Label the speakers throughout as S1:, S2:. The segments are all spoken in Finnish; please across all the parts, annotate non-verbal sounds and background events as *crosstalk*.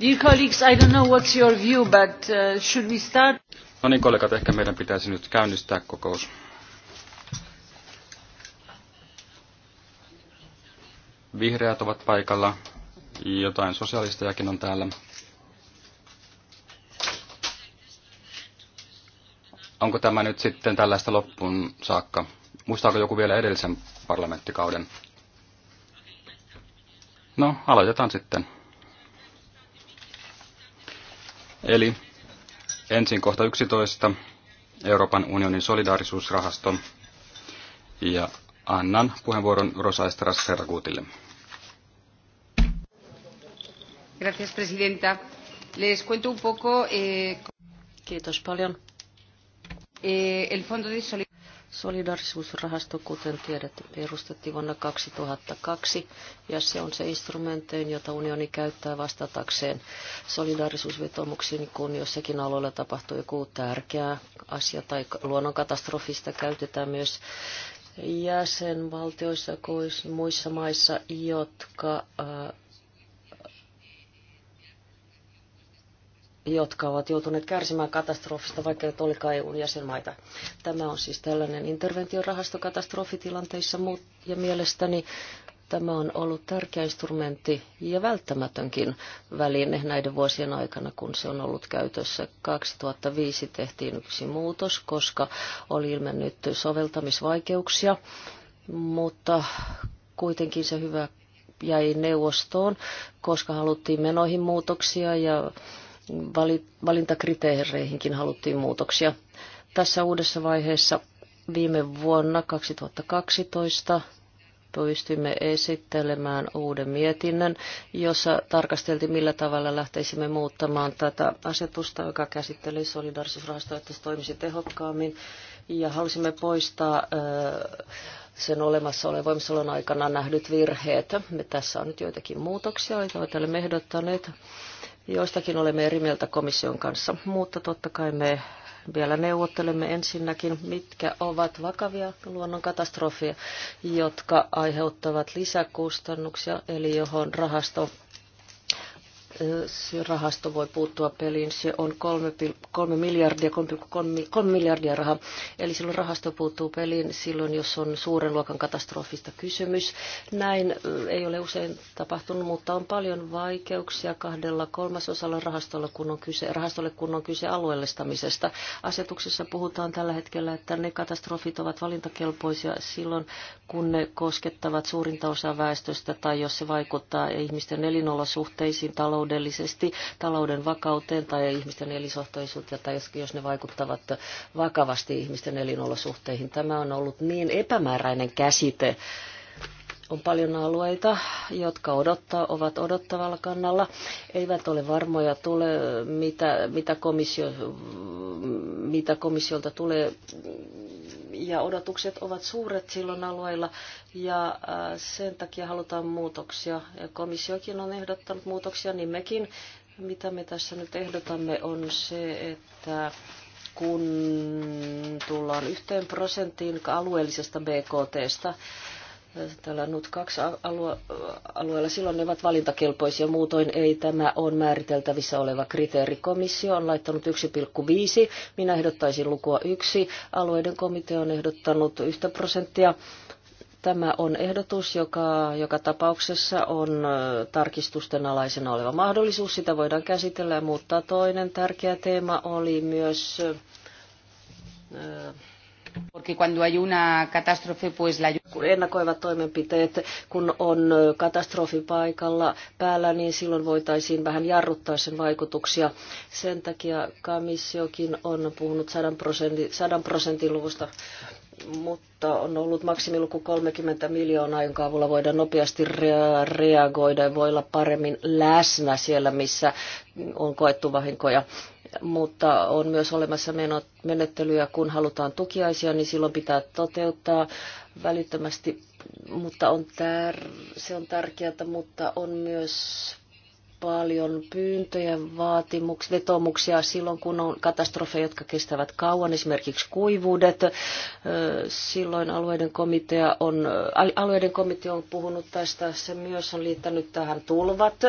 S1: Dear colleagues, I don't know what's your view, but uh, should we start?
S2: No niin, kollegat, ehkä meidän pitäisi nyt käynnistää kokous. Vihreät ovat paikalla, jotain sosialistejakin on täällä. Onko tämä nyt sitten tällaista loppuun saakka? Muistaako joku vielä edellisen parlamenttikauden? No, aloitetaan sitten. Eli ensin kohta 11, Euroopan unionin solidaarisuusrahasto, ja annan puheenvuoron Rosa Estras Serrakuutille.
S1: Gracias, presidenta. Les cuento un poco... Eh... Kiitos paljon. Eh, el fondo de Solidarisuusrahasto, kuten tiedätte, perustettiin vuonna 2002 ja se on se instrumentein, jota unioni käyttää vastatakseen solidarisuusvetomuksiin, kun jossakin alueella tapahtuu joku tärkeä asia tai luonnonkatastrofista käytetään myös jäsenvaltioissa kuin muissa maissa, jotka äh, jotka ovat joutuneet kärsimään katastrofista, vaikka ei olikaan EUn jäsenmaita. Tämä on siis tällainen interventiorahasto katastrofitilanteissa, ja mielestäni tämä on ollut tärkeä instrumentti ja välttämätönkin väline näiden vuosien aikana, kun se on ollut käytössä. 2005 tehtiin yksi muutos, koska oli ilmennyt soveltamisvaikeuksia, mutta kuitenkin se hyvä jäi neuvostoon, koska haluttiin menoihin muutoksia ja valintakriteereihinkin haluttiin muutoksia. Tässä uudessa vaiheessa viime vuonna 2012 pystyimme esittelemään uuden mietinnön, jossa tarkasteltiin, millä tavalla lähteisimme muuttamaan tätä asetusta, joka käsittelee solidarisuusrahastoa, että se toimisi tehokkaammin. Ja halusimme poistaa sen olemassa olevan voimassaolon aikana nähdyt virheet. Me tässä on nyt joitakin muutoksia, joita olemme ehdottaneet joistakin olemme eri mieltä komission kanssa, mutta totta kai me vielä neuvottelemme ensinnäkin, mitkä ovat vakavia luonnonkatastrofia, jotka aiheuttavat lisäkustannuksia, eli johon rahasto se rahasto voi puuttua peliin. Se on 3, miljardia, 3, 3 miljardia rahaa. Eli silloin rahasto puuttuu peliin silloin, jos on suuren luokan katastrofista kysymys. Näin ei ole usein tapahtunut, mutta on paljon vaikeuksia kahdella kolmasosalla rahastolla, kun on kyse, rahastolle, kun on kyse alueellistamisesta. Asetuksessa puhutaan tällä hetkellä, että ne katastrofit ovat valintakelpoisia silloin, kun ne koskettavat suurinta osaa väestöstä tai jos se vaikuttaa ihmisten elinolosuhteisiin, talouteen, taloudellisesti talouden vakauteen tai ihmisten elinsohtoisuuteen, tai jos ne vaikuttavat vakavasti ihmisten elinolosuhteihin. Tämä on ollut niin epämääräinen käsite, on paljon alueita, jotka odottaa, ovat odottavalla kannalla, eivät ole varmoja, tule, mitä, mitä, komissio, mitä komissiolta tulee, ja odotukset ovat suuret silloin alueilla, ja äh, sen takia halutaan muutoksia. Komissiokin on ehdottanut muutoksia, niin mekin. Mitä me tässä nyt ehdotamme on se, että kun tullaan yhteen prosenttiin alueellisesta BKTstä, tällä NUT 2 alueella, silloin ne ovat valintakelpoisia, muutoin ei tämä on määriteltävissä oleva kriteeri. Komissio on laittanut 1,5, minä ehdottaisin lukua 1, alueiden komitea on ehdottanut 1 prosenttia. Tämä on ehdotus, joka joka tapauksessa on tarkistusten alaisena oleva mahdollisuus. Sitä voidaan käsitellä ja muuttaa. Toinen tärkeä teema oli myös kun ennakoivat toimenpiteet, kun on katastrofi paikalla päällä, niin silloin voitaisiin vähän jarruttaa sen vaikutuksia. Sen takia komissiokin on puhunut 100 prosentin, 100 prosentin luvusta mutta on ollut maksimiluku 30 miljoonaa, jonka avulla voidaan nopeasti reagoida ja voi olla paremmin läsnä siellä, missä on koettu vahinkoja mutta on myös olemassa menettelyjä, kun halutaan tukiaisia, niin silloin pitää toteuttaa välittömästi, mutta on tär- se on tärkeää, mutta on myös paljon pyyntöjä, vaatimuksia, vetomuksia silloin, kun on katastrofeja, jotka kestävät kauan, esimerkiksi kuivuudet. Silloin alueiden komitea on, alueiden komitea on puhunut tästä, se myös on liittänyt tähän tulvat,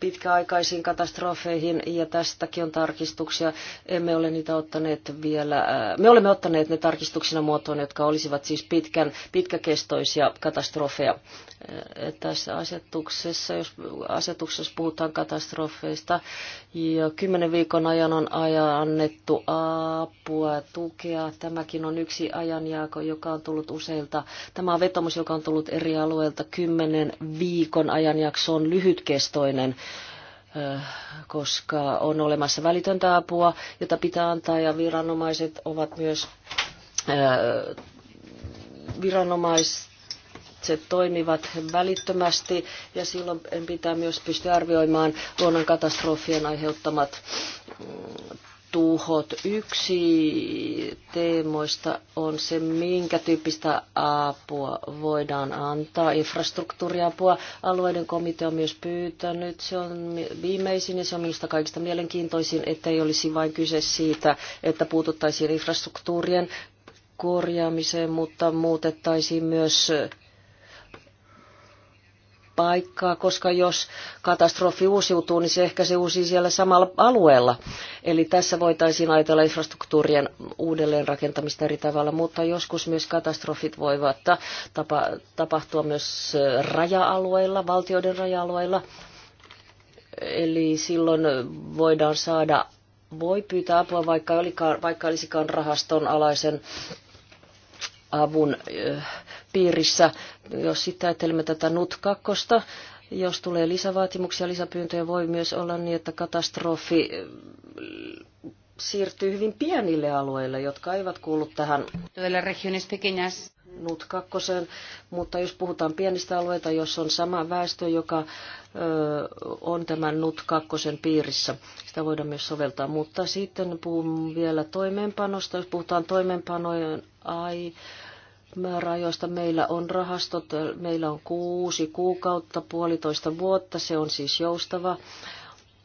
S1: pitkäaikaisiin katastrofeihin ja tästäkin on tarkistuksia. Emme ole niitä ottaneet vielä. Äh, me olemme ottaneet ne tarkistuksina muotoon, jotka olisivat siis pitkän, pitkäkestoisia katastrofeja. Äh, tässä asetuksessa, jos asetuksessa puhutaan katastrofeista, ja kymmenen viikon ajan on annettu apua, tukea. Tämäkin on yksi ajanjaako, joka on tullut useilta. Tämä on vetomus, joka on tullut eri alueilta. Kymmenen viikon ajanjakso on lyhytkestoinen koska on olemassa välitöntä apua, jota pitää antaa ja viranomaiset ovat myös viranomaiset toimivat välittömästi ja silloin pitää myös pystyä arvioimaan luonnonkatastrofien aiheuttamat mm, tuhot. Yksi teemoista on se, minkä tyyppistä apua voidaan antaa. Infrastruktuuriapua alueiden komitea on myös pyytänyt. Se on viimeisin ja se on minusta kaikista mielenkiintoisin, ei olisi vain kyse siitä, että puututtaisiin infrastruktuurien korjaamiseen, mutta muutettaisiin myös paikkaa, koska jos katastrofi uusiutuu, niin se ehkä se uusii siellä samalla alueella. Eli tässä voitaisiin ajatella infrastruktuurien uudelleenrakentamista eri tavalla, mutta joskus myös katastrofit voivat tapa, tapahtua myös äh, raja-alueilla, valtioiden raja-alueilla. Eli silloin voidaan saada, voi pyytää apua, vaikka, olikaan, vaikka olisikaan rahaston alaisen avun äh, piirissä. Jos sitten ajattelemme tätä NUT-kakkosta, jos tulee lisävaatimuksia, lisäpyyntöjä, voi myös olla niin, että katastrofi eh, siirtyy hyvin pienille alueille, jotka eivät kuulu tähän NUT kakkoseen, mutta jos puhutaan pienistä alueita, jos on sama väestö, joka ö, eh, on tämän NUT kakkosen piirissä, sitä voidaan myös soveltaa. Mutta sitten puhun vielä toimeenpanosta, jos puhutaan toimeenpanojen ai, joista meillä on rahastot, meillä on kuusi kuukautta, puolitoista vuotta, se on siis joustava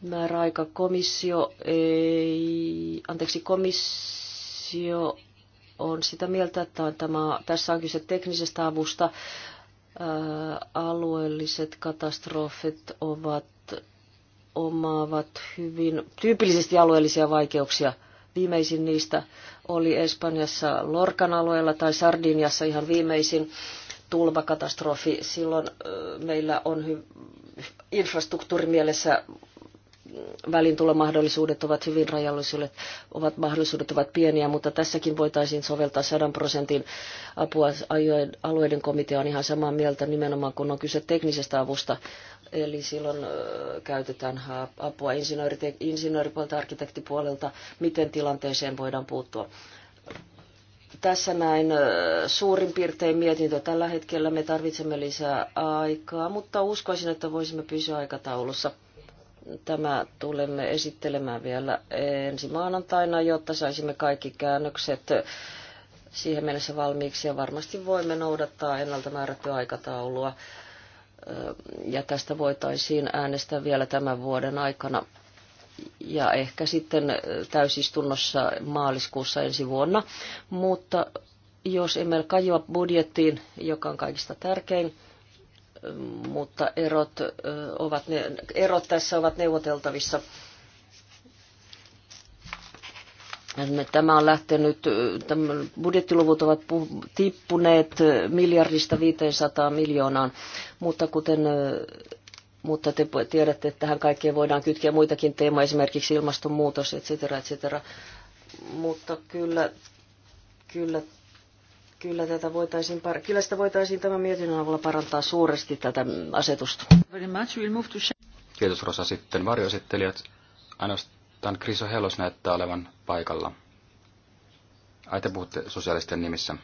S1: määräaika. Komissio ei, anteeksi, komissio on sitä mieltä, että on tämä, tässä on kyse teknisestä avusta. Ää, alueelliset katastrofit ovat, omaavat hyvin tyypillisesti alueellisia vaikeuksia – Viimeisin niistä oli Espanjassa Lorkan alueella tai Sardiniassa ihan viimeisin tulvakatastrofi. Silloin meillä on hy- infrastruktuurimielessä välintulomahdollisuudet ovat hyvin rajalliset, ovat mahdollisuudet ovat pieniä, mutta tässäkin voitaisiin soveltaa 100 prosentin apua. Alueiden komitea on ihan samaa mieltä nimenomaan, kun on kyse teknisestä avusta. Eli silloin käytetään apua insinööripuolelta, arkkitehtipuolelta, miten tilanteeseen voidaan puuttua. Tässä näin suurin piirtein mietintö tällä hetkellä. Me tarvitsemme lisää aikaa, mutta uskoisin, että voisimme pysyä aikataulussa. Tämä tulemme esittelemään vielä ensi maanantaina, jotta saisimme kaikki käännökset siihen mennessä valmiiksi ja varmasti voimme noudattaa ennalta määrättyä aikataulua ja tästä voitaisiin äänestää vielä tämän vuoden aikana ja ehkä sitten täysistunnossa maaliskuussa ensi vuonna. Mutta jos emme kajua budjettiin, joka on kaikista tärkein, mutta erot, ovat, erot tässä ovat neuvoteltavissa Tämä on lähtenyt, tämän budjettiluvut ovat tippuneet miljardista 500 miljoonaan, mutta kuten mutta te tiedätte, että tähän kaikkeen voidaan kytkeä muitakin teemoja, esimerkiksi ilmastonmuutos, etc. etc et Mutta kyllä, kyllä, kyllä, tätä voitaisiin, kyllä sitä voitaisiin tämän mietinnön avulla parantaa suuresti tätä asetusta.
S2: Kiitos Rosa. Sitten varjoesittelijät. Ainoastaan Dan Kriso Helos näyttää olevan paikalla. Ai te puhutte sosiaalisten nimissä.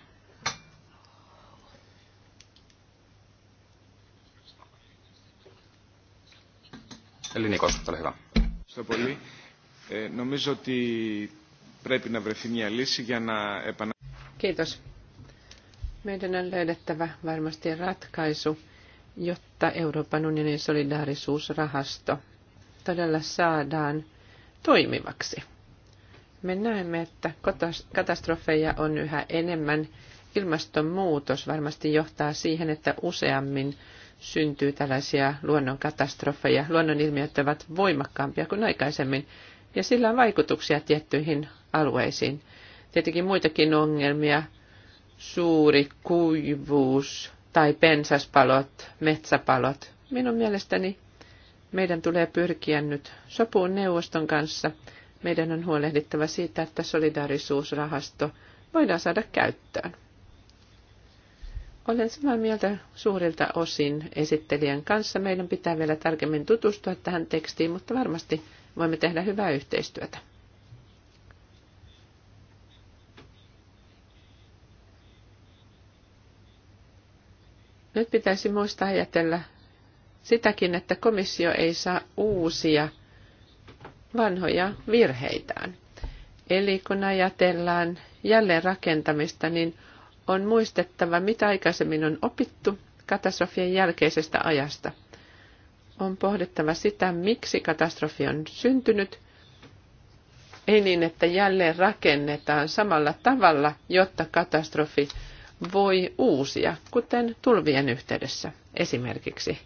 S2: Eli Nikos, ole hyvä.
S3: Kiitos. Meidän on löydettävä varmasti ratkaisu, jotta Euroopan unionin solidaarisuusrahasto todella saadaan toimivaksi. Me näemme, että katastrofeja on yhä enemmän. Ilmastonmuutos varmasti johtaa siihen, että useammin syntyy tällaisia luonnonkatastrofeja. Luonnonilmiöt ovat voimakkaampia kuin aikaisemmin, ja sillä on vaikutuksia tiettyihin alueisiin. Tietenkin muitakin ongelmia, suuri kuivuus tai pensaspalot, metsäpalot. Minun mielestäni meidän tulee pyrkiä nyt sopuun neuvoston kanssa. Meidän on huolehdittava siitä, että solidaarisuusrahasto voidaan saada käyttöön. Olen samaa mieltä suurilta osin esittelijän kanssa. Meidän pitää vielä tarkemmin tutustua tähän tekstiin, mutta varmasti voimme tehdä hyvää yhteistyötä. Nyt pitäisi muistaa ajatella sitäkin, että komissio ei saa uusia vanhoja virheitään. Eli kun ajatellaan jälleen rakentamista, niin on muistettava, mitä aikaisemmin on opittu katastrofien jälkeisestä ajasta. On pohdittava sitä, miksi katastrofi on syntynyt. Ei niin, että jälleen rakennetaan samalla tavalla, jotta katastrofi voi uusia, kuten tulvien yhteydessä esimerkiksi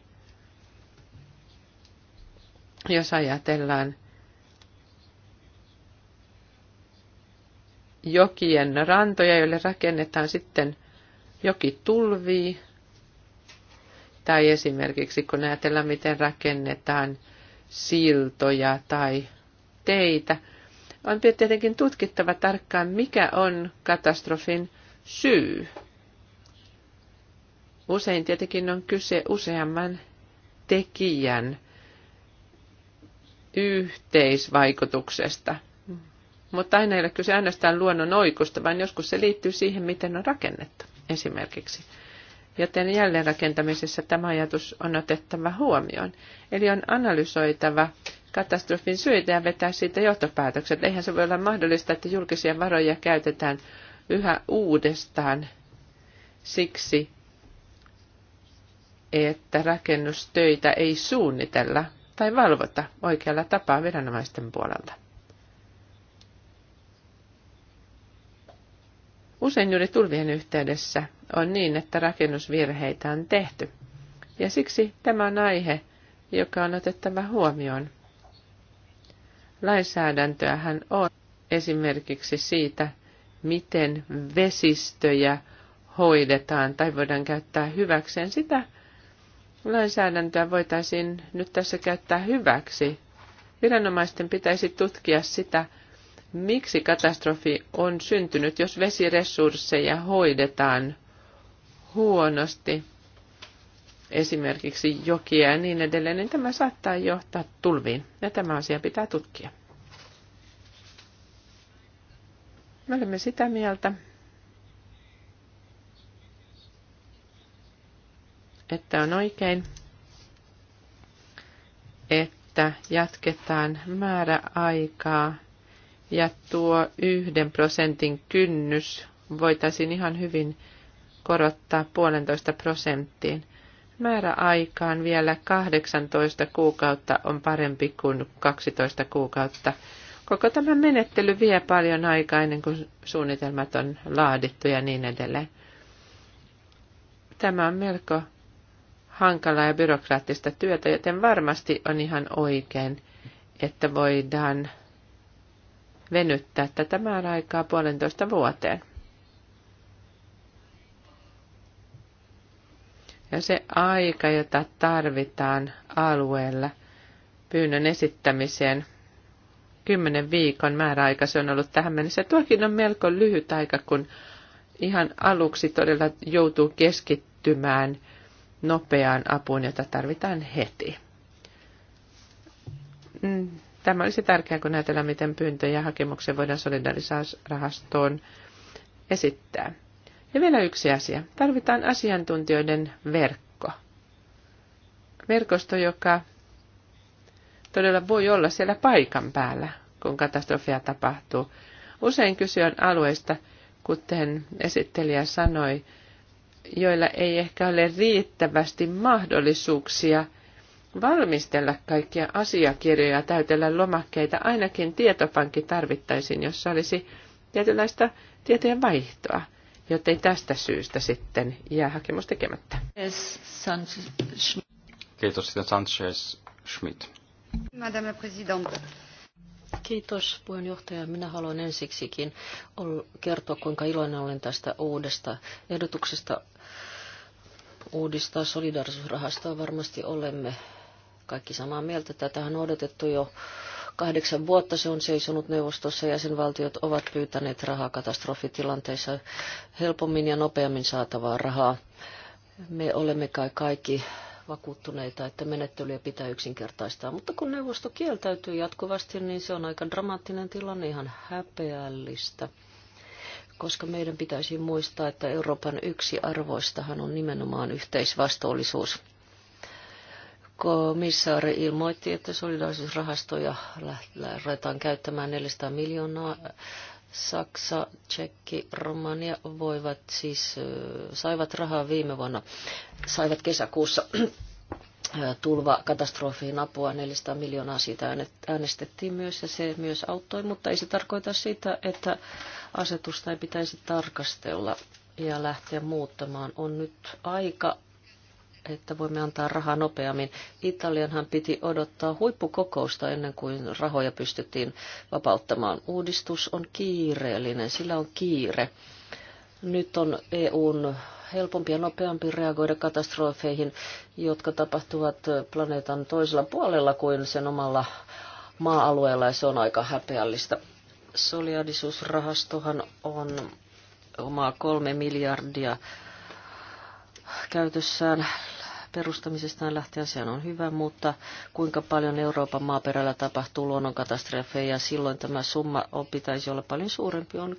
S3: jos ajatellaan jokien rantoja, joille rakennetaan sitten joki tulvii, tai esimerkiksi kun ajatellaan, miten rakennetaan siltoja tai teitä, on tietenkin tutkittava tarkkaan, mikä on katastrofin syy. Usein tietenkin on kyse useamman tekijän yhteisvaikutuksesta. Mutta aina ei ole kyse ainoastaan luonnon oikusta, vaan joskus se liittyy siihen, miten on rakennettu esimerkiksi. Joten jälleenrakentamisessa tämä ajatus on otettava huomioon. Eli on analysoitava katastrofin syitä ja vetää siitä johtopäätökset. Eihän se voi olla mahdollista, että julkisia varoja käytetään yhä uudestaan siksi, että rakennustöitä ei suunnitella tai valvota oikealla tapaa viranomaisten puolelta. Usein juuri tulvien yhteydessä on niin, että rakennusvirheitä on tehty, ja siksi tämä on aihe, joka on otettava huomioon. Lainsäädäntöähän on esimerkiksi siitä, miten vesistöjä hoidetaan tai voidaan käyttää hyväkseen. Sitä lainsäädäntöä voitaisiin nyt tässä käyttää hyväksi. Viranomaisten pitäisi tutkia sitä, miksi katastrofi on syntynyt, jos vesiresursseja hoidetaan huonosti, esimerkiksi jokia ja niin edelleen, niin tämä saattaa johtaa tulviin. Ja tämä asia pitää tutkia. Me olemme sitä mieltä, että on oikein, että jatketaan määräaikaa ja tuo yhden prosentin kynnys voitaisiin ihan hyvin korottaa puolentoista prosenttiin. Määräaikaan vielä 18 kuukautta on parempi kuin 12 kuukautta. Koko tämä menettely vie paljon aikaa ennen kuin suunnitelmat on laadittu ja niin edelleen. Tämä on melko hankalaa ja byrokraattista työtä, joten varmasti on ihan oikein, että voidaan venyttää tätä määräaikaa puolentoista vuoteen. Ja se aika, jota tarvitaan alueella pyynnön esittämiseen, kymmenen viikon määräaika se on ollut tähän mennessä. Tuokin on melko lyhyt aika, kun ihan aluksi todella joutuu keskittymään – nopeaan apuun, jota tarvitaan heti. Mm, tämä olisi tärkeää, kun ajatellaan, miten pyyntöjä ja hakemuksia voidaan solidarisuusrahastoon esittää. Ja vielä yksi asia. Tarvitaan asiantuntijoiden verkko. Verkosto, joka todella voi olla siellä paikan päällä, kun katastrofia tapahtuu. Usein kyse on alueista, kuten esittelijä sanoi, joilla ei ehkä ole riittävästi mahdollisuuksia valmistella kaikkia asiakirjoja, täytellä lomakkeita. Ainakin tietopankki tarvittaisiin, jossa olisi tietynlaista tietojen vaihtoa, ei tästä syystä sitten jää hakemus tekemättä.
S2: Kiitos sitten Sanchez Schmidt.
S1: Madame la Kiitos puheenjohtaja. Minä haluan ensiksikin kertoa, kuinka iloinen olen tästä uudesta ehdotuksesta uudistaa solidarisuusrahastoa. Varmasti olemme kaikki samaa mieltä. Tätähän on odotettu jo kahdeksan vuotta. Se on seisonut neuvostossa. Jäsenvaltiot ovat pyytäneet rahaa katastrofitilanteissa helpommin ja nopeammin saatavaa rahaa. Me olemme kai kaikki vakuuttuneita, että menettelyä pitää yksinkertaistaa. Mutta kun neuvosto kieltäytyy jatkuvasti, niin se on aika dramaattinen tilanne, ihan häpeällistä koska meidän pitäisi muistaa, että Euroopan yksi arvoistahan on nimenomaan yhteisvastuullisuus. Komissaari ilmoitti, että solidaarisuusrahastoja laitetaan käyttämään 400 miljoonaa. Saksa, Tsekki, Romania voivat siis, saivat rahaa viime vuonna, saivat kesäkuussa *clears throat* tulva katastrofiin apua 400 miljoonaa siitä äänestettiin myös ja se myös auttoi, mutta ei se tarkoita sitä, että asetusta ei pitäisi tarkastella ja lähteä muuttamaan. On nyt aika, että voimme antaa rahaa nopeammin. Italianhan piti odottaa huippukokousta ennen kuin rahoja pystyttiin vapauttamaan. Uudistus on kiireellinen, sillä on kiire. Nyt on EUn helpompi ja nopeampi reagoida katastrofeihin, jotka tapahtuvat planeetan toisella puolella kuin sen omalla maa-alueella, ja se on aika häpeällistä. Solidarisuusrahastohan on omaa kolme miljardia käytössään perustamisestaan lähtien se on hyvä, mutta kuinka paljon Euroopan maaperällä tapahtuu luonnonkatastrofeja, silloin tämä summa on, pitäisi olla paljon suurempi, on,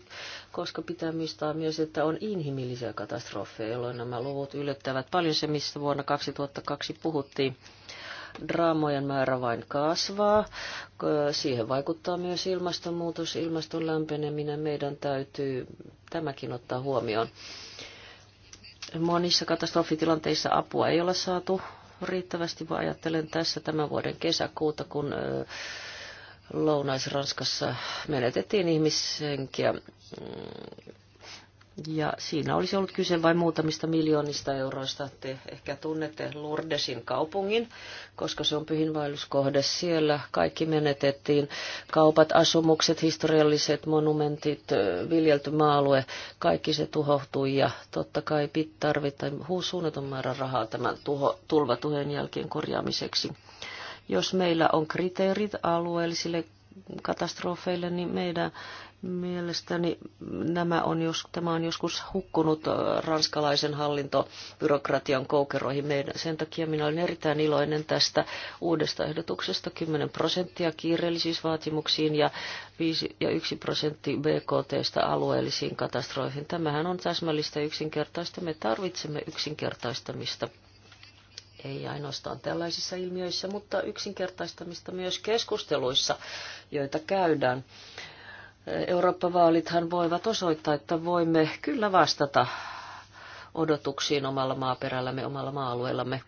S1: koska pitää muistaa myös, että on inhimillisiä katastrofeja, jolloin nämä luvut yllättävät paljon se, mistä vuonna 2002 puhuttiin draamojen määrä vain kasvaa. Siihen vaikuttaa myös ilmastonmuutos, ilmaston lämpeneminen. Meidän täytyy tämäkin ottaa huomioon. Monissa katastrofitilanteissa apua ei ole saatu riittävästi, vaan ajattelen tässä tämän vuoden kesäkuuta, kun Lounais-Ranskassa menetettiin ihmishenkiä mm, ja siinä olisi ollut kyse vain muutamista miljoonista euroista. Te ehkä tunnette Lourdesin kaupungin, koska se on pyhinvailuskohde Siellä kaikki menetettiin. Kaupat, asumukset, historialliset monumentit, viljelty maalue, alue kaikki se tuhohtui. Ja totta kai pit tarvitaan suunnaton määrä rahaa tämän tuho, tulvatuhen jälkeen korjaamiseksi. Jos meillä on kriteerit alueellisille katastrofeille, niin meidän Mielestäni nämä on jos, tämä on joskus hukkunut ranskalaisen hallintobyrokratian koukeroihin. Meidän, sen takia minä olen erittäin iloinen tästä uudesta ehdotuksesta. 10 prosenttia kiireellisyysvaatimuksiin ja, 5, ja 1 prosentti BKTstä alueellisiin katastrofiin. Tämähän on täsmällistä yksinkertaista. Me tarvitsemme yksinkertaistamista ei ainoastaan tällaisissa ilmiöissä, mutta yksinkertaistamista myös keskusteluissa, joita käydään. Eurooppa-vaalithan voivat osoittaa, että voimme kyllä vastata odotuksiin omalla maaperällämme, omalla maa-alueellamme.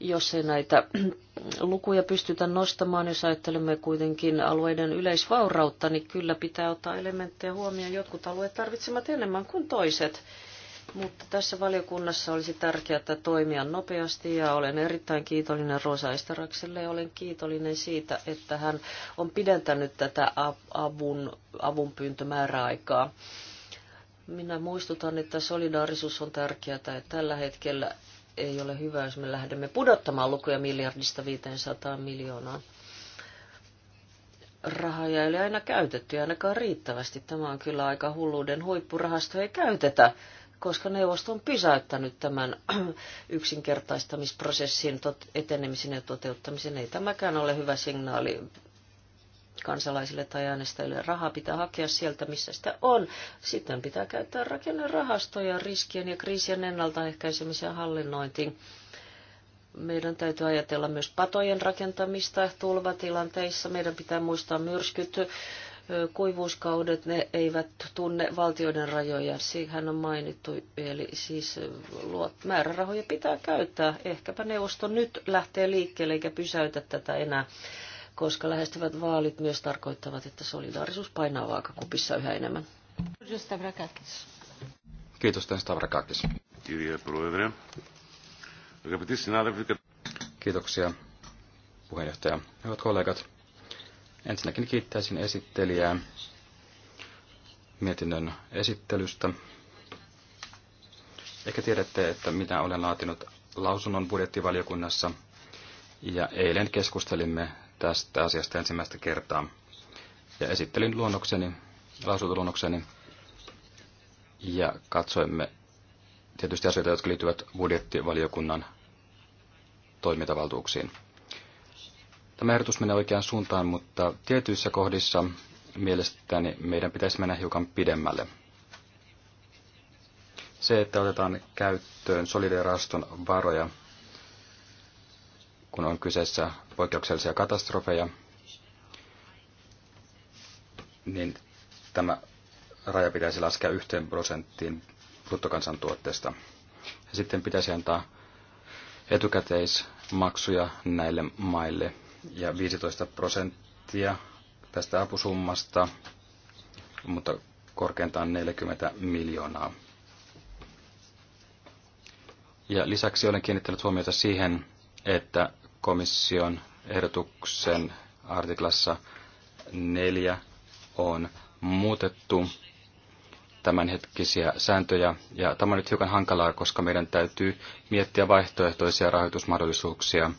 S1: Jos ei näitä *clears throat* lukuja pystytä nostamaan, jos ajattelemme kuitenkin alueiden yleisvaurautta, niin kyllä pitää ottaa elementtejä huomioon. Jotkut alueet tarvitsevat enemmän kuin toiset. Mutta tässä valiokunnassa olisi tärkeää toimia nopeasti ja olen erittäin kiitollinen Rosa Estarakselle ja olen kiitollinen siitä, että hän on pidentänyt tätä avun, pyyntömääräaikaa. Minä muistutan, että solidaarisuus on tärkeää, että tällä hetkellä ei ole hyvä, jos me lähdemme pudottamaan lukuja miljardista 500 miljoonaa. Rahaa ei ole aina käytetty, ainakaan riittävästi. Tämä on kyllä aika hulluuden huippurahasto ei käytetä koska neuvosto on pysäyttänyt tämän *clears throat* yksinkertaistamisprosessin etenemisen ja toteuttamisen. Ei tämäkään ole hyvä signaali kansalaisille tai äänestäjille. Raha pitää hakea sieltä, missä sitä on. Sitten pitää käyttää rakennerahastoja riskien ja kriisien ennaltaehkäisemiseen hallinnointiin. Meidän täytyy ajatella myös patojen rakentamista tulvatilanteissa. Meidän pitää muistaa myrskyt, kuivuuskaudet, ne eivät tunne valtioiden rajoja. Siihen on mainittu, eli siis luot, määrärahoja pitää käyttää. Ehkäpä neuvosto nyt lähtee liikkeelle eikä pysäytä tätä enää, koska lähestyvät vaalit myös tarkoittavat, että solidaarisuus painaa vaakakupissa yhä enemmän.
S2: Kiitos tästä Stavrakakis. Kiitoksia, puheenjohtaja. Hyvät kollegat, Ensinnäkin kiittäisin esittelijää mietinnön esittelystä. Ehkä tiedätte, että minä olen laatinut lausunnon budjettivaliokunnassa ja eilen keskustelimme tästä asiasta ensimmäistä kertaa. Ja esittelin luonnokseni, lausuntoluonnokseni ja katsoimme tietysti asioita, jotka liittyvät budjettivaliokunnan toimintavaltuuksiin. Tämä ehdotus menee oikeaan suuntaan, mutta tietyissä kohdissa mielestäni meidän pitäisi mennä hiukan pidemmälle. Se, että otetaan käyttöön solidaraston varoja, kun on kyseessä poikkeuksellisia katastrofeja, niin tämä raja pitäisi laskea yhteen prosenttiin bruttokansantuotteesta. Ja sitten pitäisi antaa etukäteismaksuja näille maille ja 15 prosenttia tästä apusummasta, mutta korkeintaan 40 miljoonaa. Ja lisäksi olen kiinnittänyt huomiota siihen, että komission ehdotuksen artiklassa 4 on muutettu tämänhetkisiä sääntöjä. Ja tämä on nyt hiukan hankalaa, koska meidän täytyy miettiä vaihtoehtoisia rahoitusmahdollisuuksia –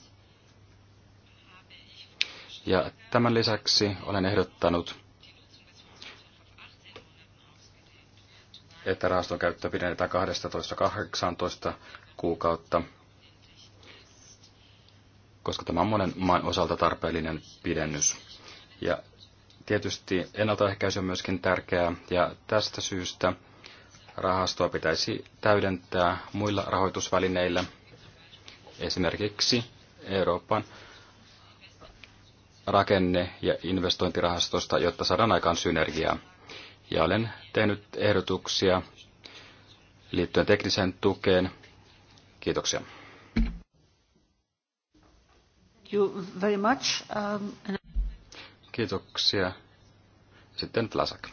S2: ja tämän lisäksi olen ehdottanut, että rahaston käyttö pidennetään 12-18 kuukautta, koska tämä on monen maan osalta tarpeellinen pidennys. Ja tietysti ennaltaehkäisy on myöskin tärkeää, ja tästä syystä rahastoa pitäisi täydentää muilla rahoitusvälineillä, esimerkiksi Euroopan rakenne- ja investointirahastosta, jotta saadaan aikaan synergiaa. Ja olen tehnyt ehdotuksia liittyen tekniseen tukeen. Kiitoksia.
S1: You very much. Um, and...
S2: Kiitoksia. Sitten Tlasak.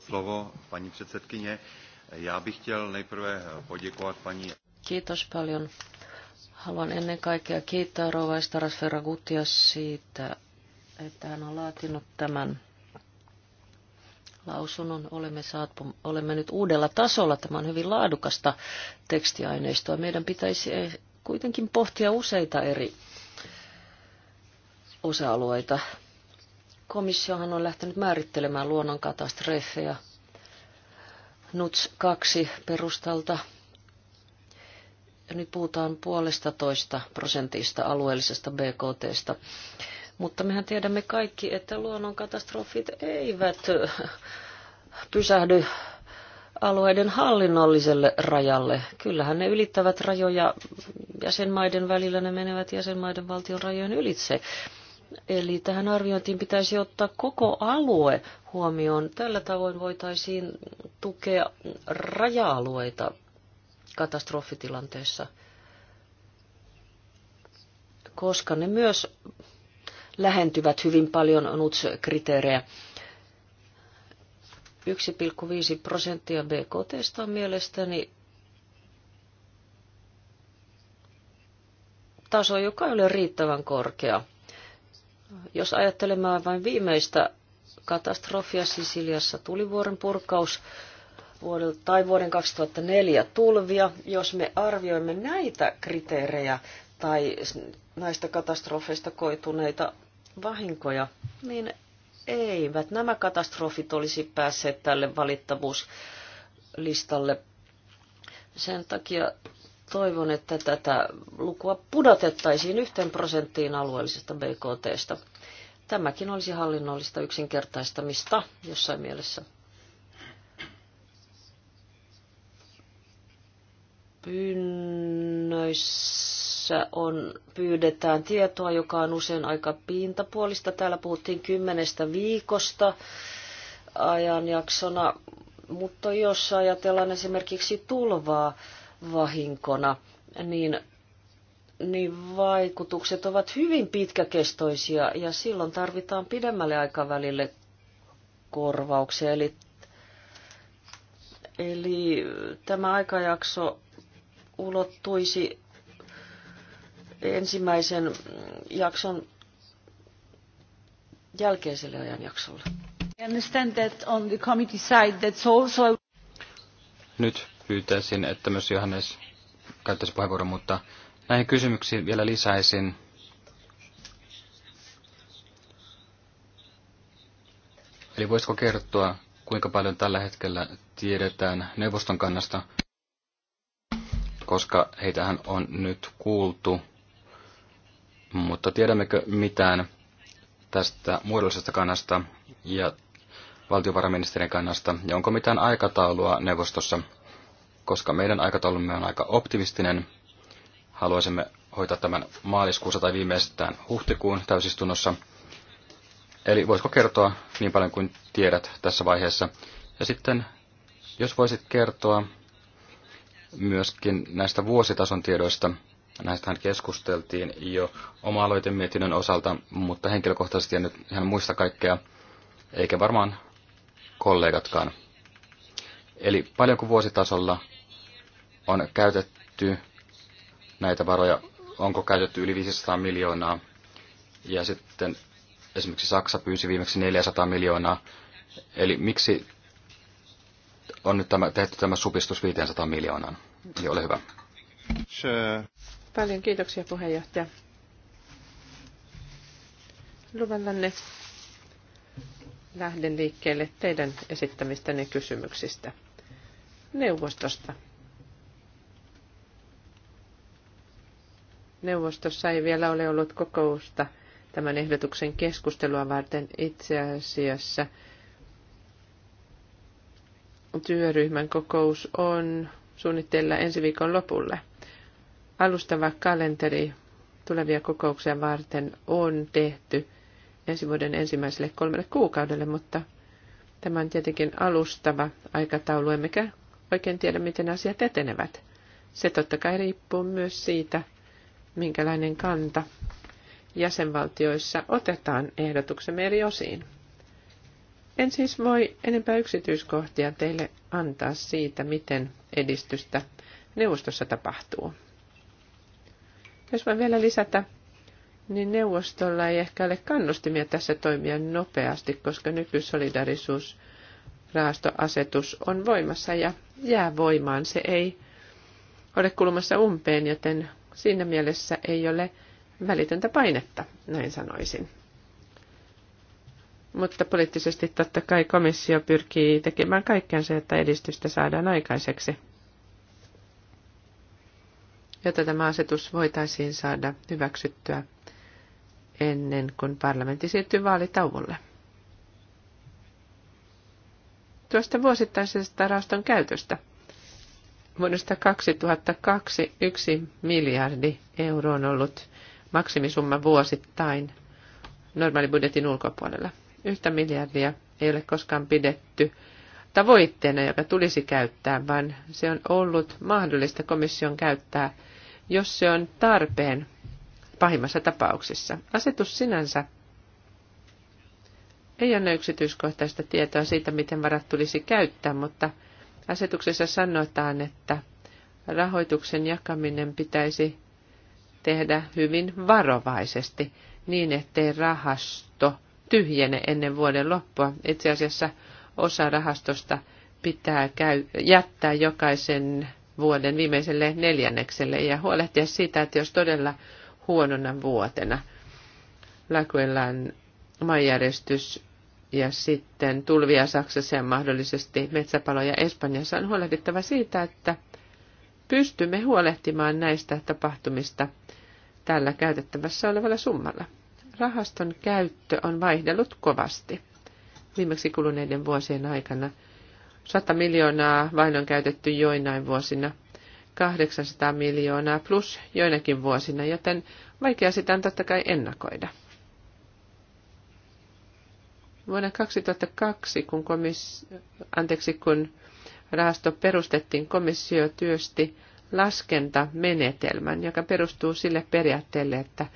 S2: Slovo, pani předsedkyně. Já bych chtěl nejprve poděkovat paní...
S1: Kiitos paljon Haluan ennen kaikkea kiittää Rova Estaras Ferragutia siitä, että hän on laatinut tämän lausunnon. Olemme, saatu, olemme nyt uudella tasolla. Tämä on hyvin laadukasta tekstiaineistoa. Meidän pitäisi kuitenkin pohtia useita eri osa-alueita. Komissiohan on lähtenyt määrittelemään luonnonkatastrofeja NUTS 2 perustalta nyt puhutaan puolesta toista prosentista alueellisesta BKTstä. Mutta mehän tiedämme kaikki, että luonnonkatastrofit eivät pysähdy alueiden hallinnolliselle rajalle. Kyllähän ne ylittävät rajoja jäsenmaiden välillä, ne menevät jäsenmaiden valtion rajojen ylitse. Eli tähän arviointiin pitäisi ottaa koko alue huomioon. Tällä tavoin voitaisiin tukea raja-alueita katastrofitilanteessa, koska ne myös lähentyvät hyvin paljon NUTS-kriteerejä. 1,5 prosenttia BKT on mielestäni taso, joka ei ole riittävän korkea. Jos ajattelemme vain viimeistä katastrofia Sisiliassa, tulivuoren purkaus, vuodelta, tai vuoden 2004 tulvia. Jos me arvioimme näitä kriteerejä tai näistä katastrofeista koituneita vahinkoja, niin eivät nämä katastrofit olisi päässeet tälle valittavuuslistalle. Sen takia toivon, että tätä lukua pudotettaisiin yhteen prosenttiin alueellisesta BKTstä. Tämäkin olisi hallinnollista yksinkertaistamista jossain mielessä. pyynnöissä on, pyydetään tietoa, joka on usein aika pintapuolista. Täällä puhuttiin kymmenestä viikosta ajanjaksona, mutta jos ajatellaan esimerkiksi tulvaa vahinkona, niin niin vaikutukset ovat hyvin pitkäkestoisia ja silloin tarvitaan pidemmälle aikavälille korvauksia. Eli, eli tämä aikajakso ulottuisi ensimmäisen jakson jälkeiselle ajanjaksolle.
S2: Nyt pyytäisin, että myös Johannes käyttäisi puheenvuoron, mutta näihin kysymyksiin vielä lisäisin. Eli voisiko kertoa, kuinka paljon tällä hetkellä tiedetään neuvoston kannasta koska heitähän on nyt kuultu, mutta tiedämmekö mitään tästä muodollisesta kannasta ja valtiovarainministerin kannasta, ja onko mitään aikataulua neuvostossa, koska meidän aikataulumme on aika optimistinen. Haluaisimme hoitaa tämän maaliskuussa tai viimeistään huhtikuun täysistunnossa. Eli voisiko kertoa niin paljon kuin tiedät tässä vaiheessa? Ja sitten, jos voisit kertoa myöskin näistä vuositason tiedoista. Näistähän keskusteltiin jo oma-aloitemietinnön osalta, mutta henkilökohtaisesti en nyt ihan muista kaikkea, eikä varmaan kollegatkaan. Eli paljonko vuositasolla on käytetty näitä varoja, onko käytetty yli 500 miljoonaa, ja sitten esimerkiksi Saksa pyysi viimeksi 400 miljoonaa. Eli miksi on nyt tämä, tehty tämä supistus 500 miljoonaan. Eli ole hyvä.
S3: Paljon kiitoksia puheenjohtaja. Luvallanne lähden liikkeelle teidän esittämistänne kysymyksistä neuvostosta. Neuvostossa ei vielä ole ollut kokousta tämän ehdotuksen keskustelua varten itse asiassa – työryhmän kokous on suunnitteilla ensi viikon lopulle. Alustava kalenteri tulevia kokouksia varten on tehty ensi vuoden ensimmäiselle kolmelle kuukaudelle, mutta tämä on tietenkin alustava aikataulu, emmekä oikein tiedä, miten asiat etenevät. Se totta kai riippuu myös siitä, minkälainen kanta jäsenvaltioissa otetaan ehdotuksemme eri osiin. En siis voi enempää yksityiskohtia teille antaa siitä, miten edistystä neuvostossa tapahtuu. Jos voin vielä lisätä, niin neuvostolla ei ehkä ole kannustimia tässä toimia nopeasti, koska nykysolidarisuusrahastoasetus on voimassa ja jää voimaan. Se ei ole kulmassa umpeen, joten siinä mielessä ei ole välitöntä painetta, näin sanoisin. Mutta poliittisesti totta kai komissio pyrkii tekemään kaikkensa, että edistystä saadaan aikaiseksi, jotta tämä asetus voitaisiin saada hyväksyttyä ennen kuin parlamentti siirtyy vaalitauolle. Tuosta vuosittaisesta rahaston käytöstä. Vuodesta 2002 yksi miljardi euroa on ollut maksimisumma vuosittain normaalibudjetin ulkopuolella. Yhtä miljardia ei ole koskaan pidetty tavoitteena, joka tulisi käyttää, vaan se on ollut mahdollista komission käyttää, jos se on tarpeen pahimmassa tapauksessa. Asetus sinänsä ei anna yksityiskohtaista tietoa siitä, miten varat tulisi käyttää, mutta asetuksessa sanotaan, että rahoituksen jakaminen pitäisi tehdä hyvin varovaisesti niin, ettei rahasto – tyhjene ennen vuoden loppua. Itse asiassa osa rahastosta pitää käy, jättää jokaisen vuoden viimeiselle neljännekselle ja huolehtia siitä, että jos todella huonona vuotena Lakuellan maanjärjestys ja sitten tulvia Saksassa ja mahdollisesti metsäpaloja Espanjassa on huolehdittava siitä, että pystymme huolehtimaan näistä tapahtumista tällä käytettävässä olevalla summalla rahaston käyttö on vaihdellut kovasti viimeksi kuluneiden vuosien aikana. 100 miljoonaa vain on käytetty joinain vuosina, 800 miljoonaa plus joinakin vuosina, joten vaikea sitä on totta kai ennakoida. Vuonna 2002, kun, komis, anteeksi, kun rahasto perustettiin, komissio työsti laskentamenetelmän, joka perustuu sille periaatteelle, että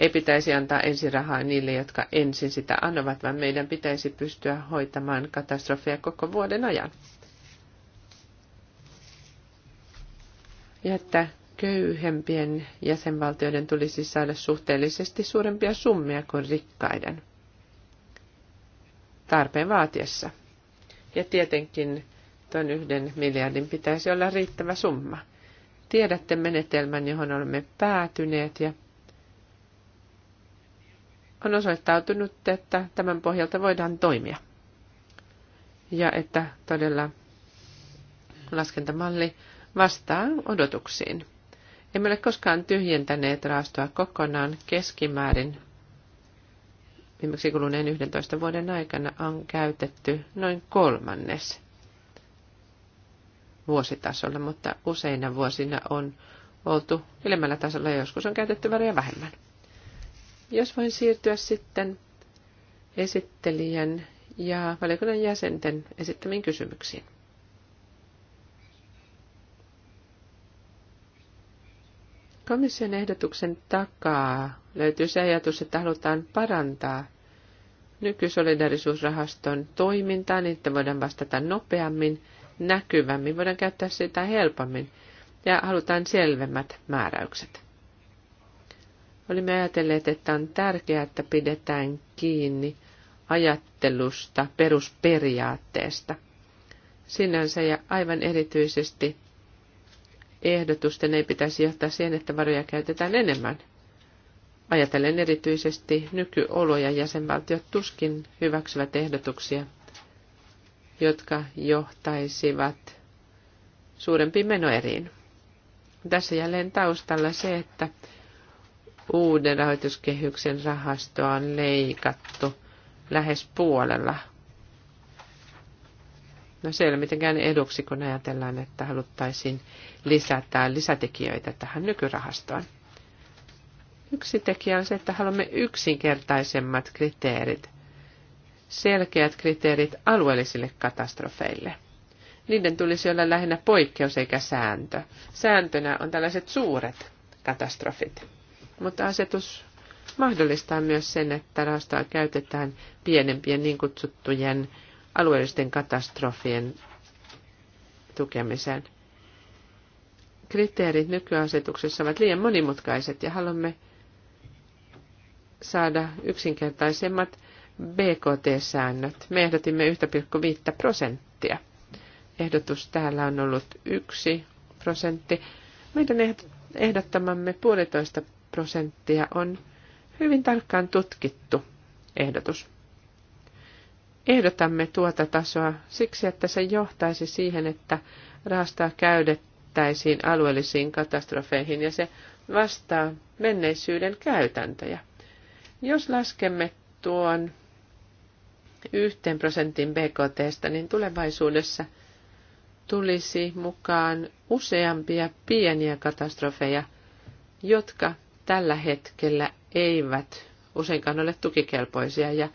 S3: ei pitäisi antaa ensirahaa niille, jotka ensin sitä annovat, vaan meidän pitäisi pystyä hoitamaan katastrofia koko vuoden ajan. Ja että köyhempien jäsenvaltioiden tulisi saada suhteellisesti suurempia summia kuin rikkaiden tarpeen vaatiessa. Ja tietenkin tuon yhden miljardin pitäisi olla riittävä summa. Tiedätte menetelmän, johon olemme päätyneet ja on osoittautunut, että tämän pohjalta voidaan toimia. Ja että todella laskentamalli vastaa odotuksiin. Emme ole koskaan tyhjentäneet rahastoa kokonaan keskimäärin. Viimeksi kuluneen 11 vuoden aikana on käytetty noin kolmannes vuositasolla, mutta useina vuosina on oltu ylemmällä tasolla ja joskus on käytetty väriä vähemmän. Jos voin siirtyä sitten esittelijän ja valiokunnan jäsenten esittämiin kysymyksiin. Komission ehdotuksen takaa löytyy se ajatus, että halutaan parantaa nykysolidarisuusrahaston toimintaa, niin että voidaan vastata nopeammin, näkyvämmin, voidaan käyttää sitä helpommin ja halutaan selvemmät määräykset. Olimme ajatelleet, että on tärkeää, että pidetään kiinni ajattelusta, perusperiaatteesta. Sinänsä ja aivan erityisesti ehdotusten ei pitäisi johtaa siihen, että varoja käytetään enemmän. Ajatellen erityisesti nykyoloja jäsenvaltiot tuskin hyväksyvät ehdotuksia, jotka johtaisivat suurempiin menoeriin. Tässä jälleen taustalla se, että uuden rahoituskehyksen rahastoa on leikattu lähes puolella. No se ei ole mitenkään eduksi, kun ajatellaan, että haluttaisiin lisätä lisätekijöitä tähän nykyrahastoon. Yksi tekijä on se, että haluamme yksinkertaisemmat kriteerit, selkeät kriteerit alueellisille katastrofeille. Niiden tulisi olla lähinnä poikkeus eikä sääntö. Sääntönä on tällaiset suuret katastrofit mutta asetus mahdollistaa myös sen, että rahastoa käytetään pienempien niin kutsuttujen alueellisten katastrofien tukemiseen. Kriteerit nykyasetuksessa ovat liian monimutkaiset ja haluamme saada yksinkertaisemmat BKT-säännöt. Me ehdotimme 1,5 prosenttia. Ehdotus täällä on ollut 1 prosentti. Meidän ehdottamamme puolitoista prosenttia on hyvin tarkkaan tutkittu ehdotus. Ehdotamme tuota tasoa siksi, että se johtaisi siihen, että rahastaa käytettäisiin alueellisiin katastrofeihin ja se vastaa menneisyyden käytäntöjä. Jos laskemme tuon yhteen prosentin BKT, niin tulevaisuudessa tulisi mukaan useampia pieniä katastrofeja, jotka tällä hetkellä eivät useinkaan ole tukikelpoisia ja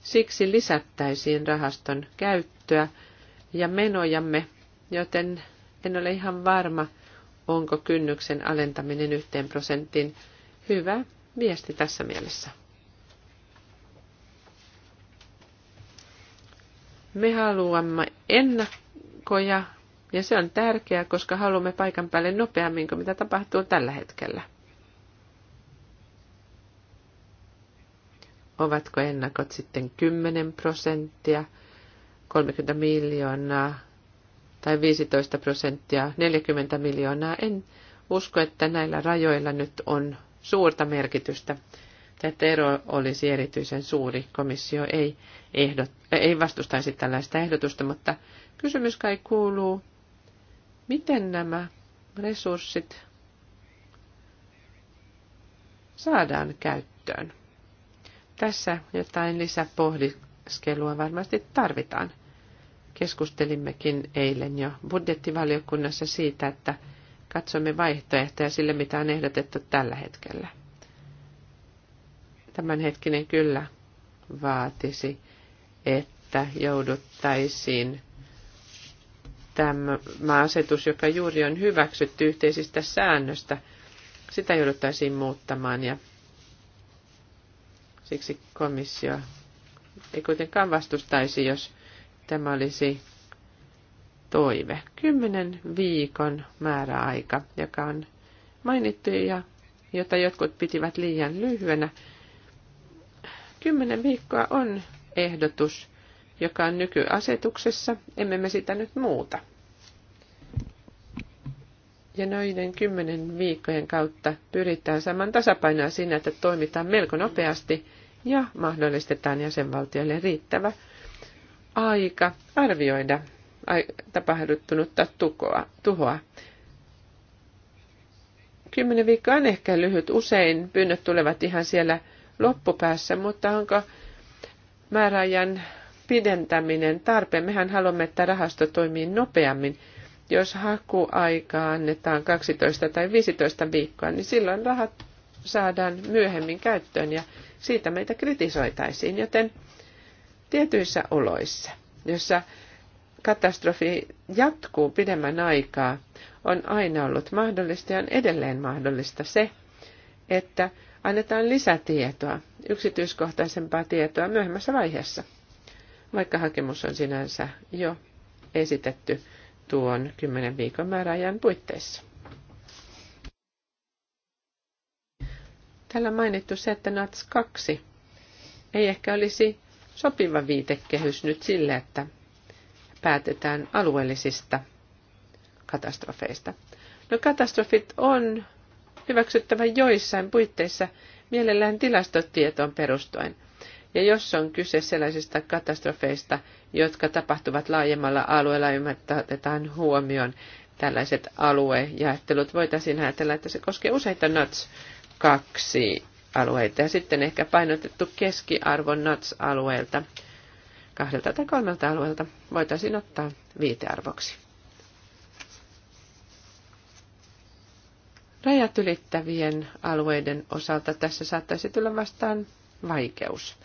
S3: siksi lisättäisiin rahaston käyttöä ja menojamme, joten en ole ihan varma, onko kynnyksen alentaminen yhteen prosenttiin hyvä viesti tässä mielessä. Me haluamme ennakkoja ja se on tärkeää, koska haluamme paikan päälle nopeammin kuin mitä tapahtuu tällä hetkellä. Ovatko ennakot sitten 10 prosenttia, 30 miljoonaa tai 15 prosenttia, 40 miljoonaa? En usko, että näillä rajoilla nyt on suurta merkitystä. Tätä ero olisi erityisen suuri. Komissio ei, ehdot, ei vastustaisi tällaista ehdotusta, mutta kysymys kai kuuluu, miten nämä resurssit saadaan käyttöön. Tässä jotain lisäpohdiskelua varmasti tarvitaan. Keskustelimmekin eilen jo budjettivaliokunnassa siitä, että katsomme vaihtoehtoja sille, mitä on ehdotettu tällä hetkellä. Tämänhetkinen kyllä vaatisi, että jouduttaisiin tämä asetus, joka juuri on hyväksytty yhteisistä säännöstä, sitä jouduttaisiin muuttamaan ja Siksi komissio ei kuitenkaan vastustaisi, jos tämä olisi toive. Kymmenen viikon määräaika, joka on mainittu ja jota jotkut pitivät liian lyhyenä. Kymmenen viikkoa on ehdotus, joka on nykyasetuksessa, emme me sitä nyt muuta. Ja noiden kymmenen viikkojen kautta pyritään saamaan tasapainoa siinä, että toimitaan melko nopeasti – ja mahdollistetaan jäsenvaltioille riittävä aika arvioida tapahduttunutta tukoa, tuhoa. Kymmenen viikkoa on ehkä lyhyt. Usein pyynnöt tulevat ihan siellä loppupäässä, mutta onko määräajan pidentäminen tarpeen? Mehän haluamme, että rahasto toimii nopeammin. Jos hakuaikaa annetaan 12 tai 15 viikkoa, niin silloin rahat saadaan myöhemmin käyttöön ja siitä meitä kritisoitaisiin, joten tietyissä oloissa, jossa katastrofi jatkuu pidemmän aikaa, on aina ollut mahdollista ja on edelleen mahdollista se, että annetaan lisätietoa, yksityiskohtaisempaa tietoa myöhemmässä vaiheessa, vaikka hakemus on sinänsä jo esitetty tuon kymmenen viikon määräajan puitteissa. Täällä on mainittu se, että NATS 2 ei ehkä olisi sopiva viitekehys nyt sille, että päätetään alueellisista katastrofeista. No katastrofit on hyväksyttävä joissain puitteissa mielellään tilastotietoon perustuen. Ja jos on kyse sellaisista katastrofeista, jotka tapahtuvat laajemmalla alueella, otetaan huomioon tällaiset aluejaettelut. Voitaisiin ajatella, että se koskee useita NOTS kaksi alueita ja sitten ehkä painotettu keskiarvo NOTS-alueelta kahdelta tai kolmelta alueelta voitaisiin ottaa viitearvoksi. Rajat ylittävien alueiden osalta tässä saattaisi tulla vastaan vaikeus,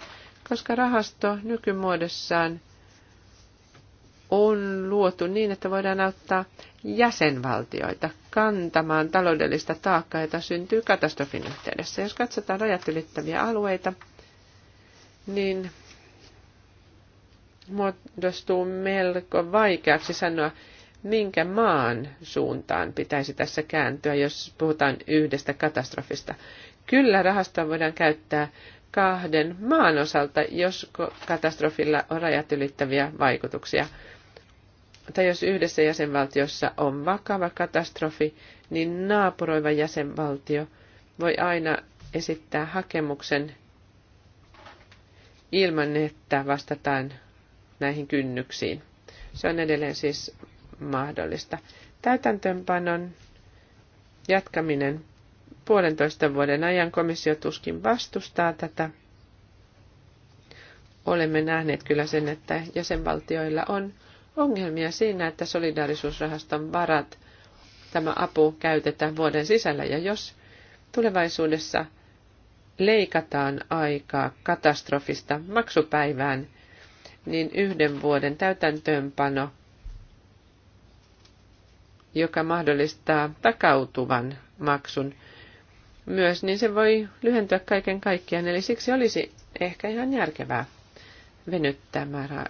S3: koska rahasto nykymuodossaan on luotu niin, että voidaan auttaa jäsenvaltioita kantamaan taloudellista taakkaa, jota syntyy katastrofin yhteydessä. Jos katsotaan rajat ylittäviä alueita, niin muodostuu melko vaikeaksi sanoa, minkä maan suuntaan pitäisi tässä kääntyä, jos puhutaan yhdestä katastrofista. Kyllä rahastoa voidaan käyttää kahden maan osalta, jos katastrofilla on rajat ylittäviä vaikutuksia – tai jos yhdessä jäsenvaltiossa on vakava katastrofi, niin naapuroiva jäsenvaltio voi aina esittää hakemuksen ilman, että vastataan näihin kynnyksiin. Se on edelleen siis mahdollista. Täytäntöönpanon jatkaminen puolentoista vuoden ajan komissio tuskin vastustaa tätä. Olemme nähneet kyllä sen, että jäsenvaltioilla on ongelmia siinä, että solidaarisuusrahaston varat, tämä apu käytetään vuoden sisällä. Ja jos tulevaisuudessa leikataan aikaa katastrofista maksupäivään, niin yhden vuoden täytäntöönpano, joka mahdollistaa takautuvan maksun myös, niin se voi lyhentyä kaiken kaikkiaan. Eli siksi olisi ehkä ihan järkevää venyttää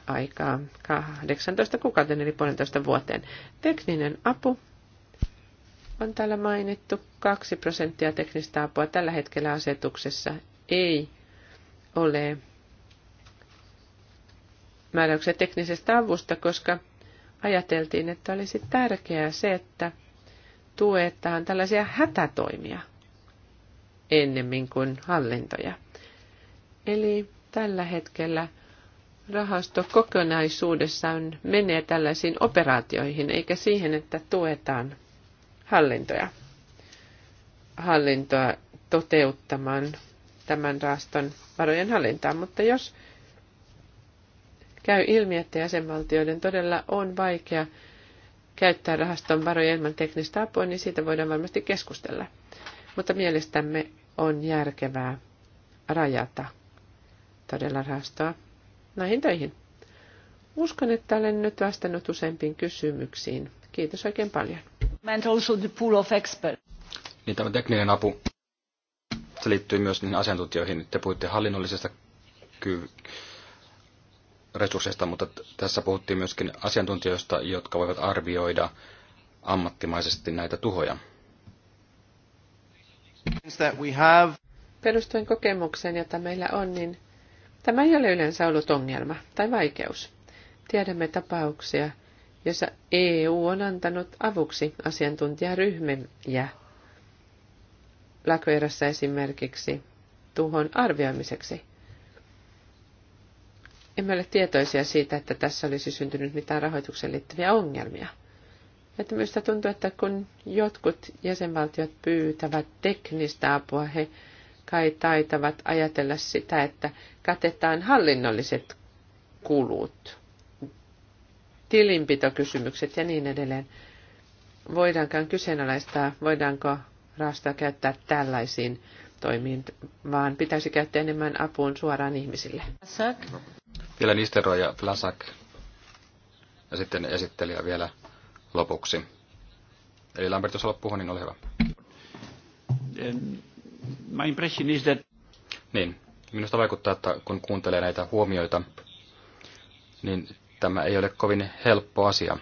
S3: aikaa 18 kuukauden eli puolentoista vuoteen. Tekninen apu on täällä mainittu. 2 prosenttia teknistä apua tällä hetkellä asetuksessa ei ole määräyksiä teknisestä avusta, koska ajateltiin, että olisi tärkeää se, että tuetaan tällaisia hätätoimia ennemmin kuin hallintoja. Eli tällä hetkellä rahasto kokonaisuudessaan menee tällaisiin operaatioihin, eikä siihen, että tuetaan hallintoja, hallintoa toteuttamaan tämän rahaston varojen hallintaa. Mutta jos käy ilmi, että jäsenvaltioiden todella on vaikea käyttää rahaston varoja ilman teknistä apua, niin siitä voidaan varmasti keskustella. Mutta mielestämme on järkevää rajata todella rahastoa näihin töihin. Uskon, että olen nyt vastannut useampiin kysymyksiin. Kiitos oikein paljon. And also the pool of
S2: Niin tämä tekninen apu, se liittyy myös niihin asiantuntijoihin. Te puhuitte hallinnollisesta ky- resursseista, mutta tässä puhuttiin myöskin asiantuntijoista, jotka voivat arvioida ammattimaisesti näitä tuhoja.
S3: Perustuen kokemukseen, jota meillä on, niin Tämä ei ole yleensä ollut ongelma tai vaikeus. Tiedämme tapauksia, jossa EU on antanut avuksi asiantuntijaryhmiä. Lakoerassa esimerkiksi tuhon arvioimiseksi. Emme ole tietoisia siitä, että tässä olisi syntynyt mitään rahoitukseen liittyviä ongelmia. Että minusta tuntuu, että kun jotkut jäsenvaltiot pyytävät teknistä apua, he kai taitavat ajatella sitä, että katetaan hallinnolliset kulut, tilinpitokysymykset ja niin edelleen. Voidaankaan kyseenalaistaa, voidaanko raasta käyttää tällaisiin toimiin, vaan pitäisi käyttää enemmän apuun suoraan ihmisille. Flasak.
S2: No. Vielä Nistero ja Flasak. Ja sitten esittelijä vielä lopuksi. Eli Lambert, jos haluat puhua, niin ole hyvä. En my impression is that... Niin, minusta vaikuttaa, että kun kuuntelee näitä huomioita, niin tämä ei ole kovin helppo asia.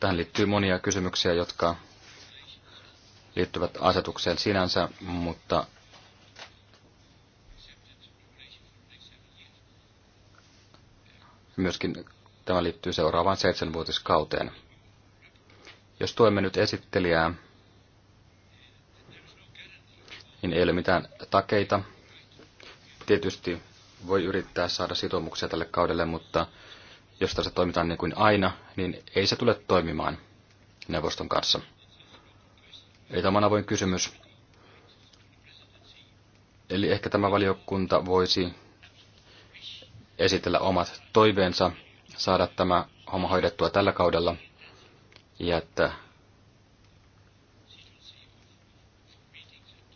S2: Tähän liittyy monia kysymyksiä, jotka liittyvät asetukseen sinänsä, mutta myöskin tämä liittyy seuraavaan seitsemänvuotiskauteen. Jos tuemme nyt esittelijää niin ei ole mitään takeita. Tietysti voi yrittää saada sitoumuksia tälle kaudelle, mutta jos tässä toimitaan niin kuin aina, niin ei se tule toimimaan neuvoston kanssa. Eli tämä on avoin kysymys. Eli ehkä tämä valiokunta voisi esitellä omat toiveensa, saada tämä homma hoidettua tällä kaudella, ja että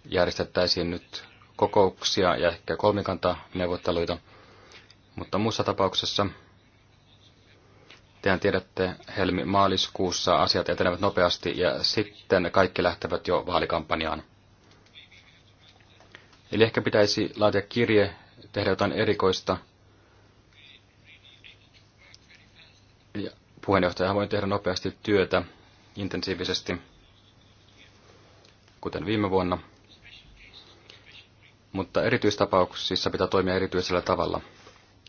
S2: järjestettäisiin nyt kokouksia ja ehkä kolmikanta neuvotteluita. mutta muussa tapauksessa tehän tiedätte, helmi-maaliskuussa asiat etenevät nopeasti ja sitten kaikki lähtevät jo vaalikampanjaan. Eli ehkä pitäisi laatia kirje, tehdä jotain erikoista. Ja puheenjohtaja voi tehdä nopeasti työtä, intensiivisesti, kuten viime vuonna. Mutta erityistapauksissa pitää toimia erityisellä tavalla.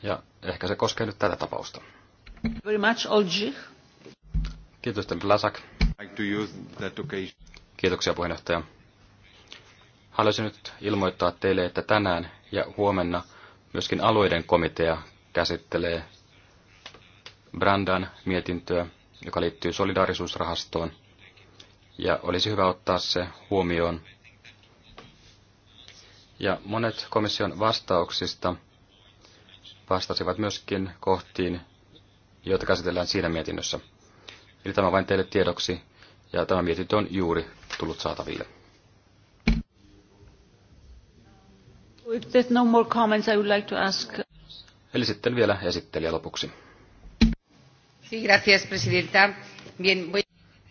S2: Ja ehkä se koskee nyt tätä tapausta. Very much, Kiitos, Blasak. Kiitoksia, puheenjohtaja. Haluaisin nyt ilmoittaa teille, että tänään ja huomenna myöskin alueiden komitea käsittelee Brandan mietintöä, joka liittyy solidaarisuusrahastoon. Ja olisi hyvä ottaa se huomioon ja monet komission vastauksista vastasivat myöskin kohtiin, joita käsitellään siinä mietinnössä. Eli tämä vain teille tiedoksi, ja tämä mietintö on juuri tullut saataville.
S1: no more comments, I would like to ask...
S2: Eli sitten vielä esittelijä lopuksi.
S3: Sí, gracias, presidenta.
S1: Bien, voy...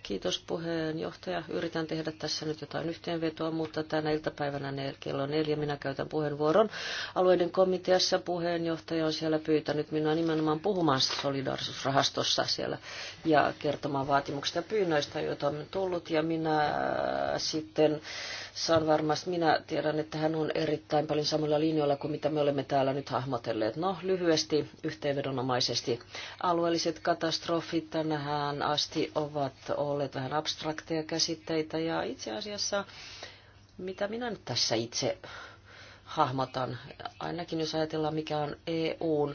S1: Kiitos puheenjohtaja. Yritän tehdä tässä nyt jotain yhteenvetoa, mutta tänä iltapäivänä kello neljä minä käytän puheenvuoron. Alueiden komiteassa puheenjohtaja on siellä pyytänyt minua nimenomaan puhumaan solidarisuusrahastossa siellä ja kertomaan vaatimuksista ja pyynnöistä, joita on tullut. Ja minä sitten saan varmasti, minä tiedän, että hän on erittäin paljon samalla linjoilla kuin mitä me olemme täällä nyt hahmotelleet. No lyhyesti, yhteenvedonomaisesti. Alueelliset katastrofit tänään asti ovat olleet olleet vähän abstrakteja käsitteitä ja itse asiassa, mitä minä nyt tässä itse hahmotan, ainakin jos ajatellaan mikä on EUn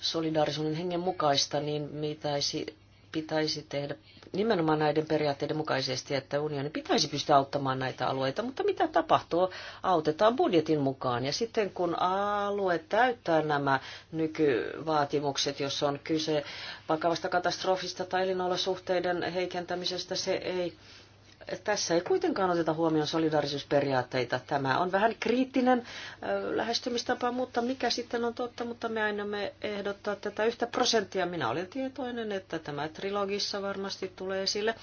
S1: solidaarisuuden hengen mukaista, niin mitä pitäisi tehdä nimenomaan näiden periaatteiden mukaisesti, että unioni pitäisi pystyä auttamaan näitä alueita, mutta mitä tapahtuu? Autetaan budjetin mukaan ja sitten kun alue täyttää nämä nykyvaatimukset, jos on kyse vakavasta katastrofista tai elinolosuhteiden heikentämisestä, se ei tässä ei kuitenkaan oteta huomioon solidaarisuusperiaatteita. Tämä on vähän kriittinen lähestymistapa, mutta mikä sitten on totta, mutta me aina me ehdottaa tätä yhtä prosenttia. Minä olen tietoinen, että tämä trilogissa varmasti tulee esille,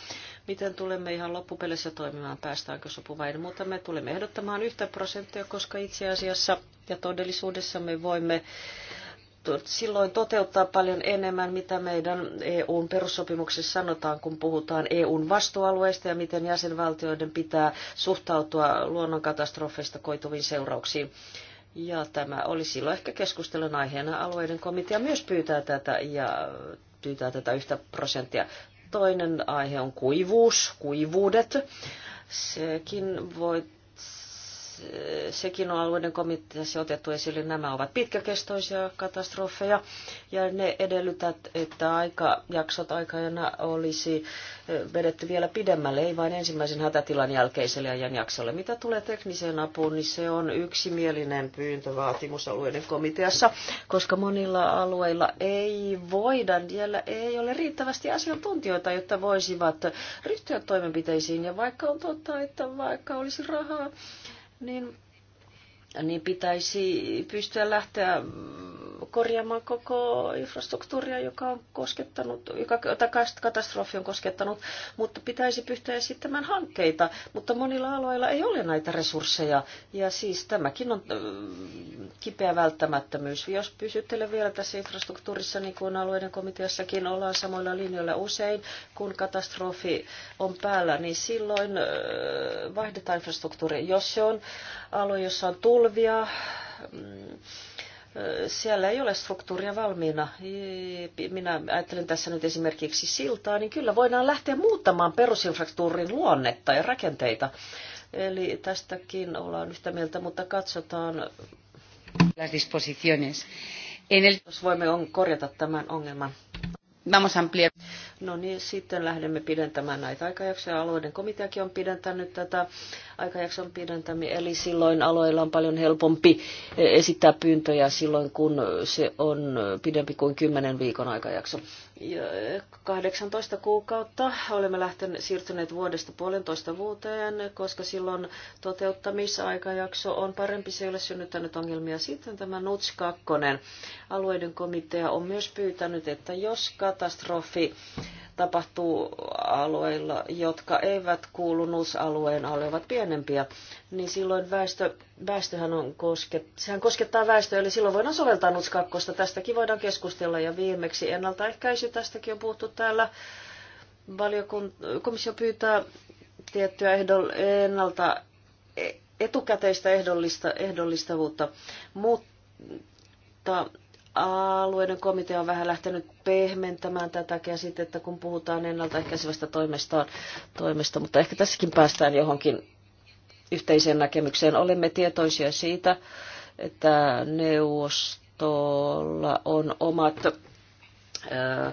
S1: miten tulemme ihan loppupeleissä toimimaan, päästäänkö sopuvain, mutta me tulemme ehdottamaan yhtä prosenttia, koska itse asiassa ja todellisuudessa me voimme silloin toteuttaa paljon enemmän, mitä meidän EUn perussopimuksessa sanotaan, kun puhutaan EUn vastuualueista ja miten jäsenvaltioiden pitää suhtautua luonnonkatastrofeista koituviin seurauksiin. Ja tämä oli silloin ehkä keskustelun aiheena. Alueiden komitea myös pyytää tätä ja pyytää tätä yhtä prosenttia. Toinen aihe on kuivuus, kuivuudet. Sekin voi sekin on alueiden komiteassa otettu esille. Nämä ovat pitkäkestoisia katastrofeja ja ne edellytät, että aikajaksot aikajana olisi vedetty vielä pidemmälle, ei vain ensimmäisen hätätilan jälkeiselle jaksolle. Mitä tulee tekniseen apuun, niin se on yksimielinen pyyntö alueiden komiteassa, koska monilla alueilla ei voida, siellä ei ole riittävästi asiantuntijoita, jotta voisivat ryhtyä toimenpiteisiin. Ja vaikka on totta, että vaikka olisi rahaa, niin, niin pitäisi pystyä lähteä korjaamaan koko infrastruktuuria, joka on koskettanut, joka, katastrofi on koskettanut, mutta pitäisi pystyä esittämään hankkeita, mutta monilla aloilla ei ole näitä resursseja, ja siis tämäkin on äh, kipeä välttämättömyys. Jos pysyttelen vielä tässä infrastruktuurissa, niin kuin alueiden komiteassakin ollaan samoilla linjoilla usein, kun katastrofi on päällä, niin silloin äh, vaihdetaan infrastruktuuri. Jos se on alue, jossa on tulvia, mm, siellä ei ole struktuuria valmiina. Minä ajattelen tässä nyt esimerkiksi siltaa, niin kyllä voidaan lähteä muuttamaan perusinfrastruktuurin luonnetta ja rakenteita. Eli tästäkin ollaan yhtä mieltä, mutta katsotaan. Las disposiciones. En el... Jos voimme on, korjata tämän ongelman. Vamos ampliar. No niin, sitten lähdemme pidentämään näitä aikajaksoja. Alueiden komiteakin on pidentänyt tätä aikajakson pidentämistä, eli silloin alueilla on paljon helpompi e, esittää pyyntöjä silloin, kun se on pidempi kuin 10 viikon aikajakso. 18 e, kuukautta olemme lähteneet, siirtyneet vuodesta puolentoista vuoteen, koska silloin toteuttamisaikajakso on parempi, se ei ole synnyttänyt ongelmia. Sitten tämä NUTS 2, alueiden komitea, on myös pyytänyt, että jos katastrofi tapahtuu alueilla, jotka eivät kuulu NUS-alueen alle, ovat pienempiä, niin silloin väestö, väestöhän on kosket, sehän koskettaa väestöä, eli silloin voidaan soveltaa NUS 2. Tästäkin voidaan keskustella ja viimeksi ennaltaehkäisy, tästäkin on puhuttu täällä. Valiokun, komissio pyytää tiettyä ehdoll, ennalta e-, etukäteistä ehdollista, ehdollistavuutta, mutta alueiden komitea on vähän lähtenyt pehmentämään tätä käsitettä, kun puhutaan ennaltaehkäisevästä toimestaan, toimesta, mutta ehkä tässäkin päästään johonkin yhteiseen näkemykseen. Olemme tietoisia siitä, että neuvostolla on omat ää,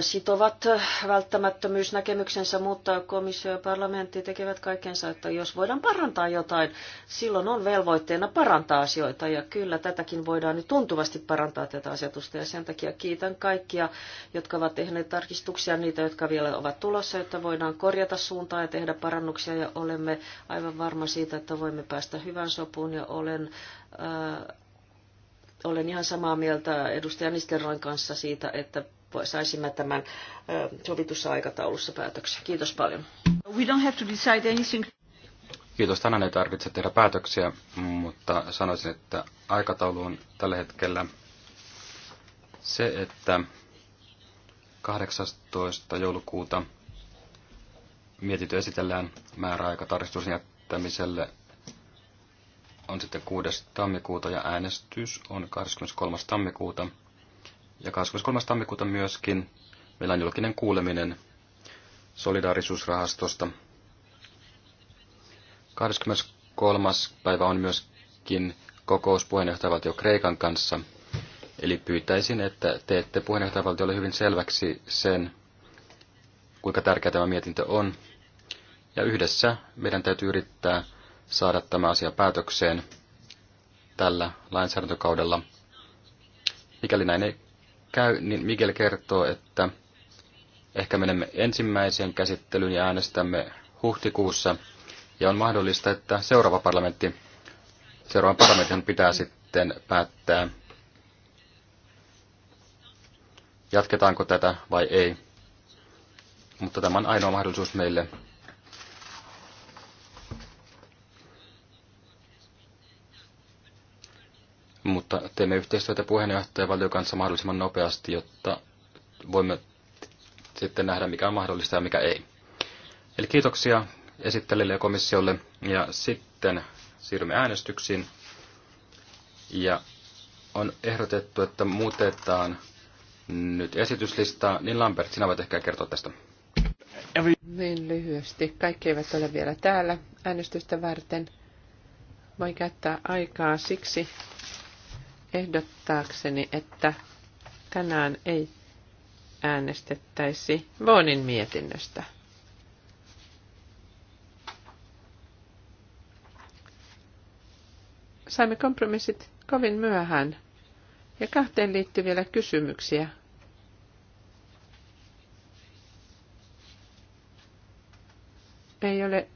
S1: sitovat välttämättömyysnäkemyksensä, mutta komissio ja parlamentti tekevät kaikkensa, että jos voidaan parantaa jotain, silloin on velvoitteena parantaa asioita. Ja kyllä tätäkin voidaan nyt tuntuvasti parantaa tätä asetusta ja sen takia kiitän kaikkia, jotka ovat tehneet tarkistuksia, niitä, jotka vielä ovat tulossa, jotta voidaan korjata suuntaa ja tehdä parannuksia ja olemme aivan varma siitä, että voimme päästä hyvän sopuun ja olen äh, olen ihan samaa mieltä edustaja Nisterroin kanssa siitä, että saisimme tämän sovitussa aikataulussa päätöksen. Kiitos paljon. We don't have to decide anything.
S2: Kiitos. Tänään ei tarvitse tehdä päätöksiä, mutta sanoisin, että aikataulu on tällä hetkellä se, että 18. joulukuuta mietity esitellään tarkistuksen jättämiselle on sitten 6. tammikuuta ja äänestys on 23. tammikuuta. Ja 23. tammikuuta myöskin meillä on julkinen kuuleminen solidaarisuusrahastosta. 23. päivä on myöskin kokous puheenjohtajavaltio Kreikan kanssa. Eli pyytäisin, että teette puheenjohtajavaltiolle hyvin selväksi sen, kuinka tärkeä tämä mietintö on. Ja yhdessä meidän täytyy yrittää saada tämä asia päätökseen tällä lainsäädäntökaudella. Mikäli näin ei käy, niin Miguel kertoo, että ehkä menemme ensimmäiseen käsittelyyn ja äänestämme huhtikuussa. Ja on mahdollista, että seuraava parlamentti, seuraavan parlamentin pitää sitten päättää, jatketaanko tätä vai ei. Mutta tämä on ainoa mahdollisuus meille mutta teemme yhteistyötä puheenjohtajavaltion kanssa mahdollisimman nopeasti, jotta voimme sitten nähdä, mikä on mahdollista ja mikä ei. Eli kiitoksia esittelijälle ja komissiolle, ja sitten siirrymme äänestyksiin. Ja on ehdotettu, että muutetaan nyt esityslistaa, niin Lambert, sinä voit ehkä kertoa tästä.
S3: Niin lyhyesti. Kaikki eivät ole vielä täällä äänestystä varten. Voin käyttää aikaa siksi, ehdottaakseni, että tänään ei äänestettäisi Voonin mietinnöstä. Saimme kompromissit kovin myöhään ja kahteen liittyy vielä kysymyksiä. Ei ole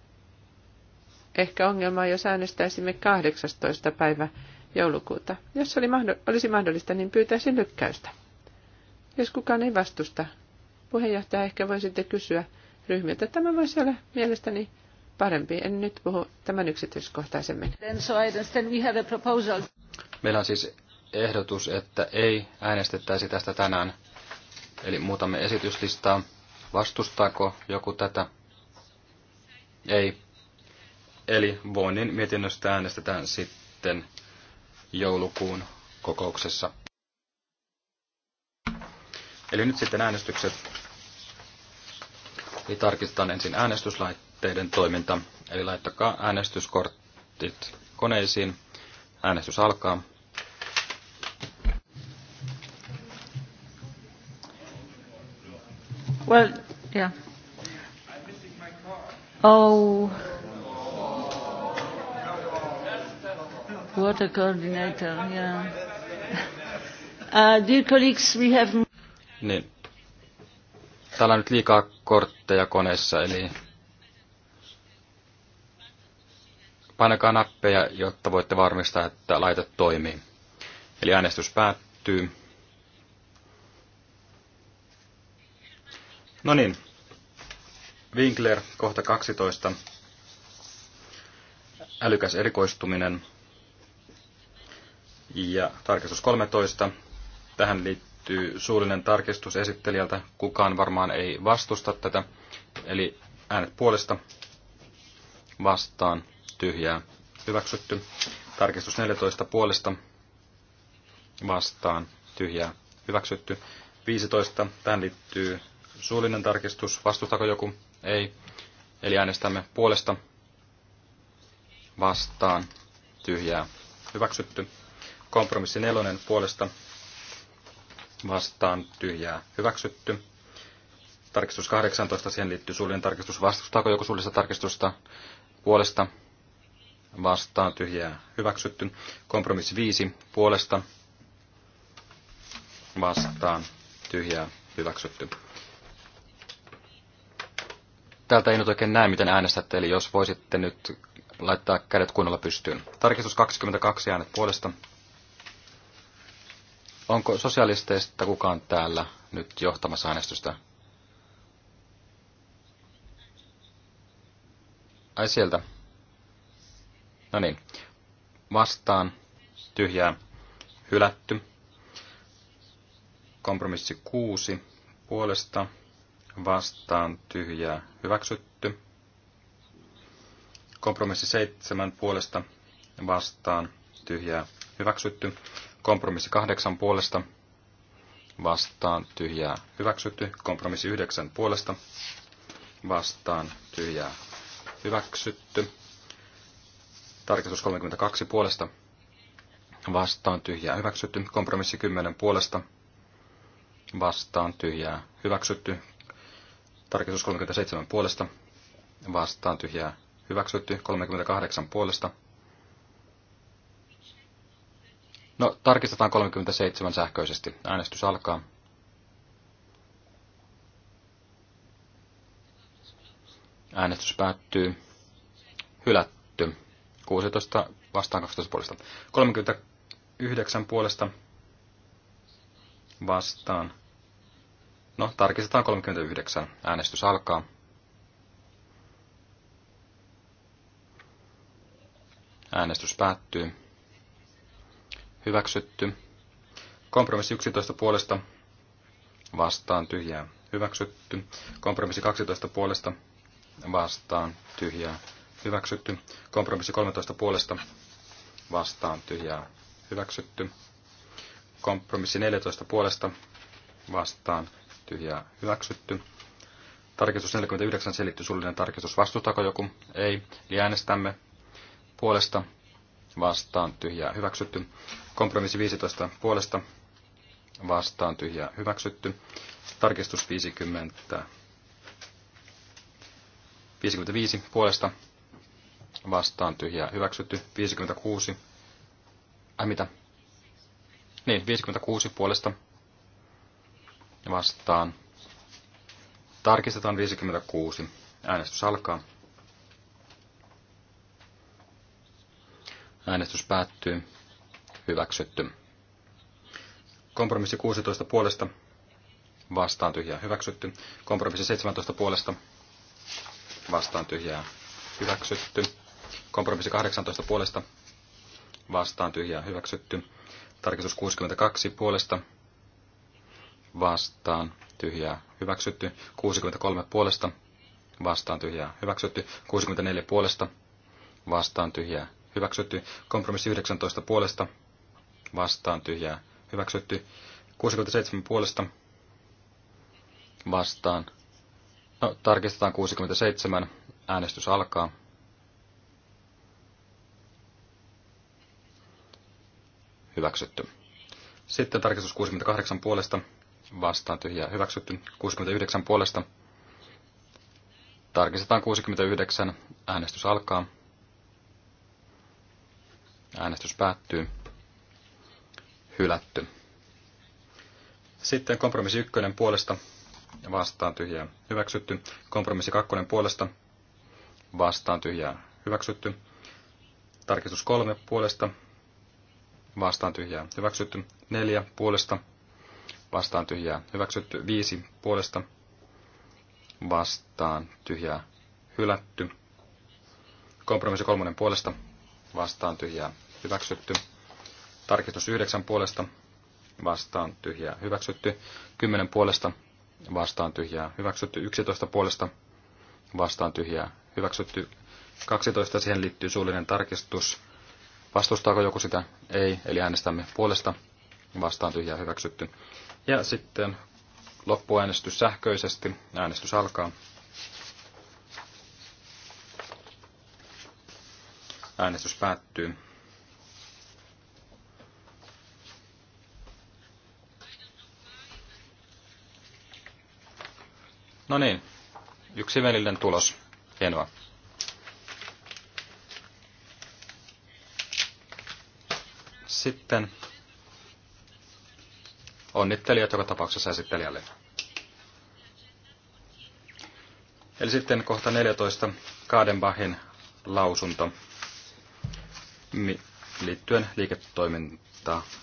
S3: ehkä ongelmaa, jos äänestäisimme 18. päivä joulukuuta. Jos oli mahdo- olisi mahdollista, niin pyytäisin lykkäystä. Jos kukaan ei vastusta, puheenjohtaja ehkä voi sitten kysyä ryhmiltä. Tämä voisi olla mielestäni parempi. En nyt puhu tämän yksityiskohtaisemmin.
S2: Meillä on siis ehdotus, että ei äänestettäisi tästä tänään. Eli muutamme esityslistaa. Vastustaako joku tätä? Ei. Eli Voinin mietinnöstä äänestetään sitten joulukuun kokouksessa. Eli nyt sitten äänestykset. Eli tarkistetaan ensin äänestyslaitteiden toiminta. Eli laittakaa äänestyskortit koneisiin. Äänestys alkaa.
S1: Well, yeah. Oh. Water coordinator, yeah. Uh, dear colleagues, we have...
S2: Niin. Täällä on nyt liikaa kortteja koneessa, eli painakaa nappeja, jotta voitte varmistaa, että laite toimii. Eli äänestys päättyy. No niin, Winkler, kohta 12. Älykäs erikoistuminen. Ja tarkistus 13. Tähän liittyy suullinen tarkistus esittelijältä. Kukaan varmaan ei vastusta tätä. Eli äänet puolesta vastaan tyhjää hyväksytty. Tarkistus 14 puolesta vastaan tyhjää hyväksytty. 15. Tähän liittyy suullinen tarkistus. Vastustako joku? Ei. Eli äänestämme puolesta vastaan tyhjää hyväksytty. Kompromissi nelonen puolesta vastaan tyhjää hyväksytty. Tarkistus 18, siihen liittyy suullinen tarkistus. Vastustaako joku suullista tarkistusta puolesta vastaan tyhjää hyväksytty. Kompromissi 5 puolesta vastaan tyhjää hyväksytty. Täältä ei nyt oikein näe, miten äänestätte, eli jos voisitte nyt laittaa kädet kunnolla pystyyn. Tarkistus 22 äänet puolesta Onko sosialisteista kukaan täällä nyt johtamassa äänestystä? Ai sieltä. No niin. Vastaan. Tyhjää. Hylätty. Kompromissi 6. Puolesta. Vastaan. Tyhjää. Hyväksytty. Kompromissi 7. Puolesta. Vastaan. Tyhjää. Hyväksytty. Kompromissi kahdeksan puolesta vastaan tyhjää hyväksytty. Kompromissi yhdeksän puolesta vastaan tyhjää hyväksytty. Tarkistus 32 puolesta vastaan tyhjää hyväksytty. Kompromissi 10 puolesta vastaan tyhjää hyväksytty. Tarkistus 37 puolesta vastaan tyhjää hyväksytty. 38 puolesta No, tarkistetaan 37 sähköisesti. Äänestys alkaa. Äänestys päättyy. Hylätty. 16 vastaan 12 puolesta. 39 puolesta vastaan. No, tarkistetaan 39. Äänestys alkaa. Äänestys päättyy hyväksytty. Kompromissi 11 puolesta vastaan tyhjää hyväksytty. Kompromissi 12 puolesta vastaan tyhjää hyväksytty. Kompromissi 13 puolesta vastaan tyhjää hyväksytty. Kompromissi 14 puolesta vastaan tyhjää hyväksytty. Tarkistus 49 selitty suullinen tarkistus. Vastustako joku? Ei. Eli äänestämme puolesta vastaan tyhjää hyväksytty. Kompromissi 15 puolesta vastaan tyhjää hyväksytty. Tarkistus 50. 55 puolesta vastaan tyhjää hyväksytty. 56. Ai äh, mitä? Niin, 56 puolesta vastaan. Tarkistetaan 56. Äänestys alkaa. Äänestys päättyy. Hyväksytty. Kompromissi 16 puolesta. Vastaan tyhjää. Hyväksytty. Kompromissi 17 puolesta. Vastaan tyhjää. Hyväksytty. Kompromissi 18 puolesta. Vastaan tyhjää. Hyväksytty. Tarkistus 62 puolesta. Vastaan tyhjää. Hyväksytty. 63 puolesta. Vastaan tyhjää. Hyväksytty. 64 puolesta. Vastaan tyhjää hyväksytty. Kompromissi 19 puolesta vastaan tyhjää hyväksytty. 67 puolesta vastaan. No, tarkistetaan 67. Äänestys alkaa. Hyväksytty. Sitten tarkistus 68 puolesta vastaan tyhjää hyväksytty. 69 puolesta. Tarkistetaan 69. Äänestys alkaa. Äänestys päättyy. Hylätty. Sitten kompromissi ykkönen puolesta ja vastaan tyhjää hyväksytty. Kompromissi kakkonen puolesta vastaan tyhjää hyväksytty. Tarkistus kolme puolesta vastaan tyhjää hyväksytty. Neljä puolesta vastaan tyhjää hyväksytty. Viisi puolesta vastaan tyhjää hylätty. Kompromissi kolmonen puolesta vastaan tyhjää hyväksytty. Tarkistus 9 puolesta vastaan tyhjää hyväksytty. 10 puolesta vastaan tyhjää hyväksytty. 11 puolesta vastaan tyhjää hyväksytty. 12 siihen liittyy suullinen tarkistus. Vastustaako joku sitä? Ei, eli äänestämme puolesta vastaan tyhjää hyväksytty. Ja sitten loppuäänestys sähköisesti. Äänestys alkaa. Äänestys päättyy. No niin, yksi välillinen tulos. Hienoa. Sitten onnittelijat joka tapauksessa esittelijälle. Eli sitten kohta 14 Kaadenbachin lausunto liittyen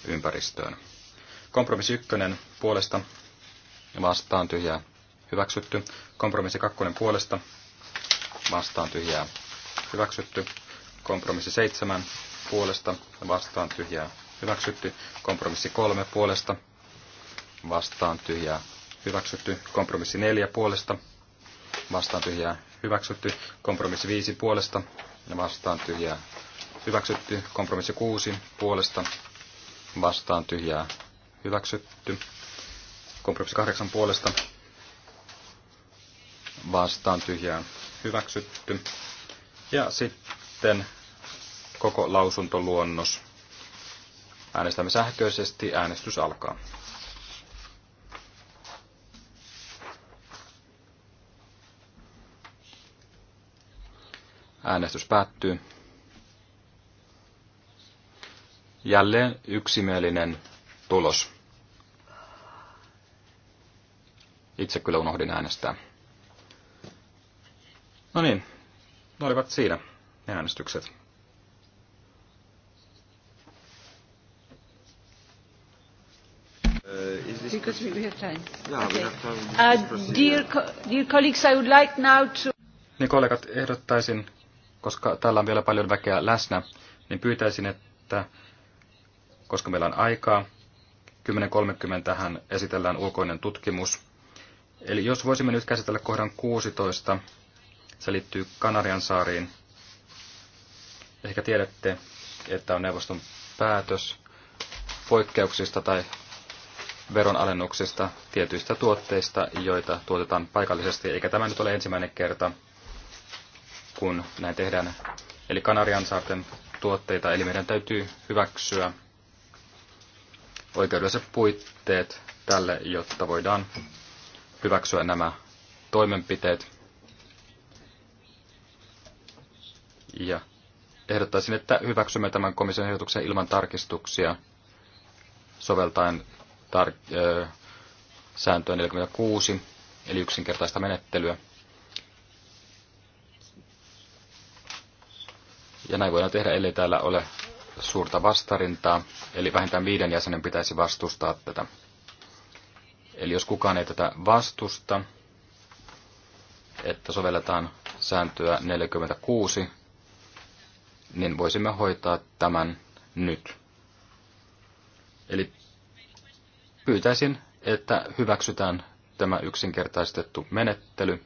S2: ympäristöön. Kompromissi ykkönen puolesta vastaan tyhjää hyväksytty. Kompromissi kakkonen puolesta vastaan tyhjää hyväksytty. Kompromissi seitsemän puolesta vastaan tyhjää hyväksytty. Kompromissi kolme puolesta vastaan tyhjää hyväksytty. Kompromissi neljä puolesta vastaan tyhjää hyväksytty. Kompromissi viisi puolesta vastaan tyhjää hyväksytty. Kompromissi kuusi puolesta vastaan tyhjää hyväksytty. Kompromissi kahdeksan puolesta vastaan tyhjään hyväksytty. Ja sitten koko lausuntoluonnos. Äänestämme sähköisesti. Äänestys alkaa. Äänestys päättyy. Jälleen yksimielinen tulos. Itse kyllä unohdin äänestää. No niin, ne olivat siinä ne äänestykset. dear,
S1: colleagues, I would like now to...
S2: Niin kollegat, ehdottaisin, koska täällä on vielä paljon väkeä läsnä, niin pyytäisin, että koska meillä on aikaa, 10.30 tähän esitellään ulkoinen tutkimus. Eli jos voisimme nyt käsitellä kohdan 16, se liittyy Kanarian saariin. Ehkä tiedätte, että on neuvoston päätös poikkeuksista tai veronalennuksista tietyistä tuotteista, joita tuotetaan paikallisesti. Eikä tämä nyt ole ensimmäinen kerta, kun näin tehdään. Eli Kanarian saarten tuotteita, eli meidän täytyy hyväksyä oikeudelliset puitteet tälle, jotta voidaan hyväksyä nämä toimenpiteet. Ja ehdottaisin, että hyväksymme tämän komission ehdotuksen ilman tarkistuksia soveltaen tar- ö, sääntöä 46, eli yksinkertaista menettelyä. Ja näin voidaan tehdä, ellei täällä ole suurta vastarintaa, eli vähintään viiden jäsenen pitäisi vastustaa tätä. Eli jos kukaan ei tätä vastusta, että sovelletaan sääntöä 46 niin voisimme hoitaa tämän nyt. Eli pyytäisin, että hyväksytään tämä yksinkertaistettu menettely,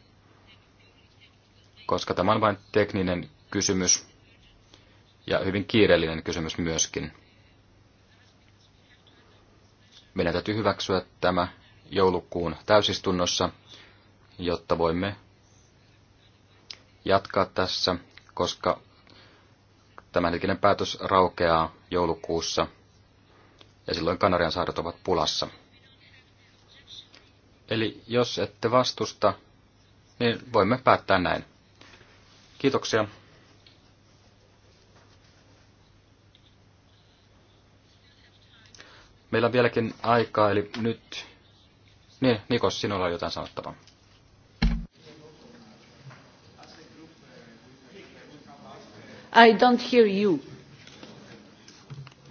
S2: koska tämä on vain tekninen kysymys ja hyvin kiireellinen kysymys myöskin. Meidän täytyy hyväksyä tämä joulukuun täysistunnossa, jotta voimme jatkaa tässä, koska tämänhetkinen päätös raukeaa joulukuussa ja silloin Kanarian saaret ovat pulassa. Eli jos ette vastusta, niin voimme päättää näin. Kiitoksia. Meillä on vieläkin aikaa, eli nyt... Niin, Nikos, sinulla on jotain sanottavaa.
S3: I don't hear you.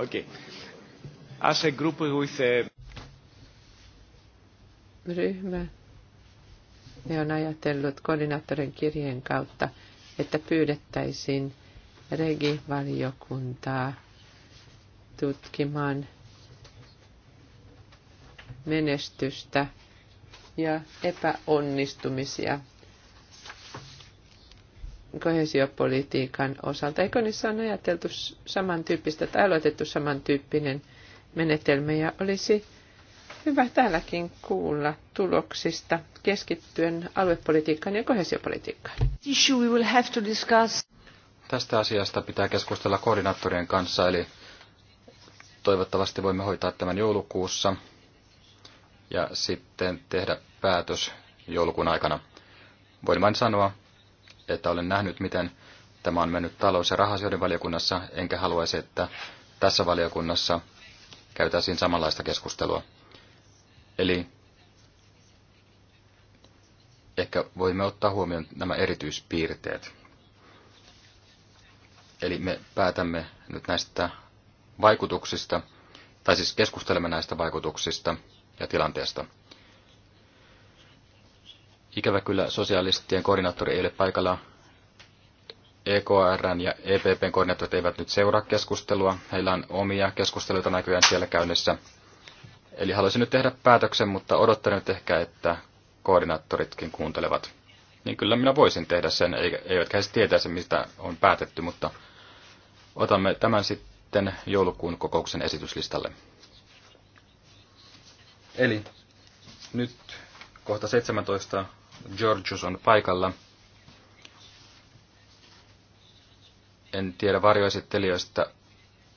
S2: Okay. As a group with a... Eh,
S3: Ryhmä ne on ajatellut koordinaattorin kirjeen kautta, että pyydettäisiin regivaliokuntaa tutkimaan menestystä ja epäonnistumisia kohesiopolitiikan osalta. Eikö niissä on ajateltu samantyyppistä tai aloitettu samantyyppinen menetelmä ja olisi hyvä täälläkin kuulla tuloksista keskittyen aluepolitiikkaan ja kohesiopolitiikkaan.
S2: Tästä asiasta pitää keskustella koordinaattorien kanssa, eli toivottavasti voimme hoitaa tämän joulukuussa ja sitten tehdä päätös joulukuun aikana. Voin vain sanoa, että olen nähnyt, miten tämä on mennyt talous- ja rahasioiden valiokunnassa, enkä haluaisi, että tässä valiokunnassa käytäisiin samanlaista keskustelua. Eli ehkä voimme ottaa huomioon nämä erityispiirteet. Eli me päätämme nyt näistä vaikutuksista, tai siis keskustelemme näistä vaikutuksista ja tilanteesta. Ikävä kyllä sosialistien koordinaattori ei ole paikalla. EKRn ja EPPn koordinaattorit eivät nyt seuraa keskustelua. Heillä on omia keskusteluita näköjään siellä käynnissä. Eli haluaisin nyt tehdä päätöksen, mutta odottelen nyt ehkä, että koordinaattoritkin kuuntelevat. Niin kyllä minä voisin tehdä sen, eivätkä he tietäisi, mistä on päätetty, mutta otamme tämän sitten joulukuun kokouksen esityslistalle. Eli nyt kohta 17 Georgios on paikalla. En tiedä varjoesittelijöistä,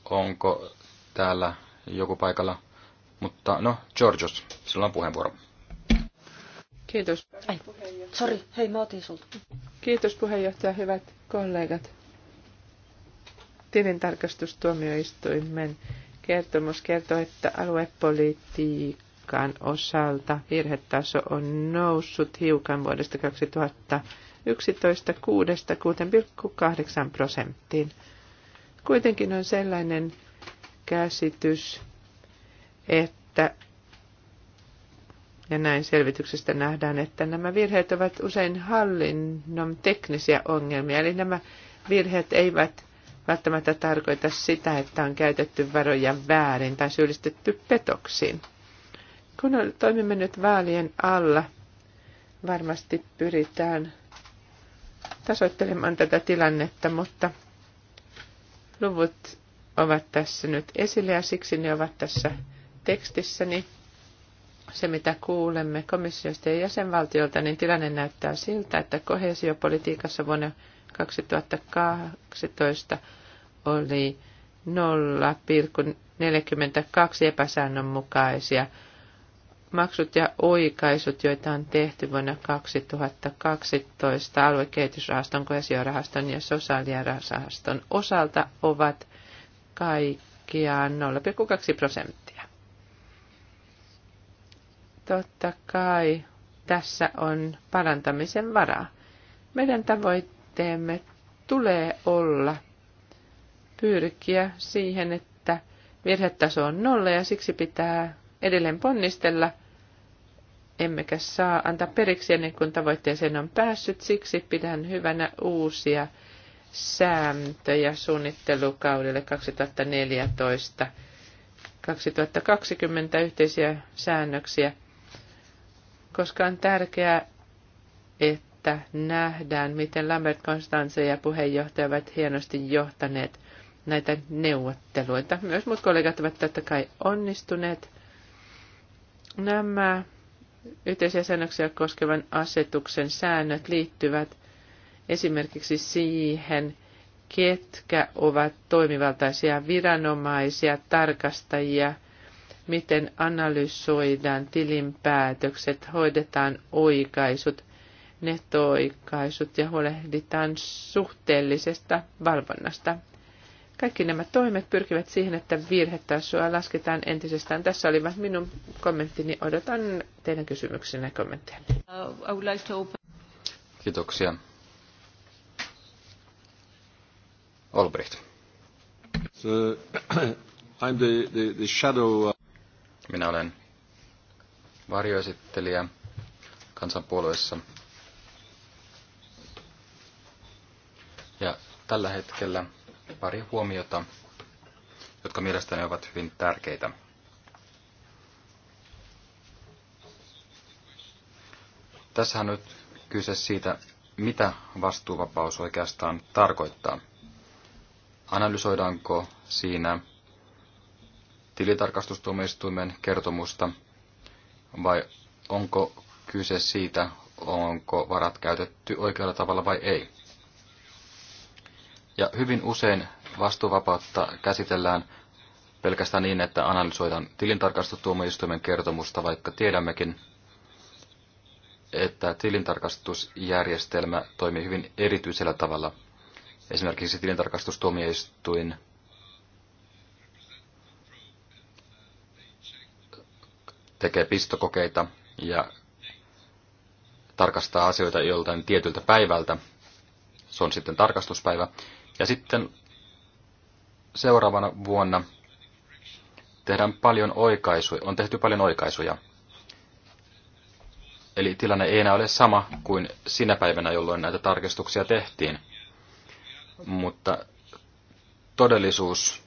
S2: onko täällä joku paikalla, mutta no, Georgios, sillä on puheenvuoro.
S3: Kiitos. Ai, sorry, hei mä otin sulta. Kiitos puheenjohtaja, hyvät kollegat. Tilintarkastustuomioistuimen kertomus kertoo, että aluepolitiikka velkaan osalta virhetaso on noussut hiukan vuodesta 2011 6,8 prosenttiin. Kuitenkin on sellainen käsitys, että ja näin selvityksestä nähdään, että nämä virheet ovat usein hallinnon teknisiä ongelmia, eli nämä virheet eivät välttämättä tarkoita sitä, että on käytetty varoja väärin tai syyllistetty petoksiin. Kun toimimme nyt vaalien alla, varmasti pyritään tasoittelemaan tätä tilannetta, mutta luvut ovat tässä nyt esille ja siksi ne ovat tässä tekstissäni. Se, mitä kuulemme komissiosta ja jäsenvaltiolta, niin tilanne näyttää siltä, että kohesiopolitiikassa vuonna 2012 oli 0,42 epäsäännönmukaisia maksut ja oikaisut, joita on tehty vuonna 2012 aluekehitysrahaston, koesiorahaston ja sosiaalirahaston osalta, ovat kaikkiaan 0,2 prosenttia. Totta kai tässä on parantamisen varaa. Meidän tavoitteemme tulee olla pyrkiä siihen, että virhetaso on nolla ja siksi pitää edelleen ponnistella emmekä saa antaa periksi ennen kuin tavoitteeseen on päässyt. Siksi pidän hyvänä uusia sääntöjä suunnittelukaudelle 2014 2020 yhteisiä säännöksiä, koska on tärkeää, että nähdään, miten Lambert Constance ja puheenjohtaja ovat hienosti johtaneet näitä neuvotteluita. Myös muut kollegat ovat totta kai onnistuneet. Nämä Yhteisiä säännöksiä koskevan asetuksen säännöt liittyvät esimerkiksi siihen, ketkä ovat toimivaltaisia viranomaisia, tarkastajia, miten analysoidaan tilinpäätökset, hoidetaan oikaisut, netto ja huolehditaan suhteellisesta valvonnasta. Kaikki nämä toimet pyrkivät siihen, että virhetasoa lasketaan entisestään. Tässä oli minun kommenttini. Odotan teidän kysymyksenne ja kommentteja.
S1: Uh,
S2: Kiitoksia. Olbricht. So, *clears throat* I'm the, the, the shadow. Uh, Minä olen varjoesittelijä kansanpuolueessa. Ja tällä hetkellä pari huomiota, jotka mielestäni ovat hyvin tärkeitä. Tässä on nyt kyse siitä, mitä vastuuvapaus oikeastaan tarkoittaa. Analysoidaanko siinä tilitarkastustuomioistuimen kertomusta vai onko kyse siitä, onko varat käytetty oikealla tavalla vai ei? Ja hyvin usein vastuuvapautta käsitellään pelkästään niin, että analysoidaan tilintarkastustuomioistuimen kertomusta, vaikka tiedämmekin, että tilintarkastusjärjestelmä toimii hyvin erityisellä tavalla. Esimerkiksi tilintarkastustuomioistuin tekee pistokokeita ja tarkastaa asioita joltain tietyltä päivältä. Se on sitten tarkastuspäivä. Ja sitten seuraavana vuonna tehdään paljon oikaisuja, on tehty paljon oikaisuja. Eli tilanne ei enää ole sama kuin sinä päivänä, jolloin näitä tarkistuksia tehtiin. Mutta todellisuus